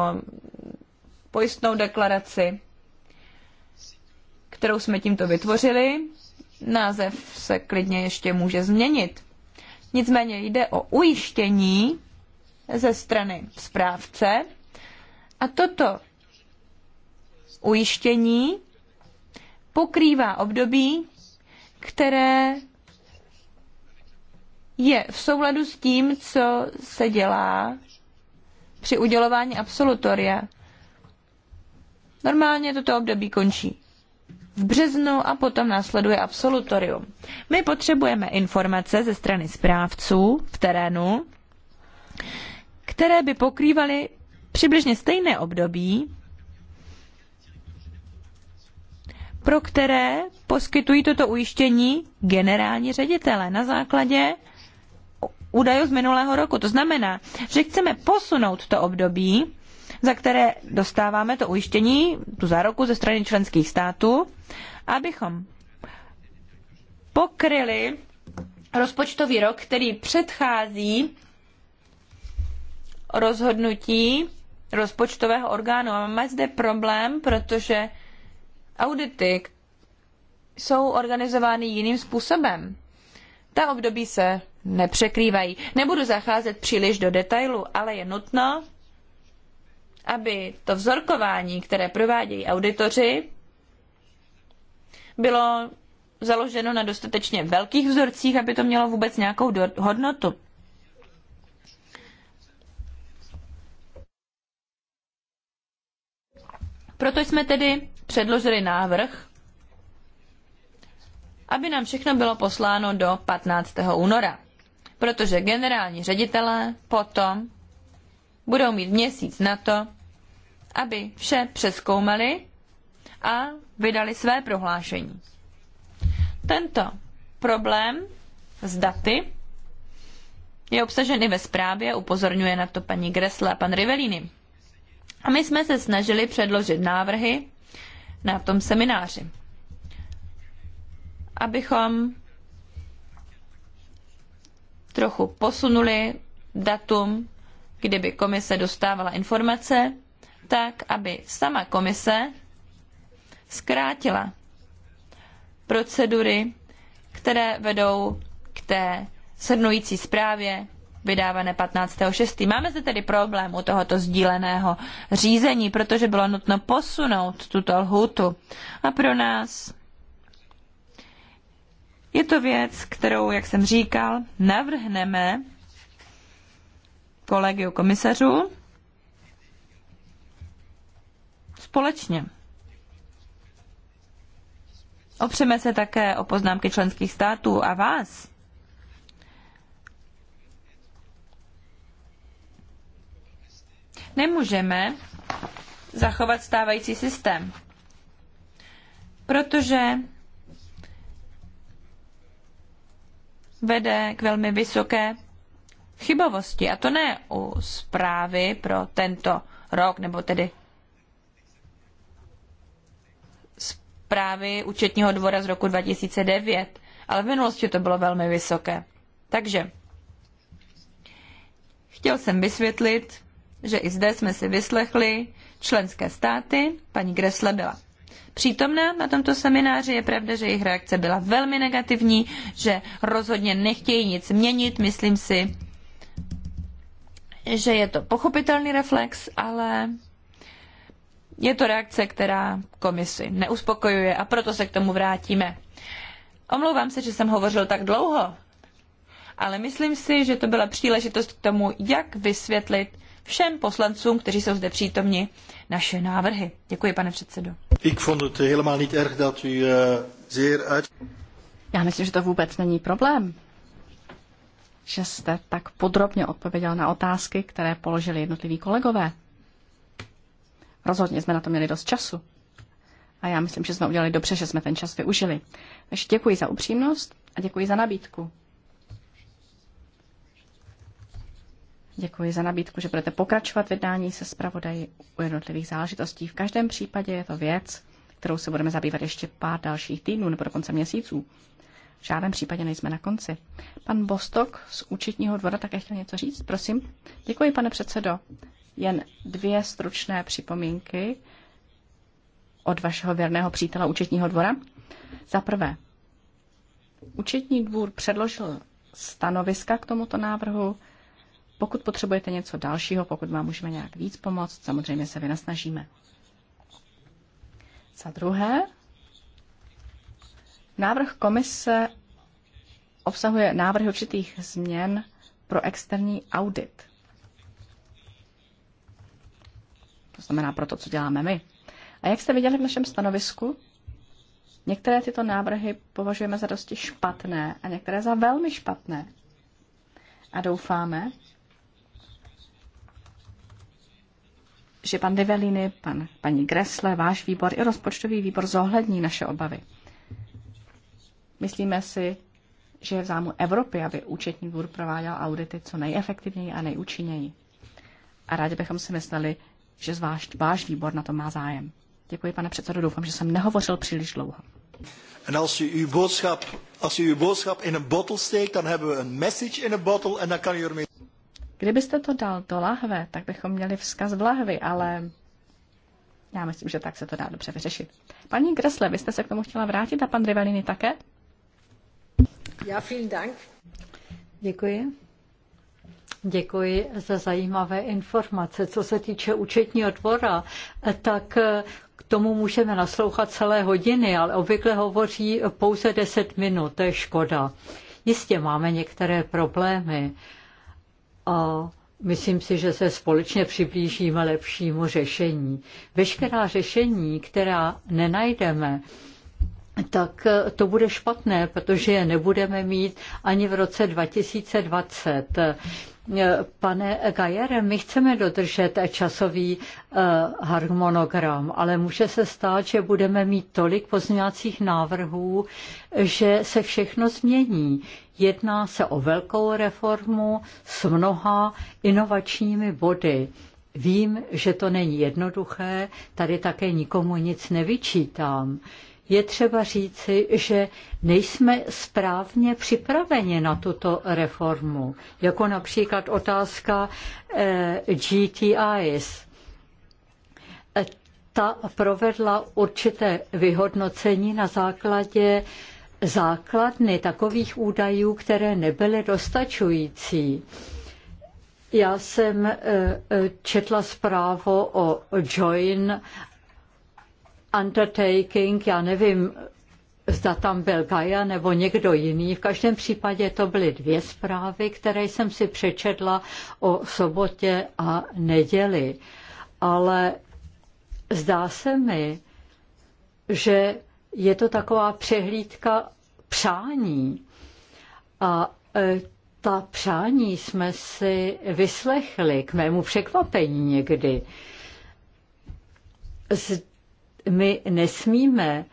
pojistnou deklaraci, kterou jsme tímto vytvořili. Název se klidně ještě může změnit. Nicméně jde o ujištění ze strany správce a toto ujištění pokrývá období, které je v souladu s tím, co se dělá při udělování absolutoria. Normálně toto období končí v březnu a potom následuje absolutorium. My potřebujeme informace ze strany správců v terénu, které by pokrývaly přibližně stejné období pro které poskytují toto ujištění generální ředitele na základě údajů z minulého roku. To znamená, že chceme posunout to období, za které dostáváme to ujištění, tu záruku ze strany členských států, abychom pokryli rozpočtový rok, který předchází rozhodnutí rozpočtového orgánu. A máme zde problém, protože audity jsou organizovány jiným způsobem. Ta období se nepřekrývají. Nebudu zacházet příliš do detailu, ale je nutno, aby to vzorkování, které provádějí auditoři, bylo založeno na dostatečně velkých vzorcích, aby to mělo vůbec nějakou hodnotu. Proto jsme tedy předložili návrh, aby nám všechno bylo posláno do 15. února. Protože generální ředitelé potom budou mít měsíc na to, aby vše přeskoumali a vydali své prohlášení. Tento problém s daty je obsažen i ve zprávě, upozorňuje na to paní Gressle a pan Rivelini. A my jsme se snažili předložit návrhy, na tom semináři. Abychom trochu posunuli datum, kdyby komise dostávala informace, tak aby sama komise zkrátila procedury, které vedou k té shrnující zprávě vydávané 15.6. Máme zde tedy problém u tohoto sdíleného řízení, protože bylo nutno posunout tuto lhutu. A pro nás je to věc, kterou, jak jsem říkal, navrhneme kolegiu komisařů společně. Opřeme se také o poznámky členských států a vás, Nemůžeme zachovat stávající systém, protože vede k velmi vysoké chybovosti. A to ne u zprávy pro tento rok, nebo tedy zprávy účetního dvora z roku 2009, ale v minulosti to bylo velmi vysoké. Takže chtěl jsem vysvětlit, že i zde jsme si vyslechli členské státy. Paní Gressle byla přítomná na tomto semináři. Je pravda, že jejich reakce byla velmi negativní, že rozhodně nechtějí nic měnit. Myslím si, že je to pochopitelný reflex, ale je to reakce, která komisi neuspokojuje a proto se k tomu vrátíme. Omlouvám se, že jsem hovořil tak dlouho, ale myslím si, že to byla příležitost k tomu, jak vysvětlit všem poslancům, kteří jsou zde přítomni, naše návrhy. Děkuji, pane předsedo. Já myslím, že to vůbec není problém, že jste tak podrobně odpověděl na otázky, které položili jednotliví kolegové. Rozhodně jsme na to měli dost času. A já myslím, že jsme udělali dobře, že jsme ten čas využili. Takže děkuji za upřímnost a děkuji za nabídku. Děkuji za nabídku, že budete pokračovat v jednání se zpravodají u jednotlivých záležitostí. V každém případě je to věc, kterou se budeme zabývat ještě pár dalších týdnů nebo dokonce měsíců. V žádném případě nejsme na konci. Pan Bostok z účetního dvora také chtěl něco říct, prosím. Děkuji, pane předsedo. Jen dvě stručné připomínky od vašeho věrného přítela účetního dvora. Za prvé, účetní dvůr předložil stanoviska k tomuto návrhu pokud potřebujete něco dalšího, pokud vám můžeme nějak víc pomoct, samozřejmě se vynasnažíme. Za druhé, návrh komise obsahuje návrh určitých změn pro externí audit. To znamená pro to, co děláme my. A jak jste viděli v našem stanovisku, některé tyto návrhy považujeme za dosti špatné a některé za velmi špatné. A doufáme, že pan Develiny, pan, paní Gresle, váš výbor i rozpočtový výbor zohlední naše obavy. Myslíme si, že je v zájmu Evropy, aby účetní dvůr prováděl audity co nejefektivněji a nejúčinněji. A rádi bychom si mysleli, že zvlášť váš výbor na to má zájem. Děkuji, pane předsedo, doufám, že jsem nehovořil příliš dlouho. En als u uw boodschap, als u uw boodschap in een bottle steekt, dan hebben we een message in een bottle en dan kan u ermee... Kdybyste to dal do lahve, tak bychom měli vzkaz v lahvi, ale já myslím, že tak se to dá dobře vyřešit. Paní Gresle, vy jste se k tomu chtěla vrátit a pan Rivalini také? Já vielen Dank. Děkuji. Děkuji za zajímavé informace. Co se týče účetního dvora, tak k tomu můžeme naslouchat celé hodiny, ale obvykle hovoří pouze 10 minut, to je škoda. Jistě máme některé problémy, a myslím si, že se společně přiblížíme lepšímu řešení. Veškerá řešení, která nenajdeme, tak to bude špatné, protože je nebudeme mít ani v roce 2020. Eh, pane Gajere, my chceme dodržet časový eh, harmonogram, ale může se stát, že budeme mít tolik pozměňovacích návrhů, že se všechno změní. Jedná se o velkou reformu s mnoha inovačními body. Vím, že to není jednoduché, tady také nikomu nic nevyčítám je třeba říci, že nejsme správně připraveni na tuto reformu, jako například otázka eh, GTIs. Ta provedla určité vyhodnocení na základě základny takových údajů, které nebyly dostačující. Já jsem eh, eh, četla zprávu o Join Undertaking, já nevím, zda tam byl Gaia nebo někdo jiný. V každém případě to byly dvě zprávy, které jsem si přečetla o sobotě a neděli. Ale zdá se mi, že je to taková přehlídka přání. A e, ta přání jsme si vyslechli k mému překvapení někdy. Zde my nesmíme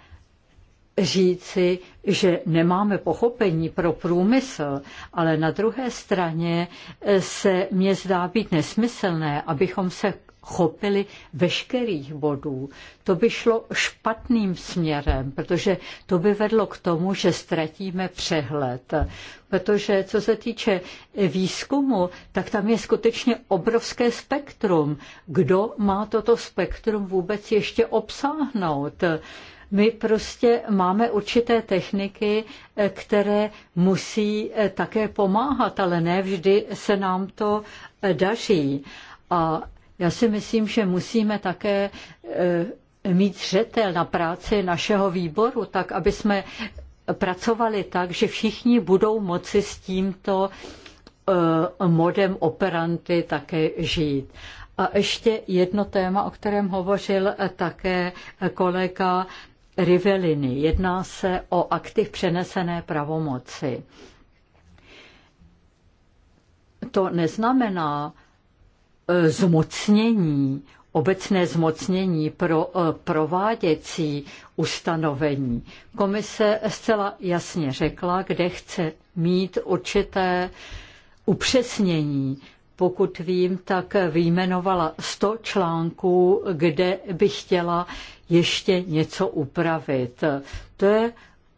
říci, že nemáme pochopení pro průmysl, ale na druhé straně se mě zdá být nesmyslné, abychom se chopili veškerých bodů. To by šlo špatným směrem, protože to by vedlo k tomu, že ztratíme přehled. Protože co se týče výzkumu, tak tam je skutečně obrovské spektrum. Kdo má toto spektrum vůbec ještě obsáhnout? my prostě máme určité techniky, které musí také pomáhat, ale ne vždy se nám to daří. A já si myslím, že musíme také eh, mít řetel na práci našeho výboru, tak aby jsme pracovali tak, že všichni budou moci s tímto eh, modem operanty také žít. A ještě jedno téma, o kterém hovořil eh, také kolega Riveliny. Jedná se o aktiv přenesené pravomoci. To neznamená, zmocnění, obecné zmocnění pro eh, prováděcí ustanovení. Komise zcela jasně řekla, kde chce mít určité upřesnění. Pokud vím, tak vyjmenovala 100 článků, kde by chtěla ještě něco upravit. To je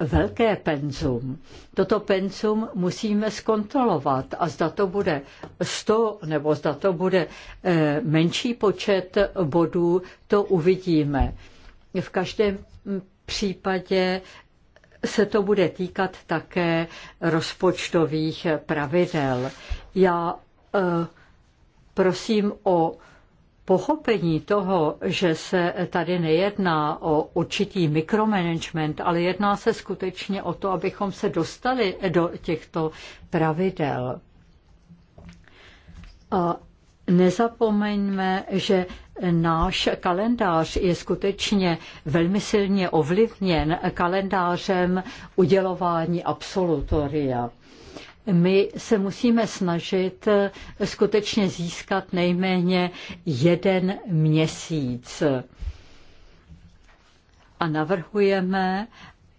velké penzum. Toto penzum musíme zkontrolovat a zda to bude 100 nebo zda to bude eh, menší počet bodů, to uvidíme. V každém případě se to bude týkat také rozpočtových pravidel. Já eh, prosím o pochopení toho, že se tady nejedná o určitý mikromanagement, ale jedná se skutečně o to, abychom se dostali do těchto pravidel. A nezapomeňme, že náš kalendář je skutečně velmi silně ovlivněn kalendářem udělování absolutoria my se musíme snažit eh, skutečně získat nejméně jeden měsíc. A navrhujeme,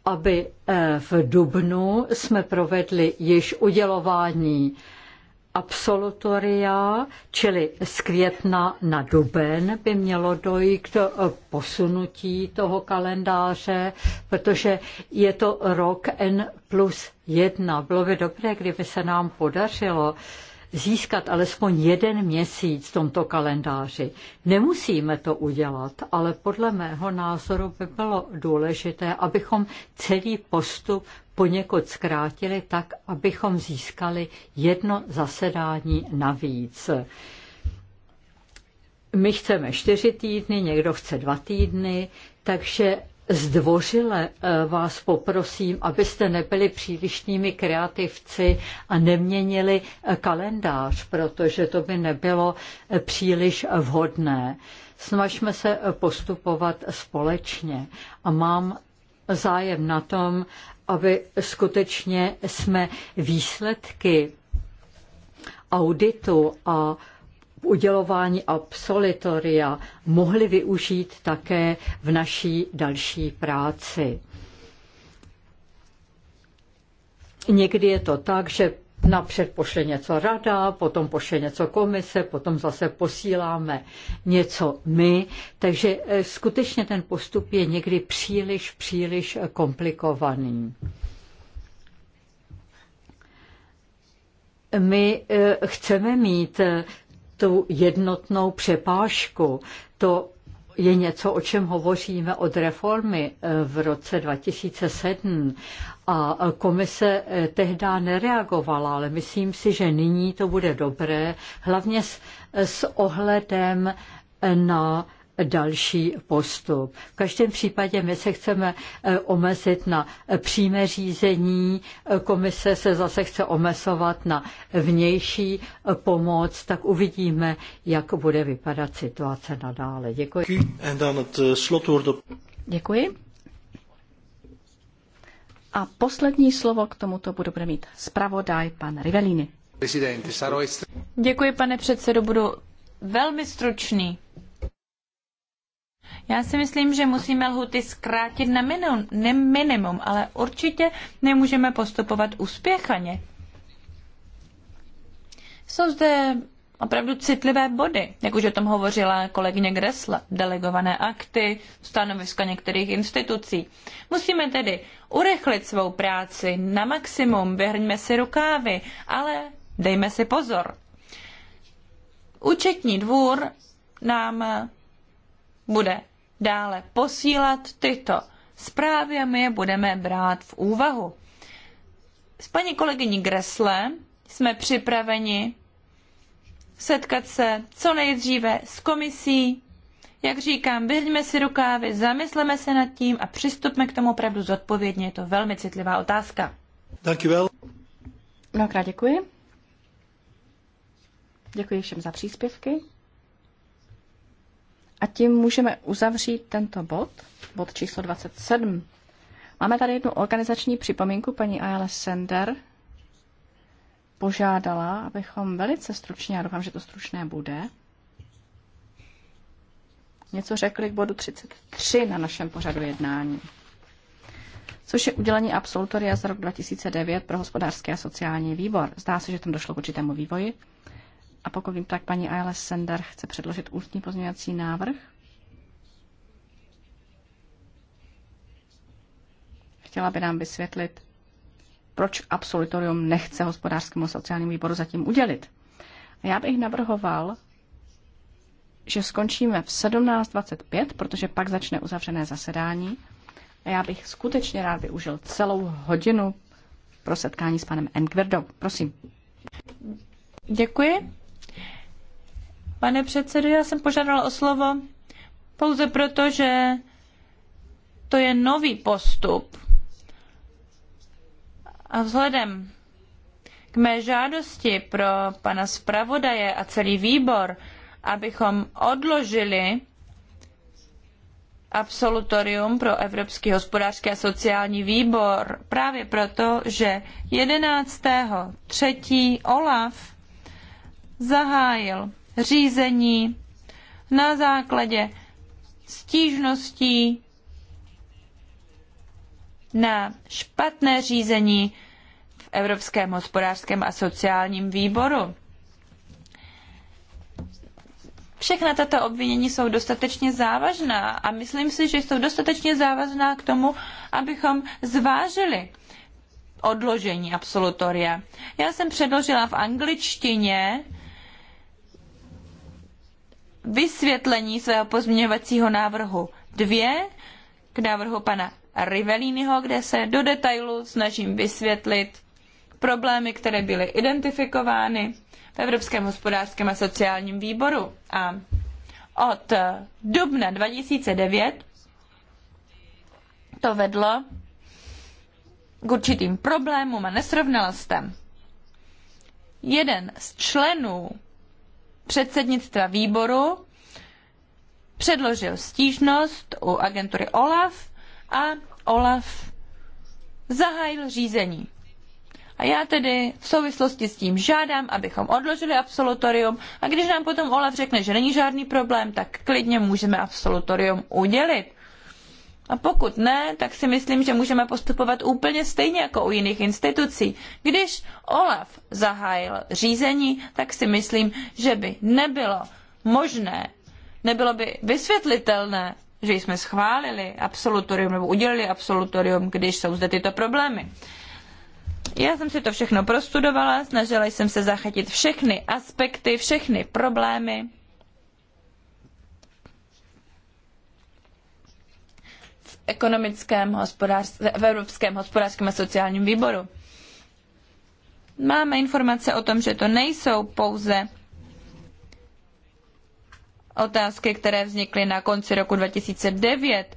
aby eh, v Dubnu jsme provedli již udělování absolutoria, čili z května na duben by mělo dojít k posunutí toho kalendáře, protože je to rok N plus jedna. Bylo by dobré, kdyby se nám podařilo uh, získat alespoň jeden měsíc v tomto kalendáři. Nemusíme to udělat, ale podle mého názoru by bylo důležité, abychom celý postup poněkud zkrátili tak, abychom získali jedno zasedání navíc. My chceme čtyři týdny, někdo chce dva týdny, takže zdvořile eh, vás poprosím, abyste nebyli přílišnými kreativci a neměnili eh, kalendář, protože to by nebylo eh, příliš vhodné. Snažme se postupovat společně a mám zájem na tom, aby skutečně jsme výsledky auditu a udělování absolitoria mohli využít také v naší další práci. Někdy je to tak, že napřed pošle něco rada, potom pošle něco komise, potom zase posíláme něco my. Takže eh, skutečně ten postup je někdy příliš, příliš eh, komplikovaný. My eh, chceme mít tu jednotnou přepážku. To je něco, o čem hovoříme od reformy eh, v roce 2007 a eh, komise eh, tehdy nereagovala, ale myslím si, že nyní to bude dobré, hlavně s, s ohledem na další postup. V každém případě my se chceme eh, omezit na eh, přímé řízení, eh, komise se zase chce omezovat na vnější pomoc, tak uvidíme, jak bude vypadat situace nadále. Děkuji. Děkuji. A poslední slovo k tomuto bude, bude mít zpravodaj pan Rivelini. Děkuji, pane předsedo, budu velmi stručný. Já si myslím, že musíme lhuty zkrátit na minimum, ne minimum ale určitě nemůžeme postupovat uspěchaně. Jsou zde opravdu citlivé body, jak už o tom hovořila kolegyně Gresla, delegované akty, stanoviska některých institucí. Musíme tedy urychlit svou práci na maximum, vyhrňme si rukávy, ale dejme si pozor. Účetní dvůr nám bude dále posílat tyto zprávy a my je budeme brát v úvahu. S paní kolegyní Gresle jsme připraveni setkat se co nejdříve s komisí. Jak říkám, vyhrňme si rukávy, zamysleme se nad tím a přistupme k tomu opravdu zodpovědně. Je to velmi citlivá otázka. Dankjewel. Mnohokrát děkuji. Děkuji všem za příspěvky. A tím můžeme uzavřít tento bod, bod číslo 27. Máme tady jednu organizační připomínku. Paní Ayala Sender požádala, abychom velice stručně, já doufám, že to stručné bude, něco řekli k bodu 33 na našem pořadu jednání, což je udělení absolutoria za rok 2009 pro hospodářský a sociální výbor. Zdá se, že tam došlo k určitému vývoji. A pokud vím, tak paní Ayala Sender chce předložit ústní pozměňovací návrh. Chtěla by nám vysvětlit, proč absolutorium nechce hospodářskému sociálnímu výboru zatím udělit. A já bych navrhoval, že skončíme v 17.25, protože pak začne uzavřené zasedání. A já bych skutečně rád využil celou hodinu pro setkání s panem Enkverdou. Prosím. Děkuji. Pane předsedo, já jsem požádala o slovo pouze proto, že to je nový postup. A vzhledem k mé žádosti pro pana zpravodaje a celý výbor, abychom odložili absolutorium pro Evropský hospodářský a sociální výbor právě proto, že 11. 3. Olaf zahájil řízení na základě stížností na špatné řízení v Evropském hospodářském a sociálním výboru. Všechna tato obvinění jsou dostatečně závažná a myslím si, že jsou dostatečně závažná k tomu, abychom zvážili odložení absolutoria. Já jsem předložila v angličtině vysvětlení svého pozměňovacího návrhu 2 k návrhu pana Rivelínyho, kde se do detailu snažím vysvětlit problémy, které byly identifikovány v Evropském hospodářském a sociálním výboru. A od dubna 2009 to vedlo k určitým problémům a nesrovnalostem. Jeden z členů předsednictva výboru předložil stížnost u agentury OLAF a OLAF zahájil řízení. A já tedy v souvislosti s tím žádám, abychom odložili absolutorium a když nám potom Olaf řekne, že není žádný problém, tak klidně můžeme absolutorium udělit. A pokud ne, tak si myslím, že můžeme postupovat úplně stejně jako u jiných institucí. Když Olaf zahájil řízení, tak si myslím, že by nebylo možné, nebylo by vysvětlitelné, že jsme schválili absolutorium nebo udělili absolutorium, když jsou zde tyto problémy. Já jsem si to všechno prostudovala, snažila jsem se zachytit všechny aspekty, všechny problémy, ekonomickém v Evropském hospodářském a sociálním výboru. Máme informace o tom, že to nejsou pouze otázky, které vznikly na konci roku 2009,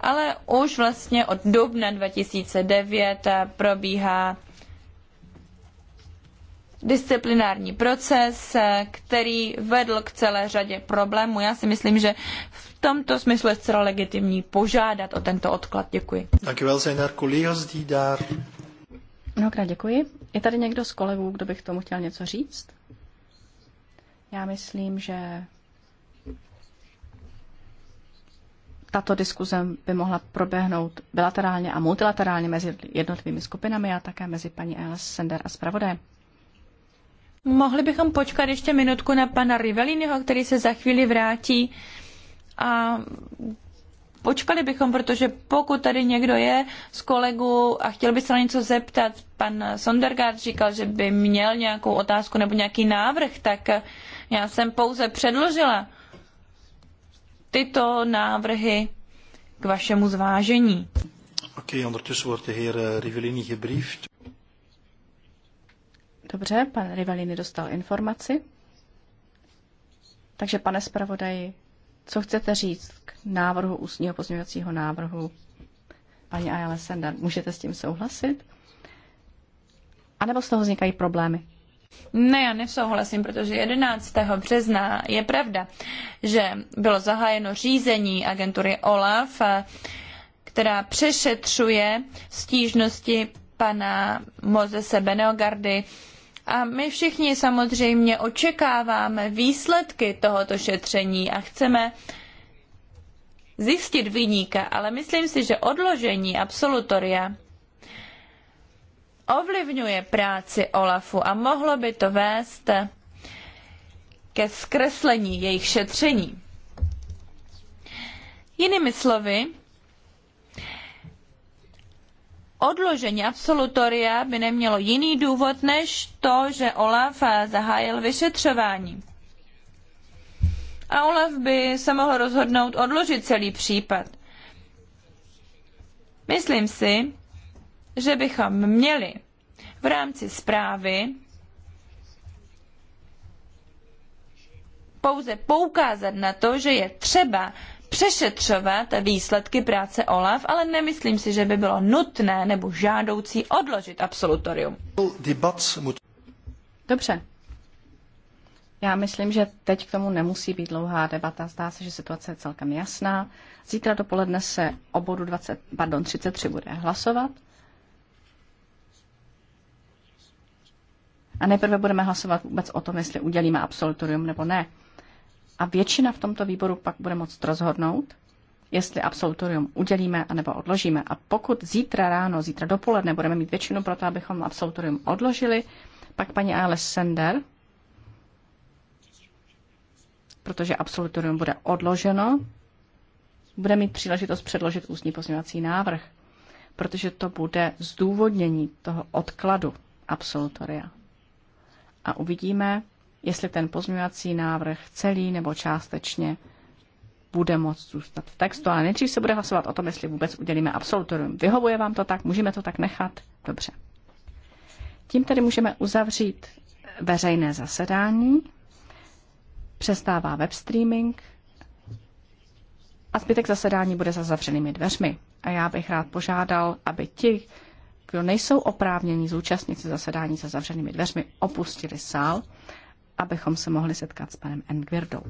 ale už vlastně od dubna 2009 probíhá disciplinární proces, který vedl k celé řadě problémů. Já si myslím, že v tomto smyslu je zcela legitimní požádat o tento odklad. Děkuji. Mnohokrát děkuji. Je tady někdo z kolegů, kdo by k tomu chtěl něco říct? Já myslím, že tato diskuze by mohla proběhnout bilaterálně a multilaterálně mezi jednotlivými skupinami a také mezi paní Els Sender a zpravodajem. Mohli bychom počkat ještě minutku na pana Riveliniho, který se za chvíli vrátí a počkali bychom, protože pokud tady někdo je z kolegu a chtěl by se na něco zeptat, pan Sondergaard říkal, že by měl nějakou otázku nebo nějaký návrh, tak já jsem pouze předložila tyto návrhy k vašemu zvážení. Oké, okay, ondertussen wordt de heer eh, Rivellini Dobře, pan Rivalini dostal informaci. Takže pane zpravodaji, co chcete říct k návrhu ústního pozměňovacího návrhu paní Ayala Sender? Můžete s tím souhlasit? A nebo z toho vznikají problémy? Ne, já nesouhlasím, protože 11. března je pravda, že bylo zahájeno řízení agentury OLAF, eh, která přešetřuje stížnosti pana Mozese Beneogardy a my všichni samozřejmě očekáváme výsledky tohoto šetření a chceme zjistit vyníka, ale myslím si, že odložení absolutoria ovlivňuje práci Olafu a mohlo by to vést ke zkreslení jejich šetření. Jinými slovy, odložení absolutoria by nemělo jiný důvod než to, že Olaf eh, zahájil vyšetřování. A Olaf by se mohl rozhodnout odložit celý případ. Myslím si, že bychom měli v rámci zprávy pouze poukázat na to, že je třeba přešetřovat výsledky práce OLAF, ale nemyslím si, že by bylo nutné nebo žádoucí odložit absolutorium. Dobře. Já myslím, že teď k tomu nemusí být dlouhá debata. Zdá se, že situace je celkem jasná. Zítra dopoledne se o bodu 20, pardon, 33 bude hlasovat. A nejprve budeme hlasovat vůbec o tom, jestli udělíme absolutorium nebo ne a většina v tomto výboru pak bude moct rozhodnout, jestli absolutorium udělíme anebo odložíme. A pokud zítra ráno, zítra dopoledne budeme mít většinu pro to, abychom absolutorium odložili, pak paní Ales Sender, protože absolutorium bude odloženo, bude mít příležitost předložit ústní pozměňovací návrh, protože to bude zdůvodnění toho odkladu absolutoria. A uvidíme, jestli ten pozměňovací návrh celý nebo částečně bude moct zůstat v textu, ale nejdřív se bude hlasovat o tom, jestli vůbec udělíme absolutorium. Vyhovuje vám to tak? Můžeme to tak nechat? Dobře. Tím tedy můžeme uzavřít veřejné zasedání. Přestává web streaming a zbytek zasedání bude za zavřenými dveřmi. A já bych rád požádal, aby ti, kdo nejsou oprávněni zúčastnit se zasedání za zavřenými dveřmi, opustili sál abychom se mohli setkat s panem Engvirdou.